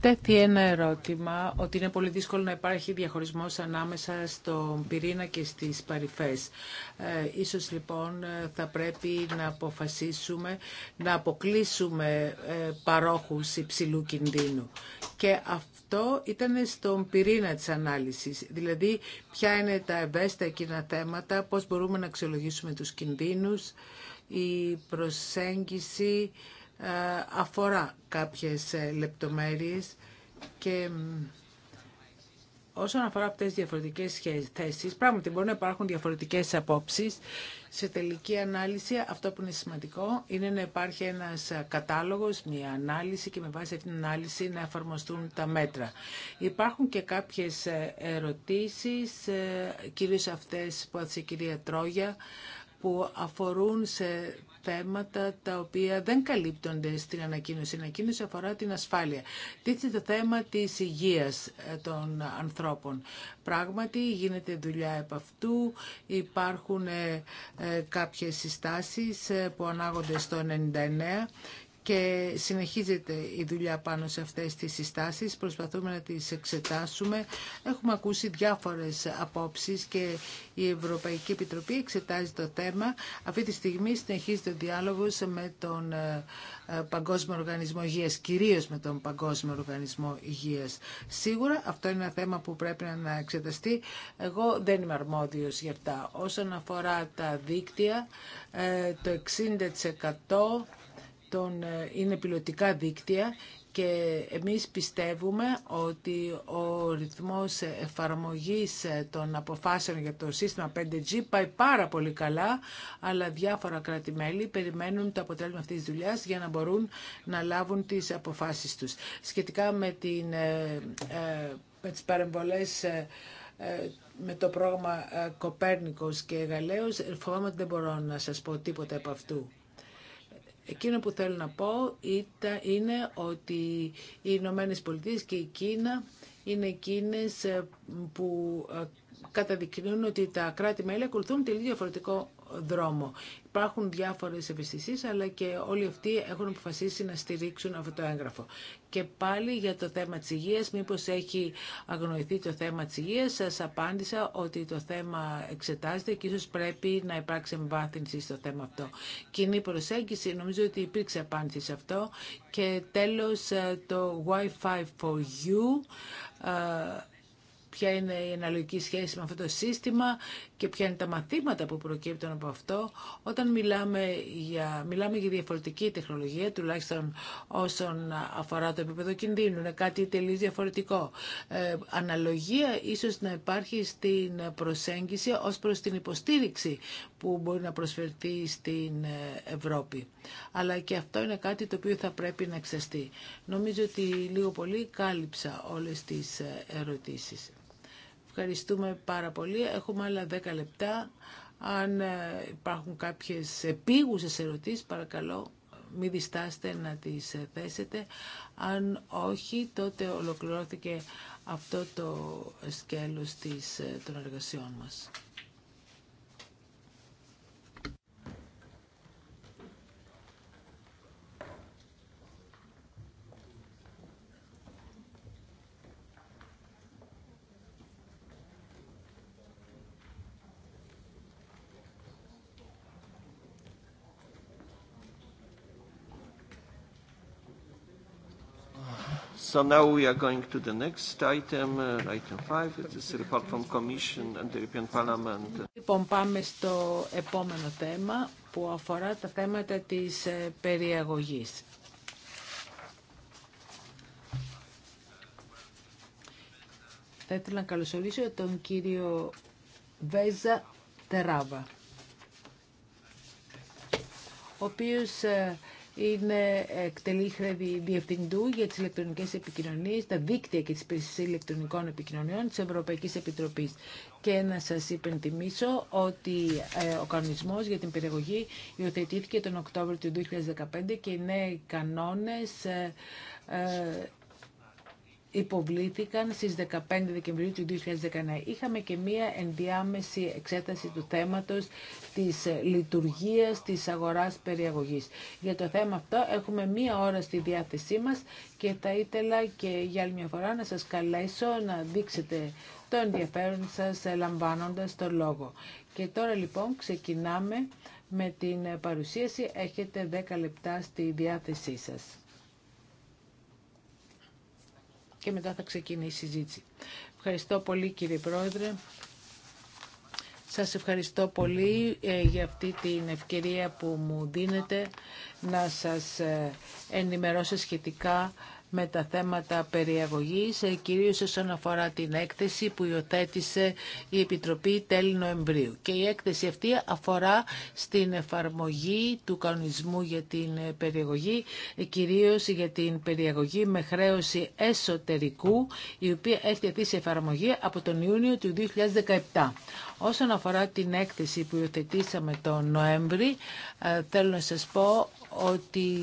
Τέθη ένα ερώτημα ότι είναι πολύ δύσκολο να υπάρχει διαχωρισμός ανάμεσα στον πυρήνα και στις παρυφές. Ε, ίσως λοιπόν ε, θα πρέπει να αποφασίσουμε να αποκλείσουμε ε, παρόχους υψηλού κινδύνου. Και αυτό ήταν στον πυρήνα της ανάλυσης. Δηλαδή ποια είναι τα ευαίσθητα εκείνα θέματα, πώς μπορούμε να αξιολογήσουμε τους κινδύνους, η προσέγγιση ε, αφορά κάποιες ε, λεπτομέρειες και όσον αφορά αυτές τις διαφορετικές θέσεις, πράγματι μπορεί να υπάρχουν διαφορετικές απόψεις. Σε τελική ανάλυση αυτό που είναι σημαντικό είναι να υπάρχει ένας κατάλογος, μια ανάλυση και με βάση αυτήν την ανάλυση να εφαρμοστούν τα μέτρα. Υπάρχουν και κάποιες ε, ερωτήσεις, κυρίως αυτές που έθεσε η κυρία Τρόγια, που αφορούν σε θέματα τα οποία δεν καλύπτονται στην ανακοίνωση. Η ανακοίνωση αφορά την ασφάλεια. Τίθεται το θέμα της υγείας ε, των ανθρώπων. Πράγματι γίνεται δουλειά επ' αυτού. Υπάρχουν ε, ε, κάποιες συστάσεις που ανάγονται στο 99 και συνεχίζεται η δουλειά πάνω σε αυτές τις συστάσεις. Προσπαθούμε να τις εξετάσουμε. Έχουμε ακούσει διάφορες απόψεις και η Ευρωπαϊκή Επιτροπή εξετάζει το θέμα. Αυτή τη στιγμή συνεχίζεται το διάλογο με τον ε, ε, Παγκόσμιο Οργανισμό Υγείας, κυρίως με τον Παγκόσμιο Οργανισμό Υγείας. Σίγουρα αυτό είναι ένα θέμα που πρέπει να εξεταστεί. Εγώ δεν είμαι αρμόδιος για αυτά. Όσον αφορά τα δίκτυα, ε, το 60% ε, είναι πιλωτικά δίκτυα και εμείς πιστεύουμε ότι ο ρυθμός εφαρμογής ε, των αποφάσεων για το σύστημα 5G πάει πάρα πολύ καλά, αλλά διάφορα κράτη-μέλη περιμένουν το αποτέλεσμα αυτής της δουλειάς για να μπορούν να λάβουν τις αποφάσεις τους. Σχετικά με, την, ε, με τις παρεμβολές με το πρόγραμμα Κοπέρνικος και Γαλαίος, φοβάμαι ότι δεν μπορώ να σας πω τίποτα από αυτού. Εκείνο που θέλω να πω είναι ότι οι Ηνωμένε Πολιτείε και η Κίνα είναι εκείνε ε, που ε, καταδεικνύουν ότι τα κράτη-μέλη ακολουθούν τελείω διαφορετικό δρόμο. Υπάρχουν διάφορε ευαισθησίε, αλλά και όλοι αυτοί έχουν αποφασίσει να στηρίξουν αυτό το έγγραφο. Και πάλι για το θέμα τη υγεία, μήπω έχει αγνοηθεί το θέμα τη υγεία. Σα απάντησα ότι το θέμα εξετάζεται και ίσω πρέπει να υπάρξει εμβάθυνση στο θέμα αυτό. Κοινή προσέγγιση, νομίζω ότι υπήρξε απάντηση σε αυτό. Και τέλος ε, το Wi-Fi for you, ε, ποια είναι η αναλογική σχέση με αυτό το σύστημα και ποια είναι τα μαθήματα που προκύπτουν από αυτό όταν μιλάμε για, μιλάμε για διαφορετική τεχνολογία, τουλάχιστον όσον αφορά το επίπεδο κινδύνου. Είναι κάτι τελείως διαφορετικό. Ε, αναλογία ίσως να υπάρχει στην προσέγγιση ως προς την υποστήριξη που μπορεί να προσφερθεί στην ε, Ευρώπη. Αλλά και αυτό είναι κάτι το οποίο θα πρέπει να εξαστεί. Νομίζω ότι λίγο πολύ κάλυψα όλες τις ε, ερωτήσεις. Ευχαριστούμε πάρα πολύ. Έχουμε άλλα 10 λεπτά. Αν ε, υπάρχουν κάποιες επίγουσες ερωτήσεις, παρακαλώ μην διστάστε να τις ε, θέσετε. Αν όχι, τότε ολοκληρώθηκε αυτό το σκέλος της, ε, των εργασιών μας. So now we are going to the next item, uh, item 5, it is a report from Commission and the European Parliament. Λοιπόν, πάμε στο επόμενο θέμα που αφορά τα θέματα της ε, περιαγωγής. Θα ήθελα να καλωσορίσω τον κύριο Βέζα Τεράβα, ο οποίος ε, είναι εκτελή χρέη διευθυντού για τις ηλεκτρονικές επικοινωνίες, τα δίκτυα και τις υπηρεσίες ηλεκτρονικών επικοινωνιών της Ευρωπαϊκής Επιτροπής. Και να σας υπενθυμίσω ότι ε, ο κανονισμός για την περιεγωγή υιοθετήθηκε τον Οκτώβριο του 2015 και οι νέοι κανόνες ε, ε, υποβλήθηκαν στις 15 Δεκεμβρίου του 2019. Είχαμε και μία ενδιάμεση εξέταση του θέματος της λειτουργίας της αγοράς περιαγωγής. Για το θέμα αυτό έχουμε μία ώρα στη διάθεσή μας και τα ήθελα και για άλλη μια φορά να σας καλέσω να δείξετε το ενδιαφέρον σας λαμβάνοντας το λόγο. Και τώρα λοιπόν ξεκινάμε με την παρουσίαση. Έχετε 10 λεπτά στη διάθεσή σας και μετά θα ξεκινήσει η συζήτηση. Ευχαριστώ πολύ κύριε Πρόεδρε. Σας ευχαριστώ πολύ ε, για αυτή την ευκαιρία που μου δίνετε να σας ε, ενημερώσω σχετικά με τα θέματα περιαγωγής, ε, κυρίως όσον αφορά την έκθεση που υιοθέτησε η Επιτροπή τέλη Νοεμβρίου. Και η έκθεση αυτή αφορά στην εφαρμογή του κανονισμού για την ε, περιαγωγή, ε, κυρίως για την περιαγωγή με χρέωση εσωτερικού, η οποία έχει αφήσει εφαρμογή από τον Ιούνιο του 2017. Όσον αφορά την έκθεση που υιοθετήσαμε τον Νοέμβρη, θέλω να σας πω ότι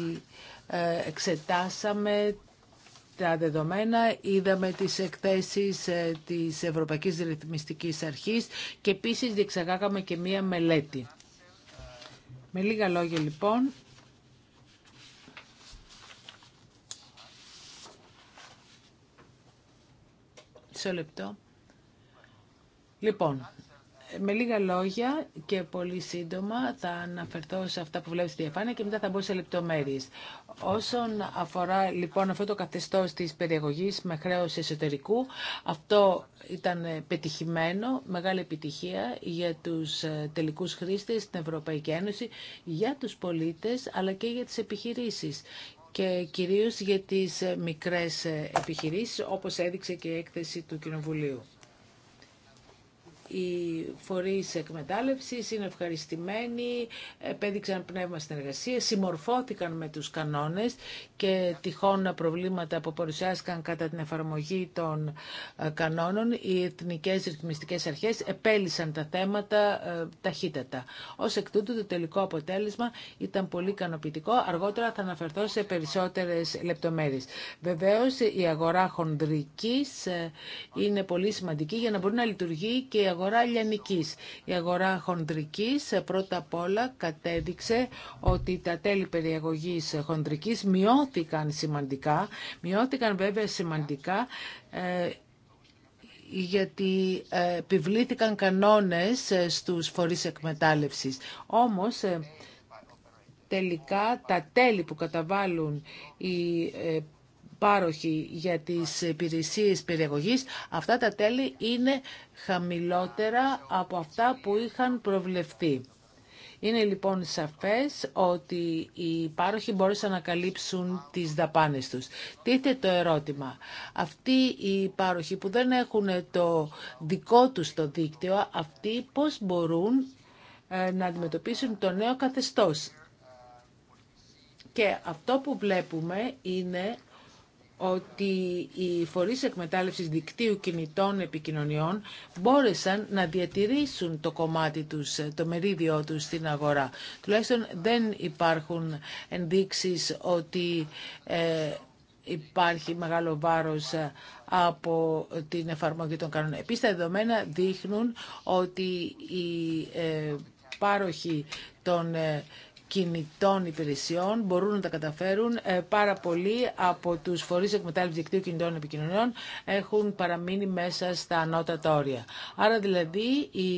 εξετάσαμε τα δεδομένα, είδαμε τις εκθέσεις ε, της Ευρωπαϊκής Ρυθμιστικής Αρχής και επίσης διεξαγάγαμε και μία μελέτη. Με λίγα λόγια λοιπόν, μισό λεπτό. Λοιπόν, με λίγα λόγια και πολύ σύντομα θα αναφερθώ σε αυτά που βλέπεις στη διαφάνεια και μετά θα μπω σε λεπτομέρειες. Όσον αφορά λοιπόν αυτό το καθεστώς της περιεγωγής με χρέος εσωτερικού, αυτό ήταν πετυχημένο, μεγάλη επιτυχία για τους ε, τελικούς χρήστες στην Ευρωπαϊκή Ένωση, για τους πολίτες αλλά και για τις επιχειρήσεις και κυρίως για τις ε, μικρές ε, επιχειρήσεις όπως έδειξε και η έκθεση του Κοινοβουλίου οι φορείς εκμετάλλευσης είναι ευχαριστημένοι, επέδειξαν πνεύμα εργασία, συμμορφώθηκαν με τους κανόνες και τυχόν προβλήματα που παρουσιάστηκαν κατά την εφαρμογή των ε, κανόνων, οι εθνικές ρυθμιστικές αρχές επέλυσαν τα θέματα ε, ταχύτατα. Ως εκ τούτου το τελικό αποτέλεσμα ήταν πολύ ικανοποιητικό. Αργότερα θα αναφερθώ σε περισσότερες λεπτομέρειες. Βεβαίως η αγορά χονδρικής ε, είναι πολύ σημαντική για να μπορεί να λειτουργεί και η αγορά λιανικής. Η αγορά χονδρικής πρώτα απ' όλα κατέδειξε ότι τα τέλη περιαγωγής χονδρικής μειώθηκαν μειώθηκαν σημαντικά. Μειώθηκαν βέβαια σημαντικά ε, γιατί ε, επιβλήθηκαν κανόνες ε, στους φορείς εκμετάλλευσης. Όμως τελικά τα τέλη που καταβάλουν οι πάροχοι για τις υπηρεσίε περιεγωγής, αυτά τα τέλη είναι χαμηλότερα από αυτά που είχαν προβλεφθεί. Είναι λοιπόν σαφές ότι οι πάροχοι μπορούσαν να καλύψουν τις δαπάνες τους. Τίθε το ερώτημα. Αυτοί οι πάροχοι που δεν έχουν το δικό τους το δίκτυο, αυτοί πώς μπορούν ε, να αντιμετωπίσουν το νέο καθεστώς. Και αυτό που βλέπουμε είναι ότι οι φορείς εκμετάλλευσης δικτύου κινητών επικοινωνιών μπόρεσαν να διατηρήσουν το κομμάτι τους, το μερίδιο τους στην αγορά. Τουλάχιστον δεν υπάρχουν ενδείξεις ότι ε, υπάρχει μεγάλο βάρος ε, από την εφαρμογή των κανόνων. Επίσης, τα δεδομένα δείχνουν ότι οι πάροχη ε, πάροχοι των ε, κινητών υπηρεσιών μπορούν να τα καταφέρουν. Ε, πάρα πολλοί από του φορεί εκμετάλλευση δικτύου κινητών επικοινωνιών έχουν παραμείνει μέσα στα ανώτατα όρια. Άρα δηλαδή οι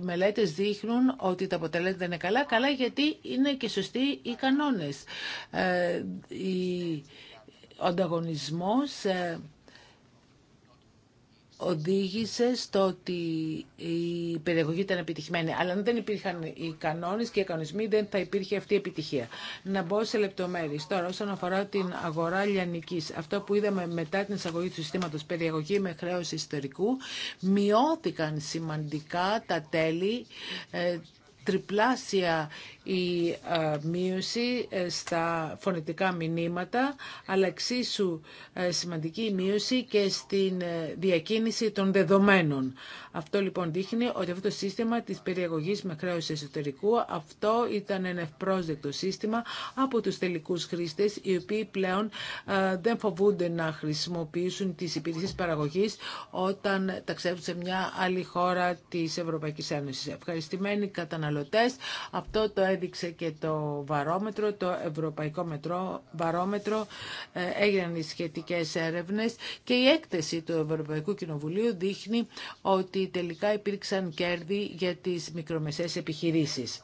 μελέτε δείχνουν ότι τα αποτελέσματα είναι καλά, καλά γιατί είναι και σωστοί οι κανόνες. Ε, ο Ε, οδήγησε στο ότι η περιαγωγή ήταν επιτυχημένη. Αλλά αν δεν υπήρχαν οι κανόνες και οι κανονισμοί δεν θα υπήρχε αυτή η επιτυχία. Να μπω σε λεπτομέρειες. Τώρα όσον αφορά την αγορά λιανικής, αυτό που είδαμε μετά την εισαγωγή του συστήματος περιαγωγή με χρέο ιστορικού, μειώθηκαν σημαντικά τα τέλη, ε, τριπλάσια η ε, μείωση ε, στα φωνητικά μηνύματα, αλλά εξίσου ε, σημαντική μείωση και στην διακίνηση των δεδομένων. Αυτό λοιπόν δείχνει ότι αυτό το σύστημα της περιεγωγής με χρέο εσωτερικού, αυτό ήταν ένα ευπρόσδεκτο σύστημα από τους τελικούς χρήστες, οι οποίοι πλέον δεν φοβούνται να χρησιμοποιήσουν τις υπηρεσίες παραγωγής όταν ταξιδεύουν σε μια άλλη χώρα της Ευρωπαϊκής Ένωσης. Ευχαριστημένοι καταναλωτές, αυτό το έδειξε και το βαρόμετρο, το Ευρωπαϊκό μετρό, Βαρόμετρο, ε, έγιναν οι σχετικές έρευνες και η έκθεση του Ευρωπαϊκού Κοινοβουλίου δείχνει ότι τελικά υπήρξαν κέρδη για τις μικρομεσαίες επιχειρήσεις.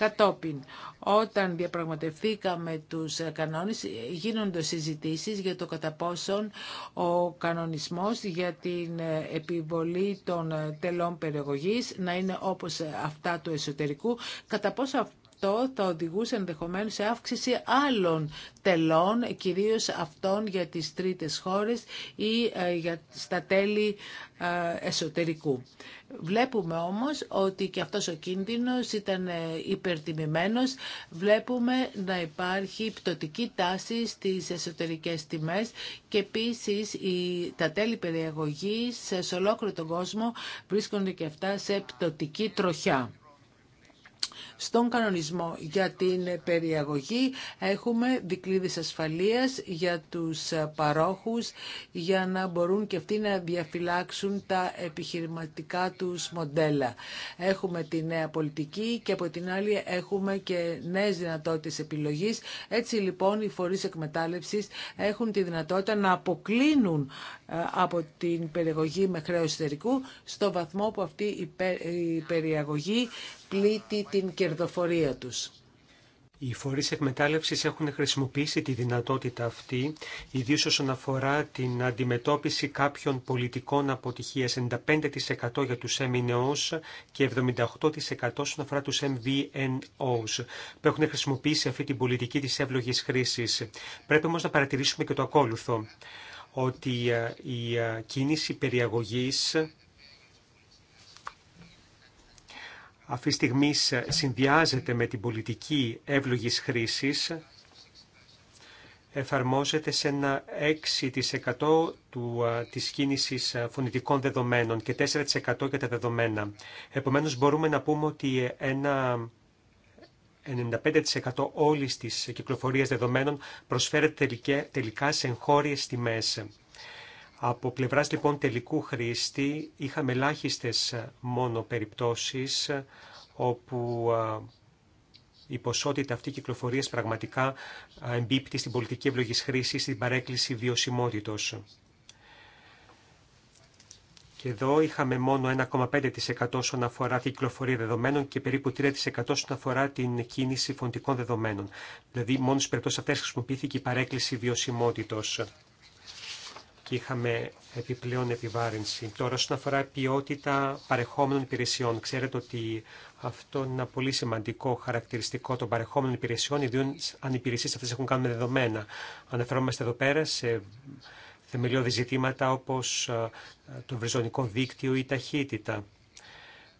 Κατόπιν, όταν διαπραγματευθήκαμε τους ε, κανόνες, γίνονται συζητήσεις για το κατά πόσον ο κανονισμός για την ε, επιβολή των ε, τελών περιεγωγής να είναι όπως αυτά του εσωτερικού, κατά αυτό θα οδηγούσε ενδεχομένως σε αύξηση άλλων τελών, κυρίως αυτών για τις τρίτες χώρες ή ε, για στα τέλη ε, εσωτερικού. Βλέπουμε όμως ότι και αυτός ο κίνδυνος ήταν ε, υπερτιμημένος. Βλέπουμε να υπάρχει πτωτική τάση στις εσωτερικές τιμές και επίσης τα τέλη περιεγωγής σε ολόκληρο τον κόσμο βρίσκονται και αυτά σε πτωτική τροχιά. Στον κανονισμό για την περιαγωγή έχουμε δικλείδες ασφαλείας για τους παρόχους για να μπορούν και αυτοί να διαφυλάξουν τα επιχειρηματικά τους μοντέλα. Έχουμε τη νέα πολιτική και από την άλλη έχουμε και νέες δυνατότητες επιλογής. Έτσι λοιπόν οι φορείς εκμετάλλευσης έχουν τη δυνατότητα να αποκλίνουν ε, από την περιεγωγή με χρέο εσωτερικού στο βαθμό που αυτή η περιαγωγή πλήττει την κερδοφορία τους. Οι φορείς εκμετάλλευσης έχουν χρησιμοποιήσει τη δυνατότητα αυτή, ιδίως όσον αφορά την αντιμετώπιση κάποιων πολιτικών αποτυχίας, 95% για τους MNOs και 78% όσον αφορά τους MVNOs, που έχουν χρησιμοποιήσει αυτή την πολιτική της εύλογης χρήσης. Πρέπει όμως να παρατηρήσουμε και το ακόλουθο ότι ε, η ε, κίνηση περιαγωγής αυτή τη στιγμή συνδυάζεται με την πολιτική εύλογης χρήσης εφαρμόζεται σε ένα 6% του, ε, της κίνησης φωνητικών δεδομένων και 4% για τα δεδομένα. Επομένως μπορούμε να πούμε ότι ένα 95% όλη της κυκλοφορία δεδομένων προσφέρεται τελικά σε εγχώριε τιμέ. Από πλευράς λοιπόν τελικού χρήστη είχαμε ελάχιστε ε, μόνο περιπτώσεις ε, όπου ε, η ποσότητα αυτή κυκλοφορίας πραγματικά εμπίπτει στην πολιτική ευλογής χρήση, στην παρέκκληση βιωσιμότητος. Και εδώ είχαμε μόνο 1,5% όσον αφορά την κυκλοφορία δεδομένων και περίπου 3% όσον αφορά την κίνηση φωντικών δεδομένων. Δηλαδή, μόνο στι περιπτώσει αυτέ χρησιμοποιήθηκε η παρέκκληση βιωσιμότητο και είχαμε επιπλέον επιβάρυνση. Τώρα, όσον αφορά ποιότητα παρεχόμενων υπηρεσιών, ξέρετε ότι αυτό είναι ένα πολύ σημαντικό χαρακτηριστικό των παρεχόμενων υπηρεσιών, ιδίω αν οι υπηρεσίε αυτέ έχουν κάνει δεδομένα. Αναφερόμαστε εδώ πέρα σε θεμελιώδη ζητήματα όπως ε, το βριζονικό δίκτυο ή ταχύτητα.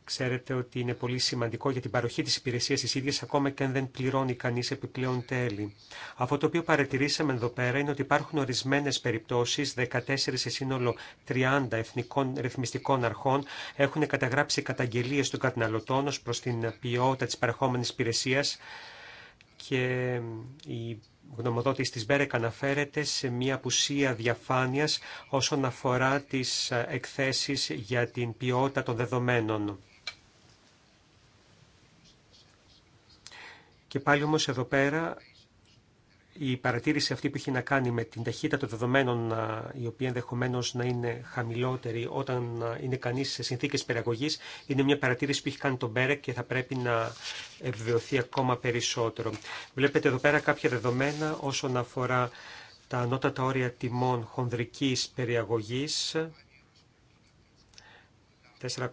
Ξέρετε ότι είναι πολύ σημαντικό για την παροχή της υπηρεσίας της ίδιας ακόμα και αν δεν πληρώνει κανείς επιπλέον τέλη. Αυτό το οποίο παρατηρήσαμε εδώ πέρα είναι ότι υπάρχουν ορισμένες περιπτώσεις, 14 σε σύνολο 30 εθνικών ρυθμιστικών αρχών έχουν καταγράψει καταγγελίες των καταναλωτών ως προς την ποιότητα της παρεχόμενης υπηρεσίας και η γνωμοδότης της Μπέρεκ αναφέρεται σε μια απουσία διαφάνειας όσον αφορά τις εκθέσεις για την ποιότητα των δεδομένων. Και πάλι όμως εδώ πέρα η παρατήρηση αυτή που έχει να κάνει με την ταχύτητα των δεδομένων, η οποία ενδεχομένω να είναι χαμηλότερη όταν είναι κανεί σε συνθήκε περιαγωγή, είναι μια παρατήρηση που έχει κάνει το Μπέρεκ και θα πρέπει να επιβεβαιωθεί ακόμα περισσότερο. Βλέπετε εδώ πέρα κάποια δεδομένα όσον αφορά τα ανώτατα όρια τιμών χονδρική περιαγωγή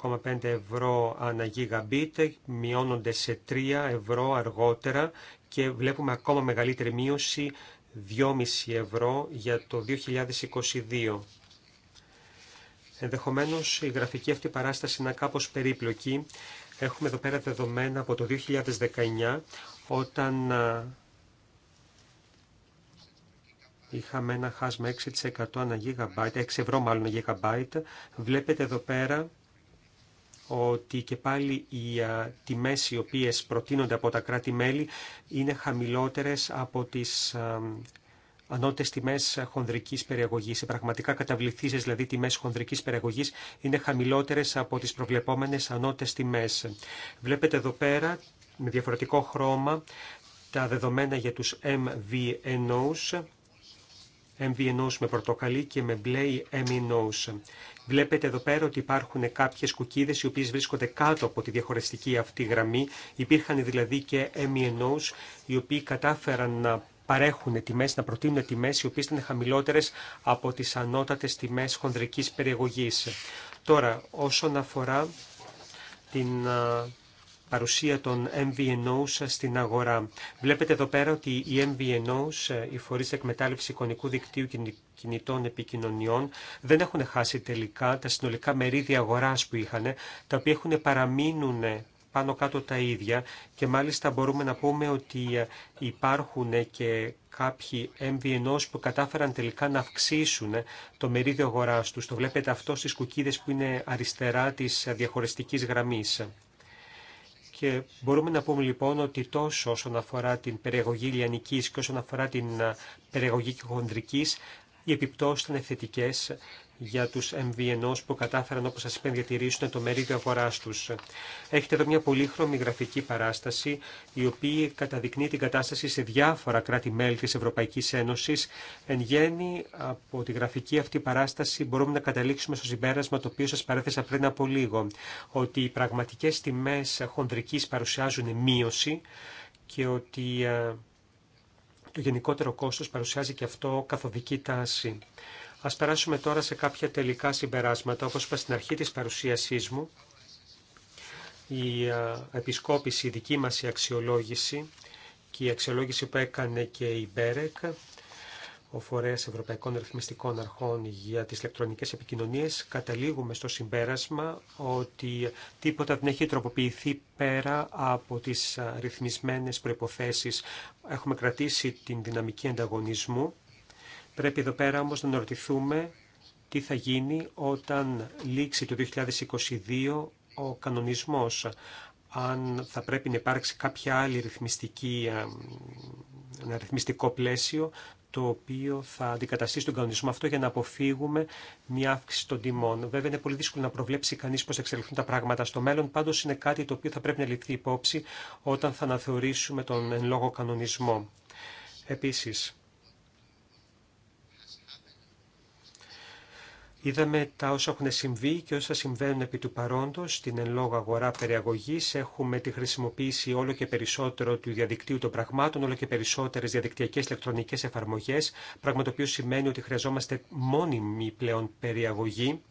4,5 ευρώ ανά γίγαμπιτ μειώνονται σε 3 ευρώ αργότερα και βλέπουμε ακόμα μεγαλύτερη μείωση 2,5 ευρώ για το 2022. Ενδεχομένω η γραφική αυτή παράσταση είναι κάπως περίπλοκη. Έχουμε εδώ πέρα δεδομένα από το 2019 όταν είχαμε ένα χάσμα 6% 6 ευρώ μάλλον γιγαμπάιτ. Βλέπετε εδώ πέρα ότι και πάλι οι τιμές οι οποίες προτείνονται από τα κράτη-μέλη είναι χαμηλότερες από τις ανώτες τιμές χονδρικής περιαγωγής. Οι πραγματικά καταβληθήσεις, δηλαδή τιμές χονδρικής περιαγωγής, είναι χαμηλότερες από τις προβλεπόμενες ανώτες τιμές. Βλέπετε εδώ πέρα, με διαφορετικό χρώμα, τα δεδομένα για τους MVNOs, MVNOs με πορτοκαλί και με μπλε MNOs. Βλέπετε εδώ πέρα ότι υπάρχουν κάποιες κουκίδες οι οποίες βρίσκονται κάτω από τη διαχωριστική αυτή γραμμή. Υπήρχαν δηλαδή και MNOs e οι οποίοι κατάφεραν να παρέχουν τιμέ, να προτείνουν τιμέ οι οποίες ήταν χαμηλότερες από τις ανώτατες τιμές χονδρικής περιεγωγής. Τώρα, όσον αφορά την παρουσία των MVNOs στην αγορά. Βλέπετε εδώ πέρα ότι οι MVNOs, ε, οι φορείς εκμετάλλευση εικονικού δικτύου κινητών επικοινωνιών, δεν έχουν χάσει τελικά τα συνολικά μερίδια αγοράς που είχαν, τα οποία έχουν παραμείνουν πάνω κάτω τα ίδια και μάλιστα μπορούμε να πούμε ότι ε, υπάρχουν και κάποιοι MVNOs που κατάφεραν τελικά να αυξήσουν ε, το μερίδιο αγοράς τους. Το βλέπετε αυτό στις κουκίδες που είναι αριστερά της διαχωριστικής γραμμής. Και μπορούμε να πούμε λοιπόν ότι τόσο όσον αφορά την περιεγωγή λιανικής και όσον αφορά την ε, περιεγωγή χοντρικής, οι επιπτώσεις ήταν θετικές για του MVNO που κατάφεραν, όπω σα είπα, να διατηρήσουν το μερίδιο αγορά του. Έχετε εδώ μια πολύχρωμη γραφική παράσταση, η οποία καταδεικνύει την κατάσταση σε διάφορα κράτη-μέλη της Ευρωπαϊκής Ένωσης. Εν γέννη, από τη γραφική αυτή παράσταση μπορούμε να καταλήξουμε στο συμπέρασμα το οποίο σα παρέθεσα πριν από λίγο, ότι οι πραγματικέ τιμέ χονδρική παρουσιάζουν μείωση και ότι ε, το γενικότερο κόστος παρουσιάζει και αυτό καθοδική τάση. Ας περάσουμε τώρα σε κάποια τελικά συμπεράσματα. Όπως είπα στην αρχή της παρουσίασής μου, η επισκόπηση, δική μας η αξιολόγηση και η αξιολόγηση που έκανε και η Μπέρεκ, ο Φορέας Ευρωπαϊκών Ρυθμιστικών Αρχών για τις ηλεκτρονικές επικοινωνίες, καταλήγουμε στο συμπέρασμα ότι τίποτα δεν έχει τροποποιηθεί πέρα από τις ρυθμισμένες προϋποθέσεις. Έχουμε κρατήσει την δυναμική ανταγωνισμού Πρέπει εδώ πέρα όμως να ρωτηθούμε τι θα γίνει όταν λήξει το 2022 ο κανονισμός. Αν θα πρέπει να υπάρξει κάποια άλλη ρυθμιστική, ε, ένα ρυθμιστικό πλαίσιο το οποίο θα αντικαταστήσει τον κανονισμό αυτό για να αποφύγουμε μια αύξηση των τιμών. Βέβαια, είναι πολύ δύσκολο να προβλέψει κανεί πώ θα εξελιχθούν τα πράγματα στο μέλλον. Πάντως είναι κάτι το οποίο θα πρέπει να ληφθεί υπόψη όταν θα αναθεωρήσουμε τον εν λόγω κανονισμό. Επίση, Είδαμε τα όσα έχουν συμβεί και όσα συμβαίνουν επί του παρόντος στην εν λόγω αγορά περιαγωγής. Έχουμε τη χρησιμοποίηση όλο και περισσότερο του διαδικτύου των πραγμάτων, όλο και περισσότερες διαδικτυακές ηλεκτρονικές εφαρμογές, πράγμα το οποίο σημαίνει ότι χρειαζόμαστε μόνιμη πλέον περιαγωγή.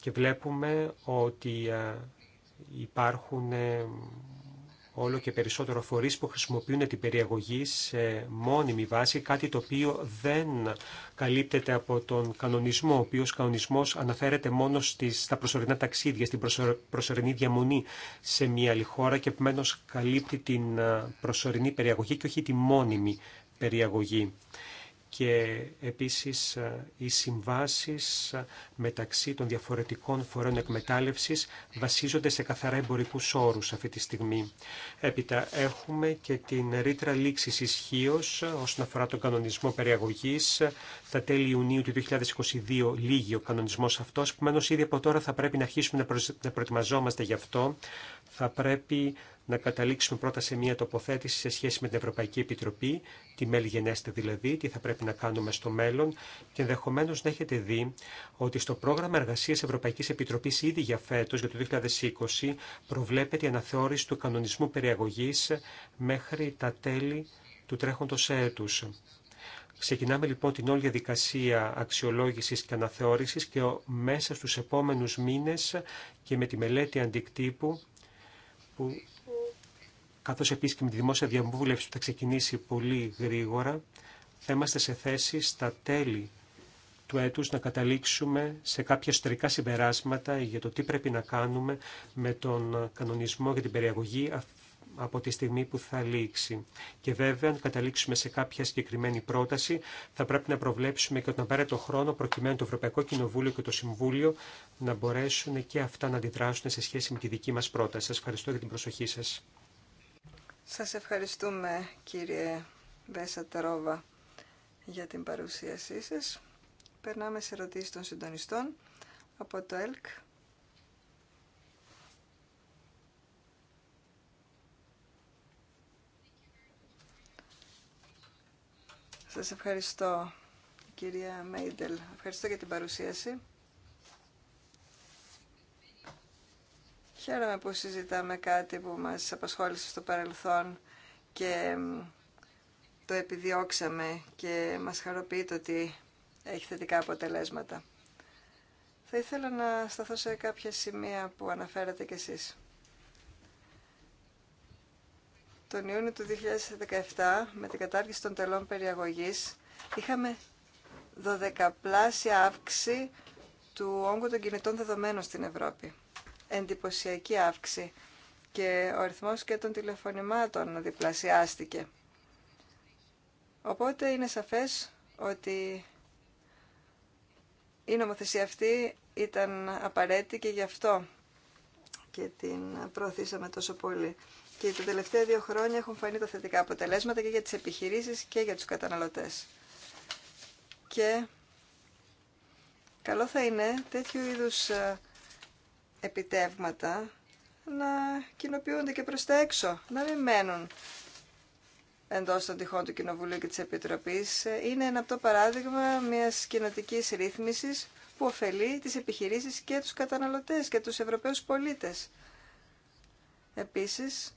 Και βλέπουμε ότι υπάρχουν ε, όλο και περισσότερο φορείς που χρησιμοποιούν την περιαγωγή σε μόνιμη βάση, κάτι το οποίο δεν καλύπτεται από τον κανονισμό, ο οποίος κανονισμός αναφέρεται μόνο στις, στα προσωρινά ταξίδια, στην προσωρινή διαμονή σε μια άλλη χώρα και επομένω καλύπτει την ε, προσωρινή περιαγωγή και όχι τη μόνιμη περιαγωγή και επίσης ε, οι συμβάσεις ε, μεταξύ των διαφορετικών φορέων εκμετάλλευσης βασίζονται σε καθαρά εμπορικού όρους αυτή τη στιγμή. Έπειτα έχουμε και την ρήτρα λήξη ισχύω ε, όσον αφορά τον κανονισμό περιαγωγής. Θα τέλη Ιουνίου του 2022 λύγει ο κανονισμός αυτός, που ήδη από τώρα θα πρέπει να αρχίσουμε να προετοιμαζόμαστε γι' αυτό. Θα πρέπει να καταλήξουμε πρώτα σε μια τοποθέτηση σε σχέση με την Ευρωπαϊκή Επιτροπή, τη Γενέστε δηλαδή, τι θα πρέπει να κάνουμε στο μέλλον και ενδεχομένω να έχετε δει ότι στο πρόγραμμα εργασία Ευρωπαϊκή Επιτροπή ήδη για φέτο, για το 2020, προβλέπεται η αναθεώρηση του κανονισμού περιαγωγή μέχρι τα τέλη του τρέχοντο έτου. Ξεκινάμε λοιπόν την όλη διαδικασία αξιολόγησης και αναθεώρησης και μέσα στους επόμενους μήνες και με τη μελέτη αντικτύπου που καθώ επίση και με τη δημόσια διαβούλευση που θα ξεκινήσει πολύ γρήγορα, θα είμαστε σε θέση στα τέλη του έτους να καταλήξουμε σε κάποια εσωτερικά συμπεράσματα για το τι πρέπει να κάνουμε με τον κανονισμό για την περιαγωγή από τη στιγμή που θα λήξει. Και βέβαια, αν καταλήξουμε σε κάποια συγκεκριμένη πρόταση, θα πρέπει να προβλέψουμε και τον το χρόνο προκειμένου το Ευρωπαϊκό Κοινοβούλιο και το Συμβούλιο να μπορέσουν και αυτά να αντιδράσουν σε σχέση με τη δική μας πρόταση. Σας ευχαριστώ για την προσοχή σας. Σας ευχαριστούμε κύριε Βέσα Ταρόβα για την παρουσίασή σας. Περνάμε σε ερωτήσεις των συντονιστών από το ΕΛΚ. Σας ευχαριστώ κυρία Μέιντελ. Ευχαριστώ για την παρουσίαση. Χαίρομαι που συζητάμε κάτι που μας απασχόλησε στο παρελθόν και το επιδιώξαμε και μας χαροποιεί το ότι έχει θετικά αποτελέσματα. Θα ήθελα να σταθώ σε κάποια σημεία που αναφέρατε κι εσείς. Τον Ιούνιο του 2017, με την κατάργηση των τελών περιαγωγής, είχαμε δωδεκαπλάσια αύξηση του όγκου των κινητών δεδομένων στην Ευρώπη εντυπωσιακή αύξηση και ο ρυθμός και των τηλεφωνημάτων διπλασιάστηκε. Οπότε είναι σαφές ότι η νομοθεσία αυτή ήταν απαραίτητη και γι' αυτό και την προωθήσαμε τόσο πολύ. Και τα τελευταία δύο χρόνια έχουν φανεί τα θετικά αποτελέσματα και για τις επιχειρήσεις και για τους καταναλωτές. Και καλό θα είναι τέτοιου είδους ε, επιτεύγματα να κοινοποιούνται και προς τα έξω, να μην μένουν εντός των τυχών του Κοινοβουλίου και της Επιτροπής. Είναι ένα από το παράδειγμα μιας κοινοτική ρύθμισης που ωφελεί τις επιχειρήσεις και τους καταναλωτές και τους Ευρωπαίους πολίτες. Επίσης,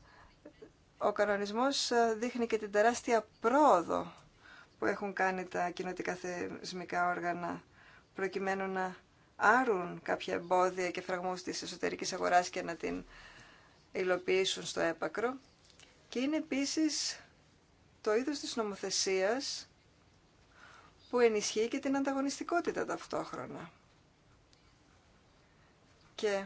ο κανονισμός δείχνει και την τεράστια πρόοδο που έχουν κάνει τα κοινοτικά θεσμικά όργανα προκειμένου να άρουν κάποια εμπόδια και φραγμούς της εσωτερικής αγοράς και να την υλοποιήσουν στο έπακρο. Και είναι επίσης το είδος της νομοθεσίας που ενισχύει και την ανταγωνιστικότητα ταυτόχρονα. Και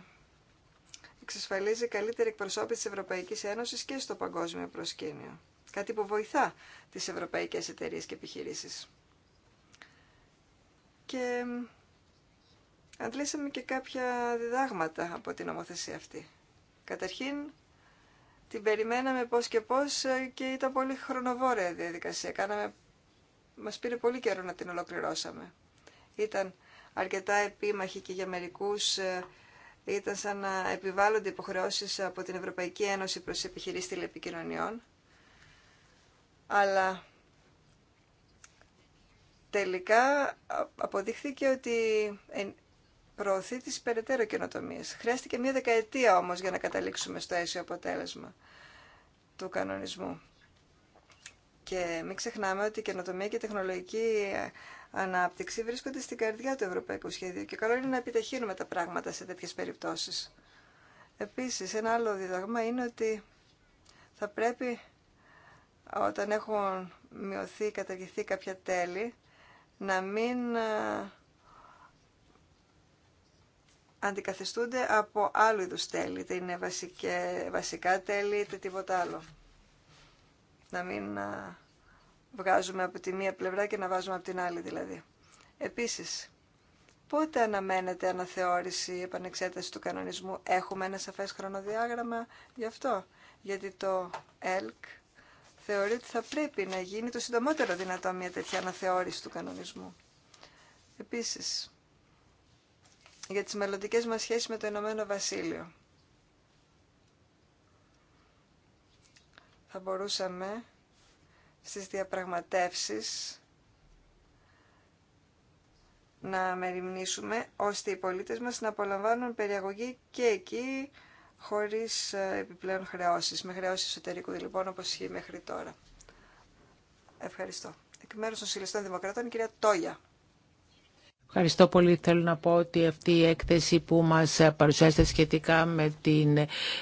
εξασφαλίζει καλύτερη εκπροσώπηση της Ευρωπαϊκής Ένωσης και στο παγκόσμιο προσκήνιο. Κάτι που βοηθά τις ευρωπαϊκές εταιρείε και επιχειρήσεις. Και αντλήσαμε και κάποια διδάγματα από την νομοθεσία αυτή. Καταρχήν, την περιμέναμε πώς και πώς και ήταν πολύ χρονοβόρεια διαδικασία. Κάναμε, μας πήρε πολύ καιρό να την ολοκληρώσαμε. Ήταν αρκετά επίμαχη και για μερικούς ε, ήταν σαν να επιβάλλονται υποχρεώσεις από την Ευρωπαϊκή Ένωση προς επιχειρήσεις τηλεπικοινωνιών. Αλλά τελικά αποδείχθηκε ότι προωθεί τι περαιτέρω καινοτομίε. Χρειάστηκε μία δεκαετία όμως για να καταλήξουμε στο αίσιο αποτέλεσμα του κανονισμού. Και μην ξεχνάμε ότι η καινοτομία και η τεχνολογική ανάπτυξη βρίσκονται στην καρδιά του Ευρωπαϊκού Σχεδίου και καλό είναι να επιταχύνουμε τα πράγματα σε τέτοιες περιπτώσεις. Επίσης, ένα άλλο διδαγμα είναι ότι θα πρέπει όταν έχουν μειωθεί, καταργηθεί κάποια τέλη, να μην ε, αντικαθιστούνται από άλλου είδου τέλη, είτε είναι βασικά τέλη, είτε τίποτα άλλο. Να μην βγάζουμε από τη μία πλευρά και να βάζουμε από την άλλη δηλαδή. Επίσης, πότε αναμένεται αναθεώρηση, επανεξέταση του κανονισμού. Έχουμε ένα σαφές χρονοδιάγραμμα γι' αυτό. Γιατί το ΕΛΚ θεωρεί ότι θα πρέπει να γίνει το συντομότερο δυνατό μια τέτοια αναθεώρηση του κανονισμού. Επίσης, για τις μελλοντικές μας σχέσεις με το Ηνωμένο Βασίλειο. Θα μπορούσαμε στις διαπραγματεύσεις να μεριμνήσουμε ώστε οι πολίτες μας να απολαμβάνουν περιαγωγή και εκεί χωρίς ε, επιπλέον χρεώσεις, με χρεώσεις εσωτερικού λοιπόν όπως είχε μέχρι τώρα. Ευχαριστώ. Εκ μέρους των Συλλεστών Δημοκρατών, η κυρία Τόγια. Ευχαριστώ πολύ. Θέλω να πω ότι αυτή η έκθεση που μας παρουσιάζεται σχετικά με την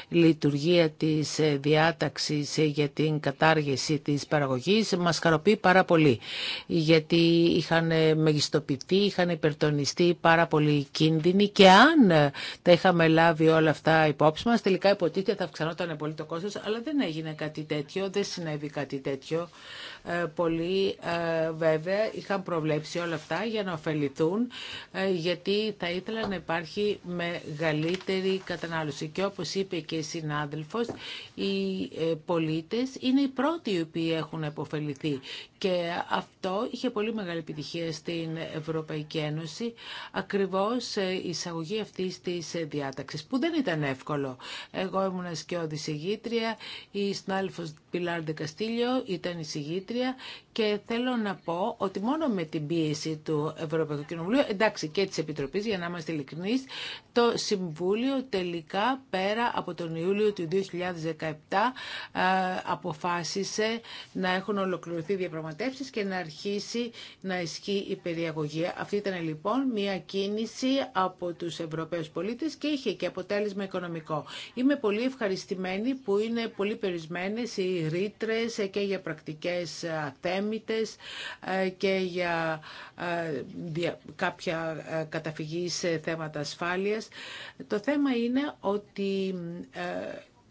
λειτουργία της διάταξης για την κατάργηση της παραγωγής μας χαροποιεί πάρα πολύ. Γιατί είχαν μεγιστοποιηθεί, είχαν υπερτονιστεί πάρα πολύ κίνδυνοι και αν τα είχαμε λάβει όλα αυτά υπόψη μας, τελικά υποτίθεται θα αυξανόταν πολύ το κόστος, αλλά δεν έγινε κάτι τέτοιο, δεν συνέβη κάτι τέτοιο. Ε, πολύ ε, βέβαια είχαν προβλέψει όλα αυτά για να ωφεληθούν ε, γιατί θα ήθελα να υπάρχει μεγαλύτερη κατανάλωση. Και όπως είπε και η συνάδελφος, οι πολίτες είναι οι πρώτοι οι οποίοι έχουν επωφεληθεί. Και αυτό είχε πολύ μεγάλη επιτυχία στην Ευρωπαϊκή Ένωση, ακριβώς η εισαγωγή αυτής της διάταξη που δεν ήταν εύκολο. Εγώ ήμουν σκιώδη συγγήτρια, η συνάδελφος Πιλάρντε Καστήλιο ήταν η και θέλω να πω ότι μόνο με την πίεση του Ευρωπαϊκού Κοινοβουλίου, εντάξει και της Επιτροπής για να είμαστε ειλικρινείς, το Συμβούλιο τελικά πέρα από τον Ιούλιο του 2017 ε, αποφάσισε να έχουν ολοκληρωθεί διαπραγματεύσεις και να αρχίσει να ισχύει η περιαγωγή. Αυτή ήταν λοιπόν μια κίνηση από τους Ευρωπαίους πολίτες και είχε και αποτέλεσμα οικονομικό. Είμαι πολύ ευχαριστημένη που είναι πολύ περισμένες οι ρήτρε και για πρακτικές αθέμητες ε, και για ε, κάποια ε, καταφυγή σε θέματα ασφάλειας. Το θέμα είναι ότι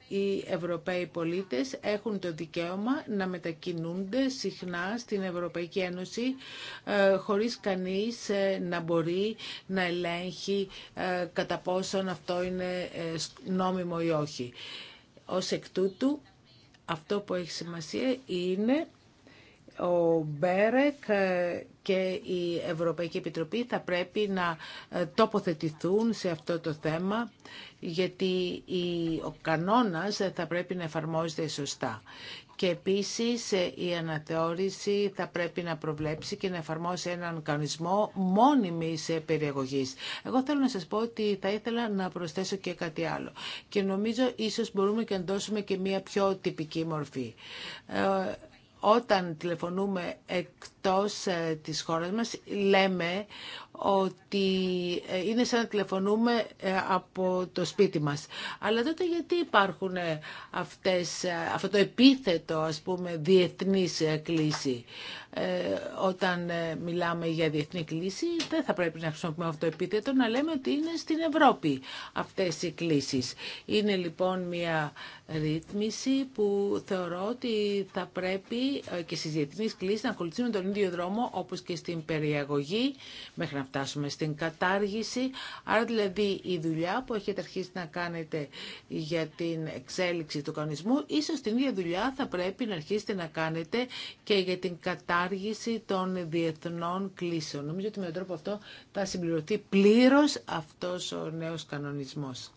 οι Ευρωπαίοι πολίτες έχουν το δικαίωμα να μετακινούνται συχνά στην Ευρωπαϊκή Ένωση χωρίς κανείς να μπορεί να ελέγχει κατά πόσον αυτό είναι νόμιμο ή όχι. Ως εκ τούτου, αυτό που έχει σημασία είναι ο Μπέρεκ ε, και η Ευρωπαϊκή Επιτροπή θα πρέπει να ε, τοποθετηθούν σε αυτό το θέμα γιατί ο κανόνας θα πρέπει να εφαρμόζεται σωστά. Και επίσης ε, η αναθεώρηση θα πρέπει να προβλέψει και να εφαρμόσει έναν κανονισμό μόνιμης περιεγωγής. Εγώ θέλω να σας πω ότι θα ήθελα να προσθέσω και κάτι άλλο. Και νομίζω ίσως μπορούμε και να δώσουμε και μια πιο τυπική μορφή όταν τηλεφωνούμε εκ εκτός ε, της χώρας μας λέμε ότι ε, είναι σαν να τηλεφωνούμε ε, από το σπίτι μας. Αλλά τότε γιατί υπάρχουν αυτές, αυτό το επίθετο, ας πούμε, διεθνής κλίση. όταν μιλάμε για διεθνή κλίση, δεν θα πρέπει να χρησιμοποιούμε αυτό το επίθετο, να λέμε ότι είναι στην Ευρώπη αυτές οι κλίσεις. Είναι λοιπόν μια ρύθμιση που θεωρώ ότι θα πρέπει και στις διεθνείς κλίσεις να ακολουθήσουμε τον δύο δρόμο όπως και στην περιαγωγή μέχρι να φτάσουμε στην κατάργηση. Άρα δηλαδή η δουλειά που έχετε αρχίσει να κάνετε για την εξέλιξη του κανονισμού ίσως την ίδια δουλειά θα πρέπει να αρχίσετε να κάνετε και για την κατάργηση των διεθνών κλήσεων. Νομίζω ότι με τον τρόπο αυτό θα συμπληρωθεί πλήρως αυτός ο νέος κανονισμός.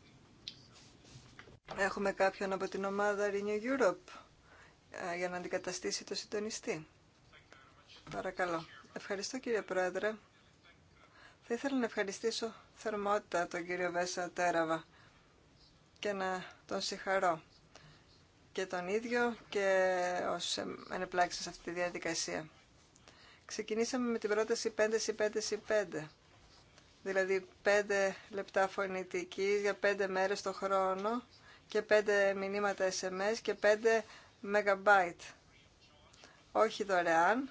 Έχουμε κάποιον από την ομάδα Renew Europe ε, για να αντικαταστήσει το συντονιστή. Παρακαλώ. Ευχαριστώ κύριε Πρόεδρε. Θα ήθελα να ευχαριστήσω θερμότητα τον κύριο Βέσα Τέραβα και να τον συγχαρώ και τον ίδιο και όσους ενεπλάξαν σε αυτή τη διαδικασία. Ξεκινήσαμε με την πρόταση 5-5-5, δηλαδή 5 λεπτά φωνητική για 5 μέρες το χρόνο και 5 μηνύματα SMS και 5 MB. Όχι δωρεάν,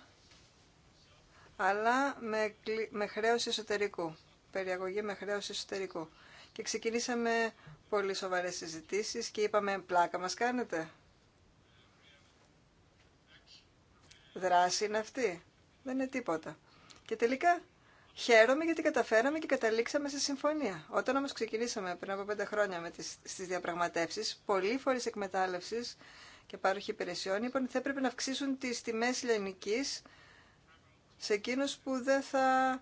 αλλά με, με χρέωση εσωτερικού, περιαγωγή με χρέωση εσωτερικού. Και ξεκινήσαμε πολύ σοβαρές συζητήσει και είπαμε πλάκα μας κάνετε. Δράση είναι αυτή. Δεν είναι τίποτα. Και τελικά χαίρομαι γιατί καταφέραμε και καταλήξαμε σε συμφωνία. Όταν όμως ξεκινήσαμε πριν από πέντε χρόνια με τις, στις διαπραγματεύσεις, πολλοί φορεί εκμετάλλευση και πάροχοι υπηρεσιών είπαν ότι θα έπρεπε να αυξήσουν τις τιμές λιανικής σε εκείνους που δεν θα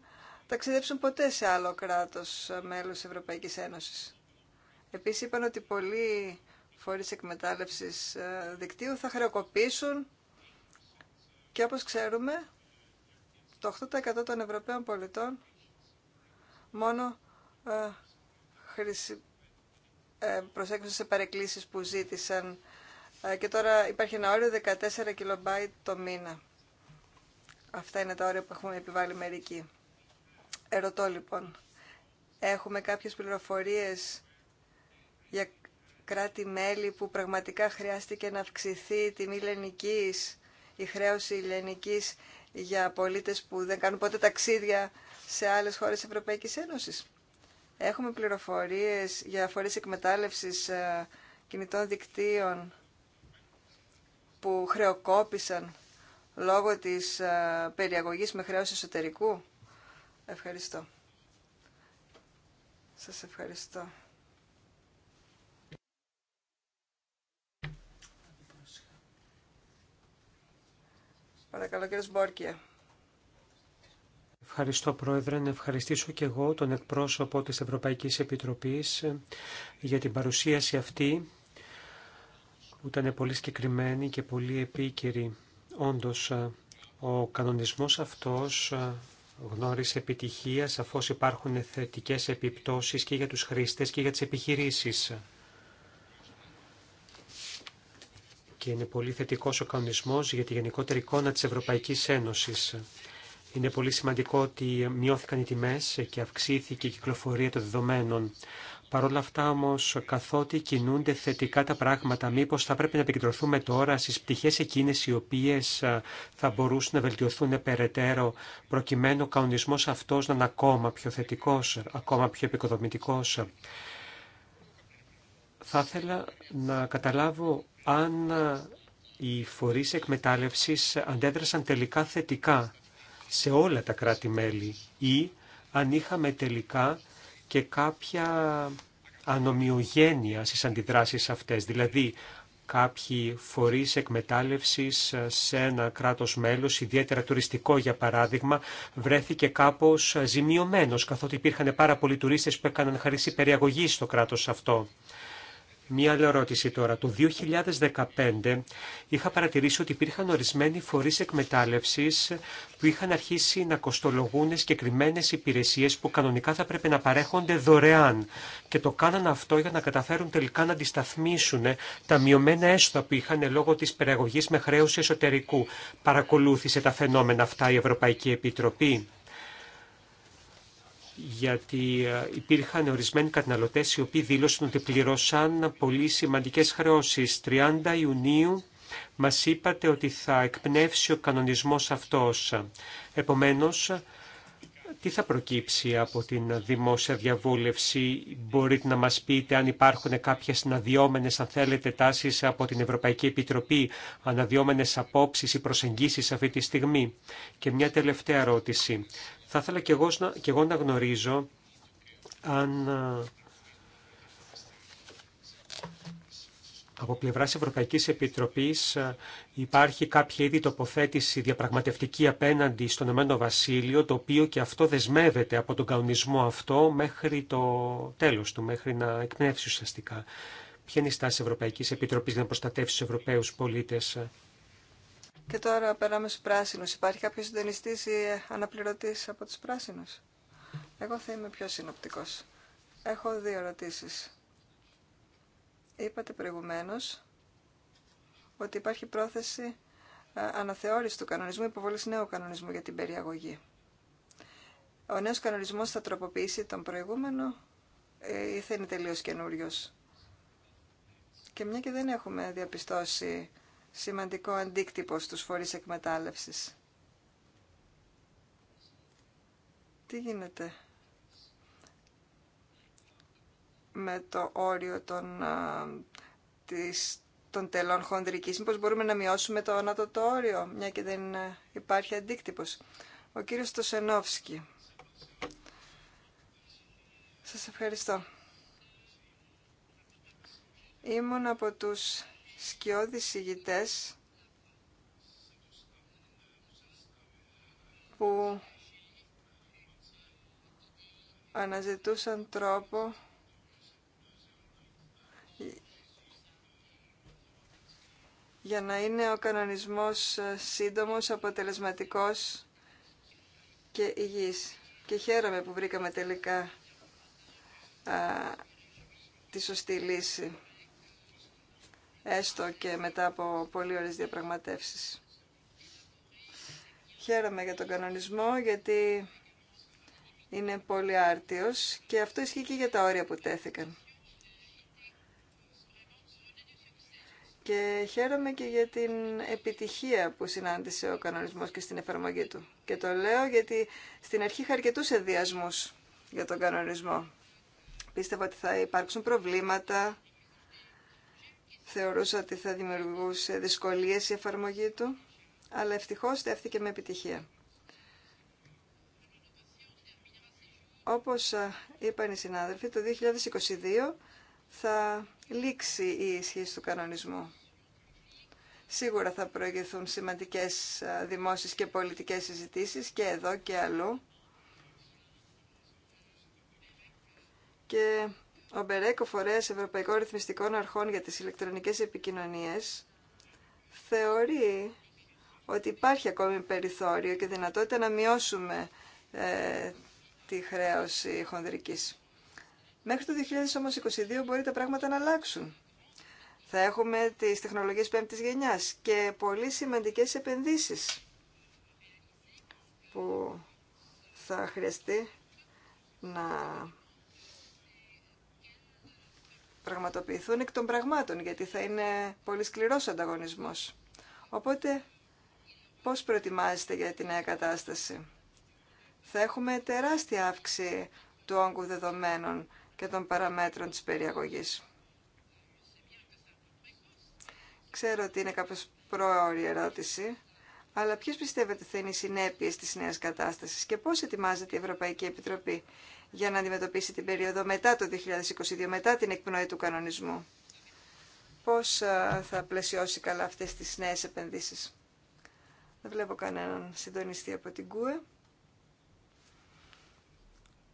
ταξιδέψουν ποτέ σε άλλο κράτος μέλος Ευρωπαϊκής Ένωσης. Επίσης είπαν ότι πολλοί φορείς εκμετάλλευσης ε, δικτύου θα χρεοκοπήσουν και όπως ξέρουμε το 8% των Ευρωπαίων πολιτών μόνο ε, ε σε παρεκκλήσεις που ζήτησαν ε, και τώρα υπάρχει ένα όριο 14 κιλομπάιτ το μήνα. Αυτά είναι τα όρια που έχουμε επιβάλει μερικοί. Ερωτώ λοιπόν, έχουμε κάποιες πληροφορίες για κράτη-μέλη που πραγματικά χρειάστηκε να αυξηθεί την λενικής, η χρέωση λενικής για πολίτες που δεν κάνουν ποτέ ταξίδια σε άλλες χώρες Ευρωπαϊκής Ένωσης. Έχουμε πληροφορίες για φορείς εκμετάλλευσης ε, κινητών δικτύων που χρεοκόπησαν λόγω της ε, περιαγωγής με χρέος εσωτερικού. Ευχαριστώ. Σας ευχαριστώ. Παρακαλώ κύριος Μπόρκια. Ευχαριστώ Πρόεδρε, να ευχαριστήσω και εγώ τον εκπρόσωπο της Ευρωπαϊκής Επιτροπής ε, για την παρουσίαση αυτή που ήταν πολύ συγκεκριμένη και πολύ επίκαιρη. Όντως, ε, ο κανονισμός αυτός ε, γνώρισε επιτυχία, σαφώς υπάρχουν θετικές επιπτώσεις και για τους χρήστες και για τις επιχειρήσεις. Και είναι πολύ θετικός ο κανονισμός για τη γενικότερη εικόνα της Ευρωπαϊκής Ένωσης. Είναι πολύ σημαντικό ότι μειώθηκαν οι τιμές και αυξήθηκε η κυκλοφορία των δεδομένων. Παρ' όλα αυτά όμως καθότι κινούνται θετικά τα πράγματα, μήπως θα πρέπει να επικεντρωθούμε τώρα στις πτυχές εκείνες οι οποίες ε, θα μπορούσαν να βελτιωθούν περαιτέρω, προκειμένου ο κανονισμός αυτός να είναι ακόμα πιο θετικός, ακόμα πιο επικοδομητικός. Θα ήθελα να καταλάβω αν ε, οι φορείς εκμετάλλευσης αντέδρασαν τελικά θετικά σε όλα τα κράτη-μέλη ή αν είχαμε τελικά και κάποια ανομοιογένεια στις αντιδράσεις αυτές. Δηλαδή, κάποιοι φορείς εκμετάλλευσης σε ένα κράτος μέλος, ιδιαίτερα τουριστικό για παράδειγμα, βρέθηκε κάπως ζημιωμένος, καθότι υπήρχαν πάρα πολλοί τουρίστες που έκαναν χαρίσει περιαγωγή στο κράτος αυτό. Μία άλλη ερώτηση τώρα. Το 2015 είχα παρατηρήσει ότι υπήρχαν ορισμένοι φορείς εκμετάλλευσης που είχαν αρχίσει να κοστολογούν συγκεκριμένε υπηρεσίες που κανονικά θα πρέπει να παρέχονται δωρεάν και το κάνανε αυτό για να καταφέρουν τελικά να αντισταθμίσουν τα μειωμένα έσοδα που είχαν λόγω της περιεγωγής με χρέους εσωτερικού. Παρακολούθησε τα φαινόμενα αυτά η Ευρωπαϊκή Επιτροπή γιατί ε, υπήρχαν ορισμένοι καταναλωτές οι οποίοι δήλωσαν ότι πληρώσαν πολύ σημαντικές χρεώσεις. 30 Ιουνίου μας είπατε ότι θα εκπνεύσει ο κανονισμός αυτός. Επομένως, τι θα προκύψει από την δημόσια διαβούλευση. Μπορείτε να μας πείτε αν υπάρχουν κάποιες αναδυόμενες, αν θέλετε, τάσεις από την Ευρωπαϊκή Επιτροπή, αναδυόμενες απόψεις ή προσεγγίσεις αυτή τη στιγμή. Και μια τελευταία ερώτηση. Θα ήθελα και εγώ, να γνωρίζω αν από πλευρά Ευρωπαϊκή Επιτροπή υπάρχει κάποια είδη τοποθέτηση διαπραγματευτική απέναντι στον Ηνωμένο Βασίλειο, το οποίο και αυτό δεσμεύεται από τον καονισμό αυτό μέχρι το τέλο του, μέχρι να εκπνεύσει ουσιαστικά. Ποια είναι η στάση Ευρωπαϊκή Επιτροπή για να προστατεύσει του Ευρωπαίου πολίτε. Και τώρα περάμε στους πράσινους. Υπάρχει κάποιος συντονιστής ή αναπληρωτής από τους πράσινους. Εγώ θα είμαι πιο συνοπτικός. Έχω δύο ερωτήσεις. Είπατε προηγουμένως ότι υπάρχει πρόθεση ε, αναθεώρηση του κανονισμού, υποβολή νέου κανονισμού για την περιαγωγή. Ο νέος κανονισμός θα τροποποιήσει τον προηγούμενο ε, ή θα είναι τελείως καινούριο. Και μια και δεν έχουμε διαπιστώσει σημαντικό αντίκτυπο στους φορείς εκμετάλλευσης. Τι γίνεται με το όριο των, της, των τελών χονδρικής. Μήπως μπορούμε να μειώσουμε το το όριο, μια και δεν ε, υπάρχει αντίκτυπος. Ο κύριος Στοσενόφσκι. Σας ευχαριστώ. Ήμουν από τους σκιώδεις ηγητές που αναζητούσαν τρόπο για να είναι ο κανονισμός σύντομος, αποτελεσματικός και υγιής. Και χαίρομαι που βρήκαμε τελικά τη σωστή λύση έστω και μετά από πολύ ωραίες διαπραγματεύσεις. Χαίρομαι για τον κανονισμό γιατί είναι πολύ άρτιος και αυτό ισχύει και για τα όρια που τέθηκαν. Και χαίρομαι και για την επιτυχία που συνάντησε ο κανονισμός και στην εφαρμογή του. Και το λέω γιατί στην αρχή είχα αρκετούς εδιασμούς για τον κανονισμό. Πίστευα ότι θα υπάρξουν προβλήματα, θεωρούσα ότι θα δημιουργούσε δυσκολίες η εφαρμογή του, αλλά ευτυχώς τεύθηκε με επιτυχία. Όπως είπαν οι συνάδελφοι, το 2022 θα λήξει η ισχύ του κανονισμού. Σίγουρα θα προηγηθούν σημαντικές δημόσιες και πολιτικές συζητήσεις και εδώ και αλλού. Και ο Μπερέκο, ο Φορέας Ευρωπαϊκών Ρυθμιστικών Αρχών για τις ηλεκτρονικές επικοινωνίες, θεωρεί ότι υπάρχει ακόμη περιθώριο και δυνατότητα να μειώσουμε ε, τη χρέωση χονδρικής. Μέχρι το 2022 μπορεί τα πράγματα να αλλάξουν. Θα έχουμε τις τεχνολογίες πέμπτης γενιάς και πολύ σημαντικές επενδύσεις που θα χρειαστεί να πραγματοποιηθούν εκ των πραγμάτων, γιατί θα είναι πολύ σκληρός ο ανταγωνισμός. Οπότε, πώς προετοιμάζεστε για τη νέα κατάσταση. Θα έχουμε τεράστια αύξηση του όγκου δεδομένων και των παραμέτρων της περιαγωγής. Ξέρω ότι είναι κάπως πρόωρη ερώτηση, αλλά ποιες πιστεύετε θα είναι οι συνέπειες της νέας κατάστασης και πώς ετοιμάζεται η Ευρωπαϊκή Επιτροπή για να αντιμετωπίσει την περίοδο μετά το 2022, μετά την εκπνοή του κανονισμού. Πώς θα πλαισιώσει καλά αυτές τις νέες επενδύσεις. Δεν βλέπω κανέναν συντονιστή από την ΚΟΕ.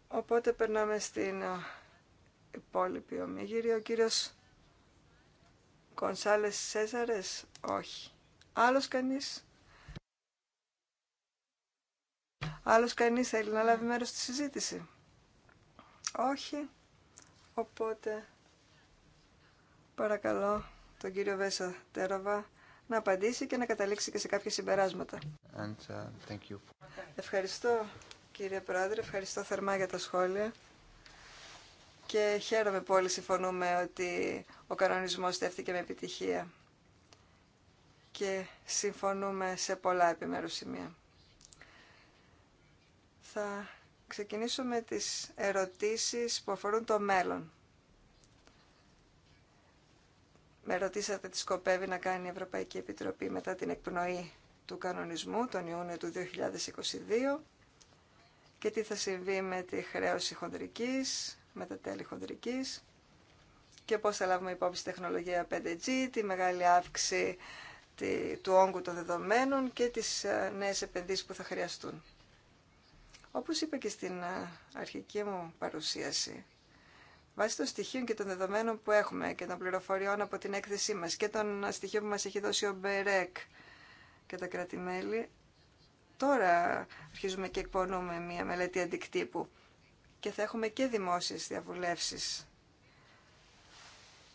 Οπότε περνάμε στην υπόλοιπη ομιγύρια. Ο κύριος Κονσάλες Σέζαρες, όχι. Άλλος κανείς. Άλλος κανείς θέλει να λάβει μέρος στη συζήτηση. Όχι. Οπότε παρακαλώ τον κύριο Βέσα Τέροβα να απαντήσει και να καταλήξει και σε κάποια συμπεράσματα. Uh, thank you. Ευχαριστώ κύριε Πρόεδρε, ευχαριστώ θερμά για τα σχόλια και χαίρομαι που όλοι συμφωνούμε ότι ο κανονισμός στέφθηκε με επιτυχία και συμφωνούμε σε πολλά επιμέρους σημεία. Θα ξεκινήσω με τις ερωτήσεις που αφορούν το μέλλον. Με ρωτήσατε τι σκοπεύει να κάνει η Ευρωπαϊκή Επιτροπή μετά την εκπνοή του κανονισμού τον Ιούνιο του 2022 και τι θα συμβεί με τη χρέωση χοντρικής, με τα τέλη χοντρικής και πώς θα λάβουμε υπόψη τεχνολογία 5G, τη μεγάλη αύξηση του όγκου των δεδομένων και τις ε, νέες επενδύσεις που θα χρειαστούν. Όπως είπα και στην αρχική μου παρουσίαση, βάσει των στοιχείων και των δεδομένων που έχουμε και των πληροφοριών από την έκθεσή μας και των στοιχείων που μας έχει δώσει ο Μπερέκ και τα κρατημέλη, τώρα αρχίζουμε και εκπονούμε μια μελέτη αντικτύπου και θα έχουμε και δημόσιες διαβουλεύσεις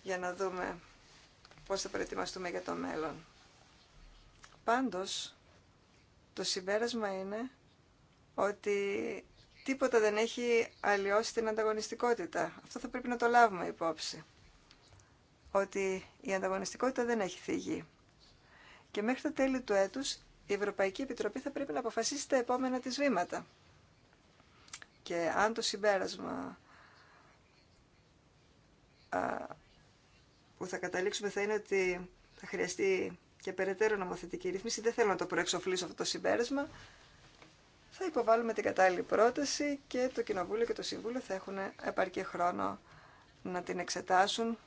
για να δούμε πώς θα προετοιμαστούμε για το μέλλον. Πάντως, το συμπέρασμα είναι ότι τίποτα δεν έχει αλλοιώσει την ανταγωνιστικότητα. Αυτό θα πρέπει να το λάβουμε υπόψη. Ότι η ανταγωνιστικότητα δεν έχει φύγει. Και μέχρι το τέλη του έτους η Ευρωπαϊκή Επιτροπή θα πρέπει να αποφασίσει τα επόμενα της βήματα. Και αν το συμπέρασμα που θα καταλήξουμε θα είναι ότι θα χρειαστεί και περαιτέρω νομοθετική ρύθμιση, δεν θέλω να το προεξοφλήσω αυτό το συμπέρασμα, θα υποβάλουμε την κατάλληλη πρόταση και το Κοινοβούλιο και το Συμβούλιο θα έχουν επαρκή χρόνο να την εξετάσουν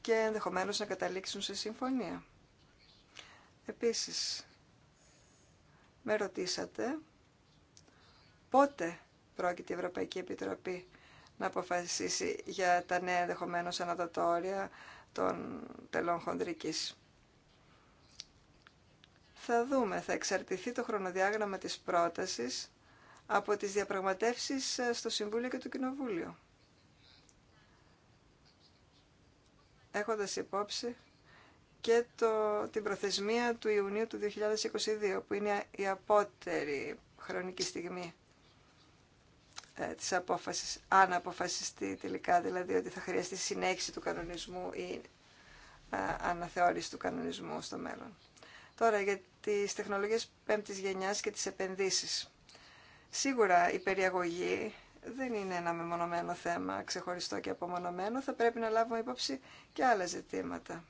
και ενδεχομένως να καταλήξουν σε συμφωνία. Επίσης, με ρωτήσατε πότε πρόκειται η Ευρωπαϊκή Επιτροπή να αποφασίσει για τα νέα ενδεχομένω ανατατόρια των τελών χονδρικής. Θα δούμε, θα εξαρτηθεί το χρονοδιάγραμμα της πρότασης από τις διαπραγματεύσεις ε, στο Συμβούλιο και το Κοινοβούλιο. Έχοντας υπόψη και το, την προθεσμία του Ιουνίου του 2022, που είναι η απότερη χρονική στιγμή ε, της απόφασης, αν αποφασιστεί τελικά, δηλαδή ότι θα χρειαστεί συνέχιση του κανονισμού ή ε, αναθεώρηση του κανονισμού στο μέλλον. Τώρα για τις τεχνολογίες πέμπτης γενιάς και τις επενδύσεις. Σίγουρα η περιαγωγή δεν είναι ένα μεμονωμένο θέμα, ξεχωριστό και απομονωμένο. Θα πρέπει να λάβουμε υπόψη και άλλα ζητήματα.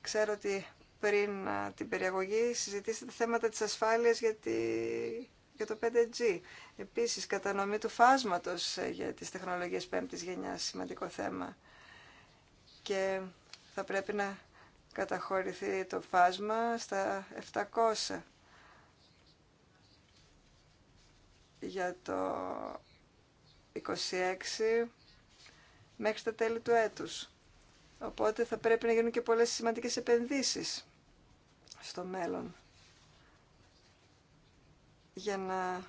Ξέρω ότι πριν την περιαγωγή συζητήσατε θέματα της ασφάλειας για, το 5G. Επίσης, κατανομή του φάσματος ε, για τις τεχνολογίες πέμπτης γενιάς, σημαντικό θέμα. Και θα πρέπει να καταχωρηθεί το φάσμα στα 700 για το 26 μέχρι τα τέλη του έτους. Οπότε θα πρέπει να γίνουν και πολλές σημαντικές επενδύσεις στο μέλλον για να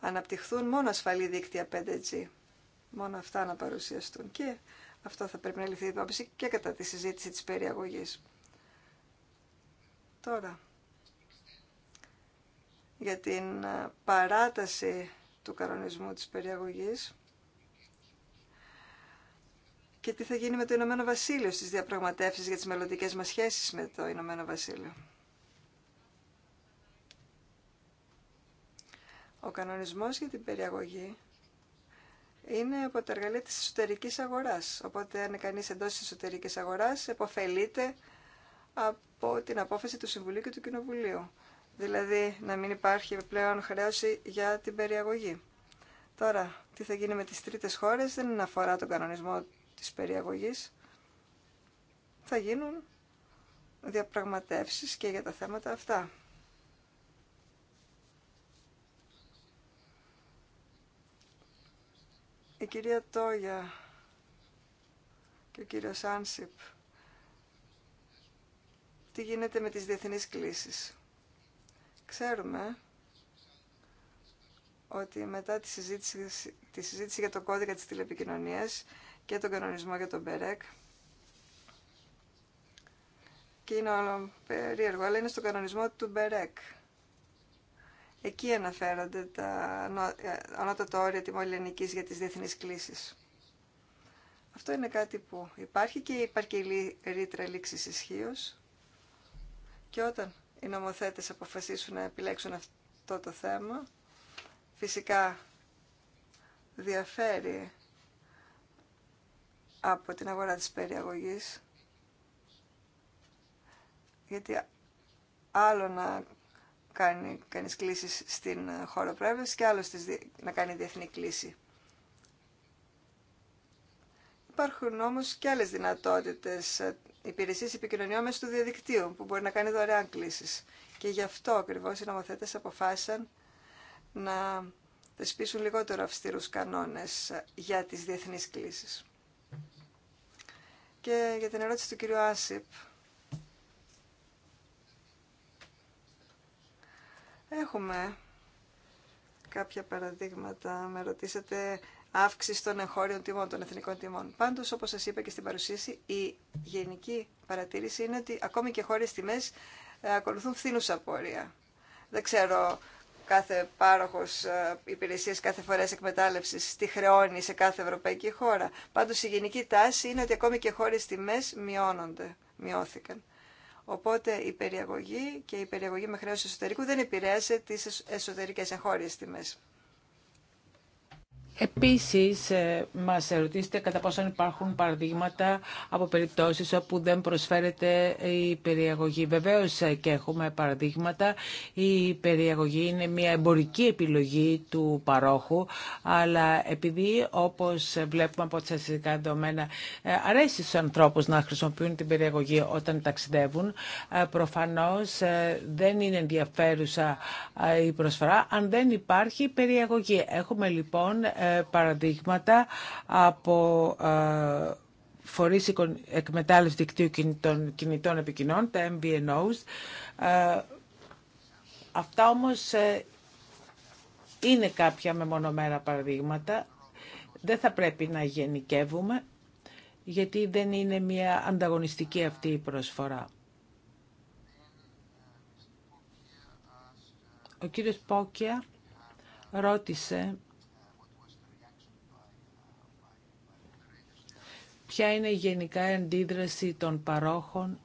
αναπτυχθούν μόνο ασφαλή δίκτυα 5G. Μόνο αυτά να παρουσιαστούν και αυτό θα πρέπει να ληφθεί υπόψη και κατά τη συζήτηση της περιαγωγής. Τώρα, για την ε, παράταση του κανονισμού της περιαγωγής και τι θα γίνει με το Ηνωμένο Βασίλειο στις διαπραγματεύσεις για τις μελλοντικές μας σχέσεις με το Ηνωμένο Βασίλειο. Ο κανονισμός για την περιαγωγή είναι από τα εργαλεία της εσωτερικής αγοράς. Οπότε αν κανείς εντός της εσωτερικής αγοράς, επωφελείται από την απόφαση του Συμβουλίου και του Κοινοβουλίου. Δηλαδή να μην υπάρχει πλέον χρέωση για την περιαγωγή. Τώρα, τι θα γίνει με τις τρίτες χώρες δεν αφορά τον κανονισμό της περιαγωγής. Θα γίνουν διαπραγματεύσεις και για τα θέματα αυτά. Η κυρία Τόγια και ο κύριος Άνσιπ. Τι γίνεται με τις διεθνείς κλήσεις. Ξέρουμε ότι μετά τη συζήτηση, τη συζήτηση για το κώδικα της τηλεπικοινωνίας και τον κανονισμό για τον ΠΕΡΕΚ, και είναι όλο περίεργο, αλλά είναι στον κανονισμό του Μπερέκ. Εκεί αναφέρονται τα ε, ανώτατα όρια τιμολενικής για τι διεθνεί κλήσει. Αυτό είναι κάτι που υπάρχει και υπάρχει και ρήτρα λήξη ισχύω. Και όταν οι νομοθέτε αποφασίσουν να επιλέξουν αυτό το θέμα, φυσικά διαφέρει από την αγορά της περιαγωγής, γιατί άλλο να κάνει κανείς κλήσεις στην χώρα και άλλος να κάνει διεθνή κλήση. Υπάρχουν όμως και άλλες δυνατότητες ε, υπηρεσίες επικοινωνιών μέσω του διαδικτύου που μπορεί να κάνει δωρεάν κλήσεις. Και γι' αυτό ακριβώς οι νομοθέτες αποφάσισαν να θεσπίσουν λιγότερο αυστηρούς κανόνες ε, για τις διεθνείς κλήσεις. Και για την ερώτηση του κυρίου Άσιπ, Έχουμε κάποια παραδείγματα. Με ρωτήσατε αύξηση των εγχώριων τιμών, των εθνικών τιμών. Πάντω, όπω σα είπα και στην παρουσίαση, η γενική παρατήρηση είναι ότι ακόμη και χώρε τιμέ ε, ακολουθούν φθήνουσα πορεία. Δεν ξέρω κάθε πάροχο ε, υπηρεσία κάθε φορέ εκμετάλλευση τι χρεώνει σε κάθε ευρωπαϊκή χώρα. Πάντω, η γενική τάση είναι ότι ακόμη και χώρε τιμέ μειώνονται, μειώθηκαν. Οπότε η περιαγωγή και η περιαγωγή με χρέο εσωτερικού δεν επηρέασε τις εσωτερικές εγχώριε τιμέ. Επίσης, ε, μας ερωτήσετε κατά πόσο υπάρχουν παραδείγματα από περιπτώσεις όπου δεν προσφέρεται η περιαγωγή. Βεβαίως ε, και έχουμε παραδείγματα. Η περιαγωγή είναι μια εμπορική επιλογή του παρόχου, αλλά επειδή, όπως βλέπουμε από τα στατιστικά δεδομένα, ε, αρέσει στους ανθρώπους να χρησιμοποιούν την περιαγωγή όταν ταξιδεύουν, προφανώς δεν είναι ενδιαφέρουσα η προσφορά αν δεν υπάρχει περιαγωγή. Έχουμε λοιπόν παραδείγματα από ε, φορείς εκμετάλλευση δικτύου των κινητών επικοινών, τα MVNOs. Ε, αυτά όμως ε, είναι κάποια μεμονωμένα παραδείγματα. Δεν θα πρέπει να γενικεύουμε, γιατί δεν είναι μια ανταγωνιστική αυτή η προσφορά. Ο κύριος Πόκια ρώτησε ποια είναι η γενικά αντίδραση των παρόχων,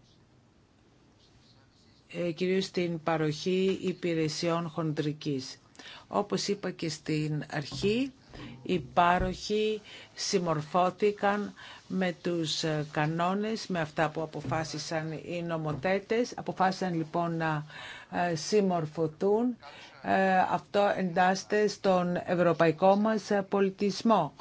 ε, κυρίως στην παροχή υπηρεσιών χοντρικής. Όπως είπα και στην αρχή, οι πάροχοι συμμορφώθηκαν με τους ε, κανόνες, με αυτά που αποφάσισαν οι νομοθέτες. Αποφάσισαν λοιπόν να ε, συμμορφωθούν. Αυτό εντάσσεται στον ευρωπαϊκό μας πολιτισμό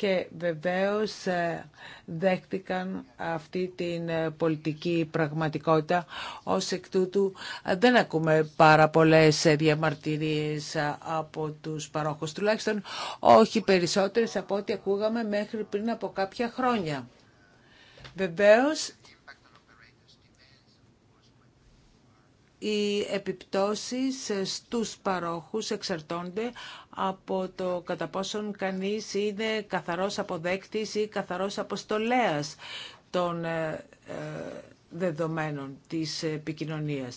και βεβαίως ε, δέχτηκαν αυτή την ε, πολιτική πραγματικότητα. Ως εκ τούτου ε, δεν ακούμε πάρα πολλές διαμαρτυρίες από τους παρόχους, τουλάχιστον όχι περισσότερες από ό,τι ακούγαμε μέχρι πριν από κάποια χρόνια. Βεβαίως οι επιπτώσεις στους παρόχους εξαρτώνται από το κατά πόσον κανείς είναι καθαρός αποδέκτης ή καθαρός αποστολέας των ε, ε, δεδομένων της επικοινωνία.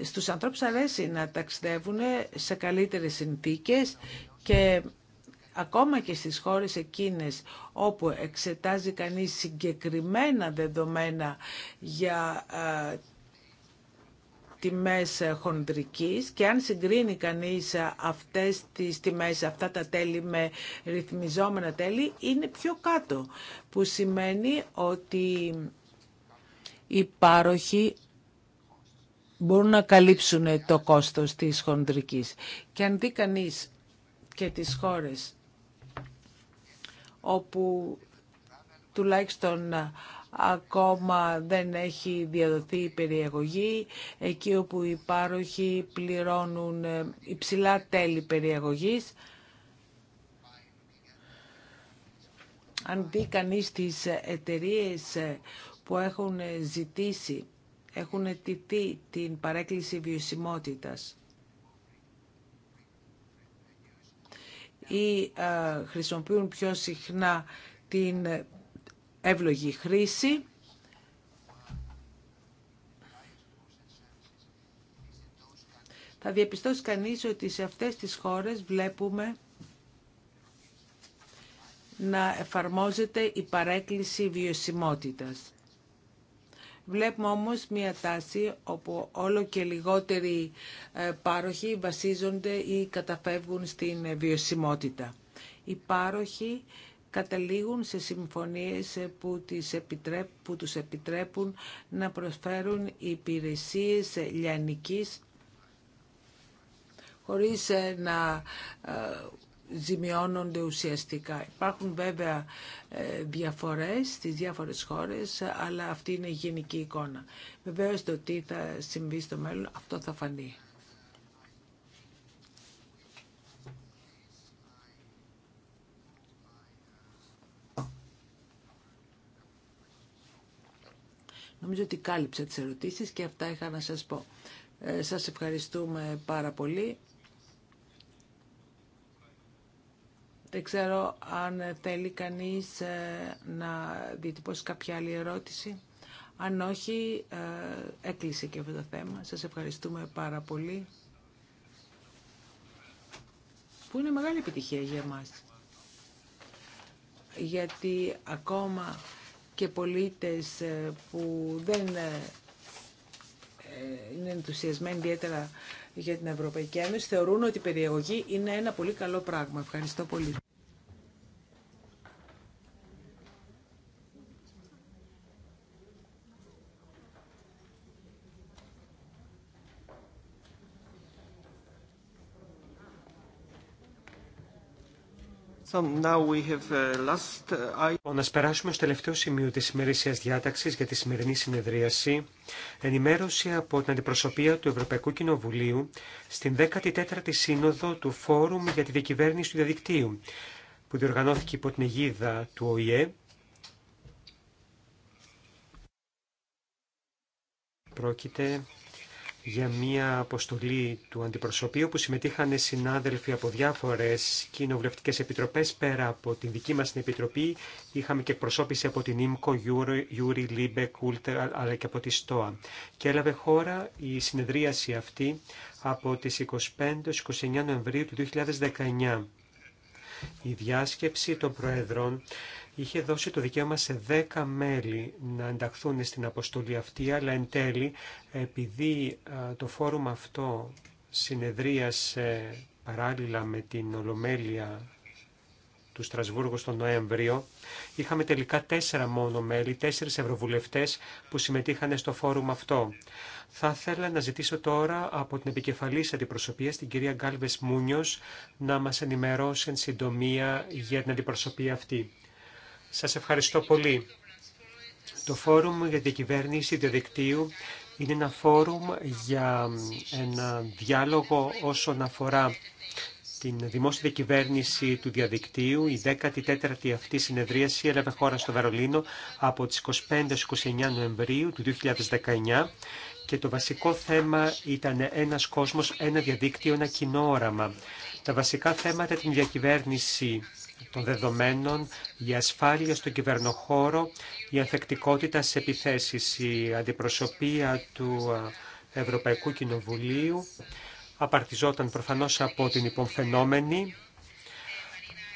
Στους ανθρώπους αρέσει να ταξιδεύουν σε καλύτερες συνθήκες και ακόμα και στις χώρες εκείνες όπου εξετάζει κανείς συγκεκριμένα δεδομένα για ε, τιμές ε, χονδρικής και αν συγκρίνει κανείς ε, αυτές τις τιμές, αυτά τα τέλη με ρυθμιζόμενα τέλη, είναι πιο κάτω, που σημαίνει ότι οι πάροχοι μπορούν να καλύψουν ε, το κόστος της χοντρικής Και αν δει κανείς και τις χώρες όπου τουλάχιστον ακόμα δεν έχει διαδοθεί η περιεγωγή. Εκεί όπου οι πάροχοι πληρώνουν ε, υψηλά τέλη περιεγωγής. Αν δει κανείς τις εταιρείες ε, που έχουν ζητήσει, έχουν αιτηθεί την παρέκκληση βιωσιμότητας ή ε, χρησιμοποιούν πιο συχνά την εύλογη χρήση. Θα διαπιστώσει κανείς ότι σε αυτές τις χώρες βλέπουμε να εφαρμόζεται η παρέκκληση βιωσιμότητας. Βλέπουμε όμως μια τάση όπου όλο και λιγότεροι ε, πάροχοι βασίζονται ή καταφεύγουν στην ε, βιωσιμότητα. Οι πάροχοι καταλήγουν σε συμφωνίες που, τις τους επιτρέπουν να προσφέρουν υπηρεσίες λιανικής χωρίς ε, να ε, ζημιώνονται ουσιαστικά. Υπάρχουν βέβαια ε, διαφορές στις διάφορες χώρες, αλλά αυτή είναι η γενική εικόνα. Βεβαίως το τι θα συμβεί στο μέλλον, αυτό θα φανεί. Νομίζω ότι κάλυψα τις ερωτήσεις και αυτά είχα να σας πω. Ε, σας ευχαριστούμε πάρα πολύ. Δεν ξέρω αν θέλει κανείς ε, να διατυπώσει κάποια άλλη ερώτηση. Αν όχι, ε, έκλεισε και αυτό το θέμα. Σας ευχαριστούμε πάρα πολύ. Που είναι μεγάλη επιτυχία για μας. Γιατί ακόμα και πολίτες ε, που δεν ε, ε, είναι ενθουσιασμένοι ιδιαίτερα για την Ευρωπαϊκή Ένωση θεωρούν ότι η περιεγωγή είναι ένα πολύ καλό πράγμα. Ευχαριστώ πολύ. Uh, uh, λοιπόν, να περάσουμε στο τελευταίο σημείο της ημερήσιας διάταξης για τη σημερινή συνεδρίαση. Ενημέρωση από την αντιπροσωπεία του Ευρωπαϊκού Κοινοβουλίου στην 14η Σύνοδο του Φόρουμ για τη Διακυβέρνηση του Διαδικτύου, που διοργανώθηκε υπό την αιγίδα του ΟΗΕ. Πρόκειται για μια αποστολή του αντιπροσωπείου που συμμετείχαν συνάδελφοι από διάφορες κοινοβουλευτικές επιτροπές πέρα από την δική μας επιτροπή. Είχαμε και εκπροσώπηση από την ΙΜΚΟ, Γιούρι, Λίμπε, Κούλτερ αλλά και από τη ΣΤΟΑ. Και έλαβε χώρα η συνεδρίαση αυτή από τις 25-29 Νοεμβρίου του 2019. Η διάσκεψη των Προέδρων είχε δώσει το δικαίωμα σε 10 μέλη να ενταχθούν στην αποστολή αυτή, αλλά εν τέλει, επειδή το φόρουμ αυτό συνεδρίασε παράλληλα με την Ολομέλεια του Στρασβούργου τον Νοέμβριο, είχαμε τελικά τέσσερα μόνο μέλη, τέσσερις ευρωβουλευτές που συμμετείχαν στο φόρουμ αυτό. Θα ήθελα να ζητήσω τώρα από την επικεφαλής αντιπροσωπείας, την κυρία Γκάλβες Μούνιος, να μας ενημερώσει εν συντομία για την αντιπροσωπεία αυτή. Σας ευχαριστώ πολύ. Το Φόρουμ για την Κυβέρνηση Διαδικτύου είναι ένα φόρουμ για ένα διάλογο όσον αφορά την δημόσια διακυβέρνηση του διαδικτύου. Η 14η αυτή συνεδρίαση έλαβε χώρα στο Βερολίνο από τις 25-29 Νοεμβρίου του 2019 και το βασικό θέμα ήταν ένας κόσμος, ένα διαδίκτυο, ένα κοινό όραμα. Τα βασικά θέματα την διακυβέρνηση των δεδομένων, η ασφάλεια στον κυβερνοχώρο, η ανθεκτικότητα σε επιθέσεις, η αντιπροσωπεία του Ευρωπαϊκού Κοινοβουλίου απαρτιζόταν προφανώς από την υπομφαινόμενη,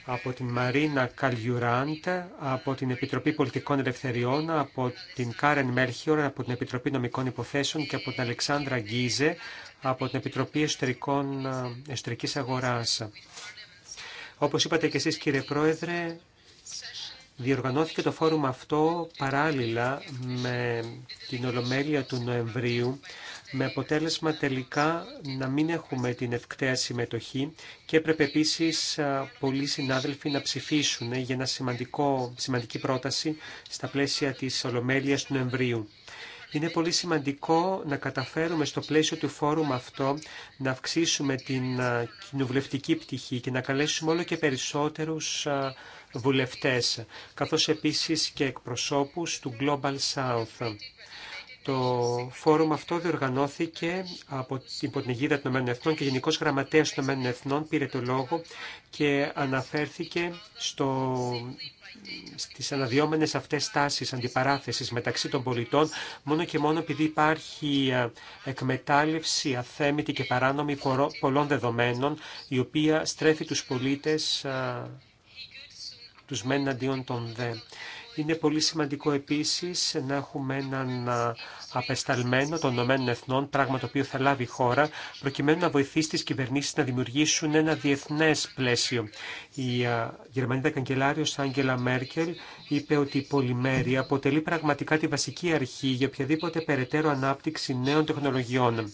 από την Μαρίνα Καλιουράντ, από την Επιτροπή Πολιτικών Ελευθεριών, από την Κάρεν Μέλχιορ, από την Επιτροπή Νομικών Υποθέσεων και από την Αλεξάνδρα Γκίζε, από την Επιτροπή Εσωτερικών, Εσωτερικής Αγοράς. Όπως είπατε και εσείς κύριε Πρόεδρε, διοργανώθηκε το φόρουμ αυτό παράλληλα με την Ολομέλεια του Νοεμβρίου, με αποτέλεσμα τελικά να μην έχουμε την ευκταία συμμετοχή και έπρεπε επίσης πολλοί συνάδελφοι να ψηφίσουν για μια σημαντική πρόταση στα πλαίσια της Ολομέλειας του Νοεμβρίου. Είναι πολύ σημαντικό να καταφέρουμε στο πλαίσιο του φόρουμ αυτό να αυξήσουμε την κοινοβουλευτική πτυχή και να καλέσουμε όλο και περισσότερους βουλευτές, καθώς επίσης και εκπροσώπους του Global South. Το φόρουμ αυτό διοργανώθηκε από την Αιγίδα των ΗΕ και Γενικό Γραμματέα των Εθνών, πήρε το λόγο και αναφέρθηκε στο στις αναδυόμενες αυτές τάσεις αντιπαράθεσης μεταξύ των πολιτών μόνο και μόνο επειδή υπάρχει ε, εκμετάλλευση αθέμητη και παράνομη πολλών δεδομένων η οποία στρέφει τους πολίτες ε, τους μεν αντίον των δε. Είναι πολύ σημαντικό επίσης να έχουμε έναν απεσταλμένο των Ηνωμένων Εθνών, πράγμα το οποίο θα λάβει η χώρα, προκειμένου να βοηθήσει τις κυβερνήσεις να δημιουργήσουν ένα διεθνές πλαίσιο. Η Γερμανίδα Καγκελάριος Άγγελα Μέρκελ είπε ότι η πολυμέρεια αποτελεί πραγματικά τη βασική αρχή για οποιαδήποτε περαιτέρω ανάπτυξη νέων τεχνολογιών.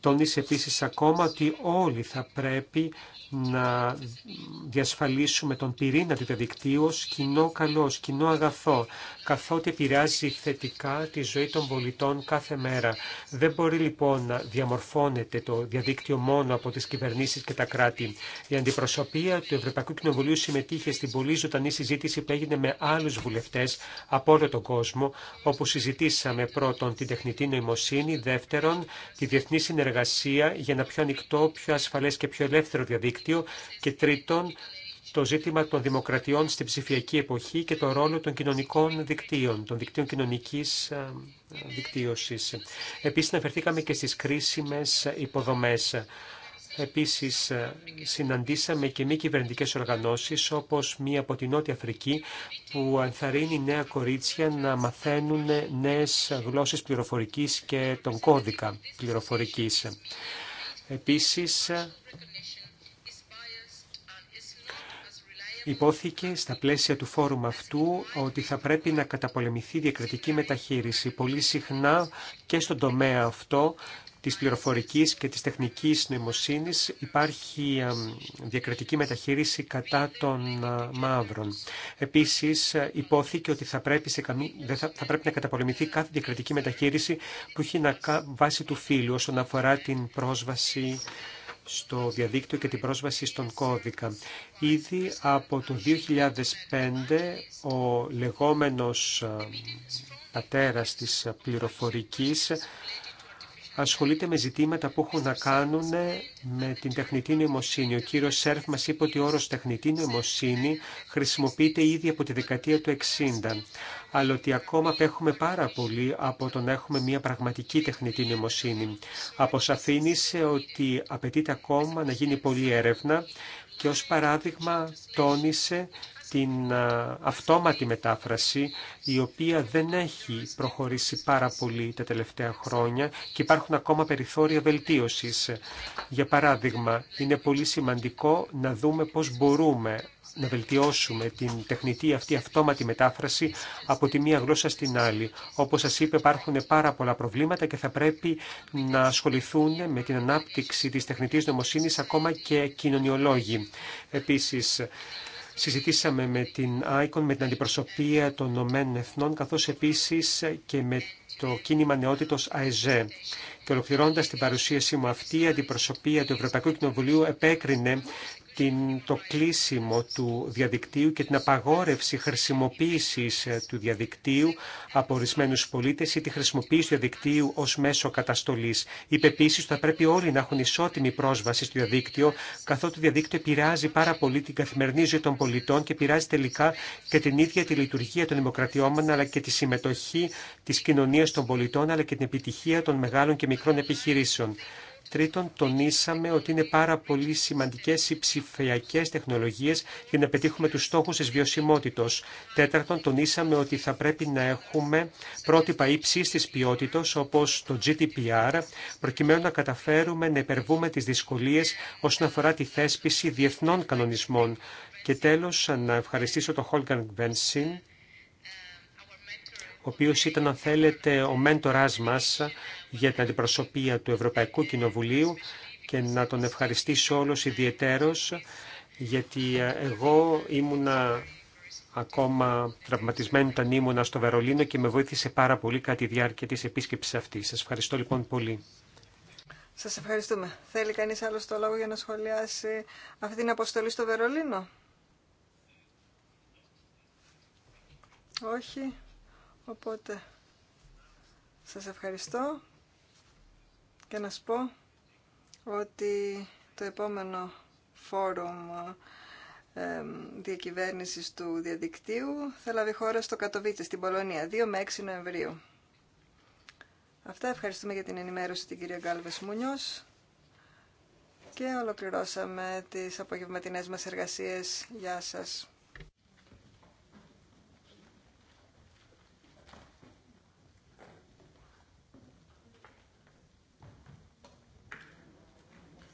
Τόνισε επίσης ακόμα ότι όλοι θα πρέπει να διασφαλίσουμε τον πυρήνα του διαδικτύου ως κοινό καλό, κοινό αγαθό, καθότι επηρεάζει θετικά τη ζωή των πολιτών κάθε μέρα. Δεν μπορεί λοιπόν να διαμορφώνεται το διαδίκτυο μόνο από τις κυβερνήσεις και τα κράτη. Η αντιπροσωπεία του Ευρωπαϊκού Κοινοβουλίου συμμετείχε στην πολύ ζωντανή συζήτηση που έγινε με άλλους βουλευτές από όλο τον κόσμο, όπου συζητήσαμε πρώτον την τεχνητή νοημοσύνη, δεύτερον τη διεθνή συνεργασία για ένα πιο ανοιχτό, πιο ασφαλές και πιο ελεύθερο διαδίκτυο και τρίτον το ζήτημα των δημοκρατιών στην ψηφιακή εποχή και το ρόλο των κοινωνικών δικτύων, των δικτύων κοινωνικής ε, δικτύωσης. Επίσης, αναφερθήκαμε και στις κρίσιμες υποδομές. Επίσης, ε, συναντήσαμε και μη κυβερνητικές οργανώσεις, όπως μία από την Νότια Αφρική, που ενθαρρύνει νέα κορίτσια να μαθαίνουν νέες γλώσσες πληροφορικής και τον κώδικα πληροφορικής. Επίσης, Υπόθηκε στα πλαίσια του φόρουμ αυτού ότι θα πρέπει να καταπολεμηθεί διακριτική μεταχείριση. Πολύ συχνά και στον τομέα αυτό της πληροφορικής και της τεχνικής νοημοσύνης υπάρχει ε, διακριτική μεταχείριση κατά των ε, μαύρων. Επίσης, υπόθηκε ότι θα πρέπει, να καταπολεμηθεί κάθε διακριτική μεταχείριση που έχει να βάση του φύλου όσον αφορά την πρόσβαση στο διαδίκτυο και την πρόσβαση στον κώδικα. Ήδη από το 2005 ο λεγόμενος ε, πατέρας της πληροφορικής ασχολείται με ζητήματα που έχουν να κάνουν με την τεχνητή νοημοσύνη. Ο κύριο Σέρφ μα είπε ότι ο όρο τεχνητή νοημοσύνη χρησιμοποιείται ήδη από τη δεκαετία του 60, αλλά ότι ακόμα απέχουμε πάρα πολύ από το να έχουμε μια πραγματική τεχνητή νοημοσύνη. Αποσαφήνισε ότι απαιτείται ακόμα να γίνει πολλή έρευνα και ως παράδειγμα τόνισε την αυτόματη μετάφραση, η οποία δεν έχει προχωρήσει πάρα πολύ τα τελευταία χρόνια και υπάρχουν ακόμα περιθώρια βελτίωσης. Για παράδειγμα, είναι πολύ σημαντικό να δούμε πώς μπορούμε να βελτιώσουμε την τεχνητή αυτή αυτόματη μετάφραση από τη μία γλώσσα στην άλλη. Όπως σας είπε, υπάρχουν πάρα πολλά προβλήματα και θα πρέπει να ασχοληθούν με την ανάπτυξη της τεχνητής νομοσύνης ακόμα και κοινωνιολόγοι. Επίσης, Συζητήσαμε με την ICON, με την αντιπροσωπεία των Ηνωμένων Εθνών, καθώς επίσης και με το κίνημα νεότητος ΑΕΖΕ. Και ολοκληρώνοντα την παρουσίασή μου αυτή, η αντιπροσωπεία του Ευρωπαϊκού Κοινοβουλίου επέκρινε την, το κλείσιμο του διαδικτύου και την απαγόρευση χρησιμοποίησης ε, του διαδικτύου από ορισμένου πολίτες ή τη χρησιμοποίηση του διαδικτύου ως μέσο καταστολής. Είπε επίση ότι θα πρέπει όλοι να έχουν ισότιμη πρόσβαση στο διαδίκτυο, καθότι το διαδίκτυο επηρεάζει πάρα πολύ την καθημερινή ζωή των πολιτών και επηρεάζει τελικά και την ίδια τη λειτουργία των δημοκρατιών, αλλά και τη συμμετοχή της κοινωνίας των πολιτών, αλλά και την επιτυχία των μεγάλων και μικρών επιχειρήσεων. Τρίτον, τονίσαμε ότι είναι πάρα πολύ σημαντικές οι ψηφιακές τεχνολογίες για να πετύχουμε τους στόχους τη βιωσιμότητα. Τέταρτον, τονίσαμε ότι θα πρέπει να έχουμε πρότυπα υψή τη ποιότητα, όπως το GDPR, προκειμένου να καταφέρουμε να υπερβούμε τις δυσκολίες όσον αφορά τη θέσπιση διεθνών κανονισμών. Και τέλος, να ευχαριστήσω τον Χόλγκαν Γκβένσιν, ο οποίος ήταν, αν θέλετε, ο μέντοράς μας για την αντιπροσωπεία του Ευρωπαϊκού Κοινοβουλίου και να τον ευχαριστήσω όλος ιδιαιτέρως, γιατί ε, εγώ ήμουνα ακόμα τραυματισμένη όταν ήμουνα στο Βερολίνο και με βοήθησε πάρα πολύ κατά τη διάρκεια της επίσκεψης αυτής. Σας ευχαριστώ λοιπόν πολύ. Σας ευχαριστούμε. Θέλει κανείς άλλο το λόγο για να σχολιάσει αυτή την αποστολή στο Βερολίνο. Όχι. Οπότε σας ευχαριστώ και να σας πω ότι το επόμενο φόρουμ ε, διακυβέρνησης του διαδικτύου θα λάβει χώρα στο Κατοβίτσε, στην Πολωνία, 2 με 6 Νοεμβρίου. Αυτά ευχαριστούμε για την ενημέρωση την κυρία Γκάλβες Μουνιός και ολοκληρώσαμε τις απογευματινές μας εργασίες. Γεια σας.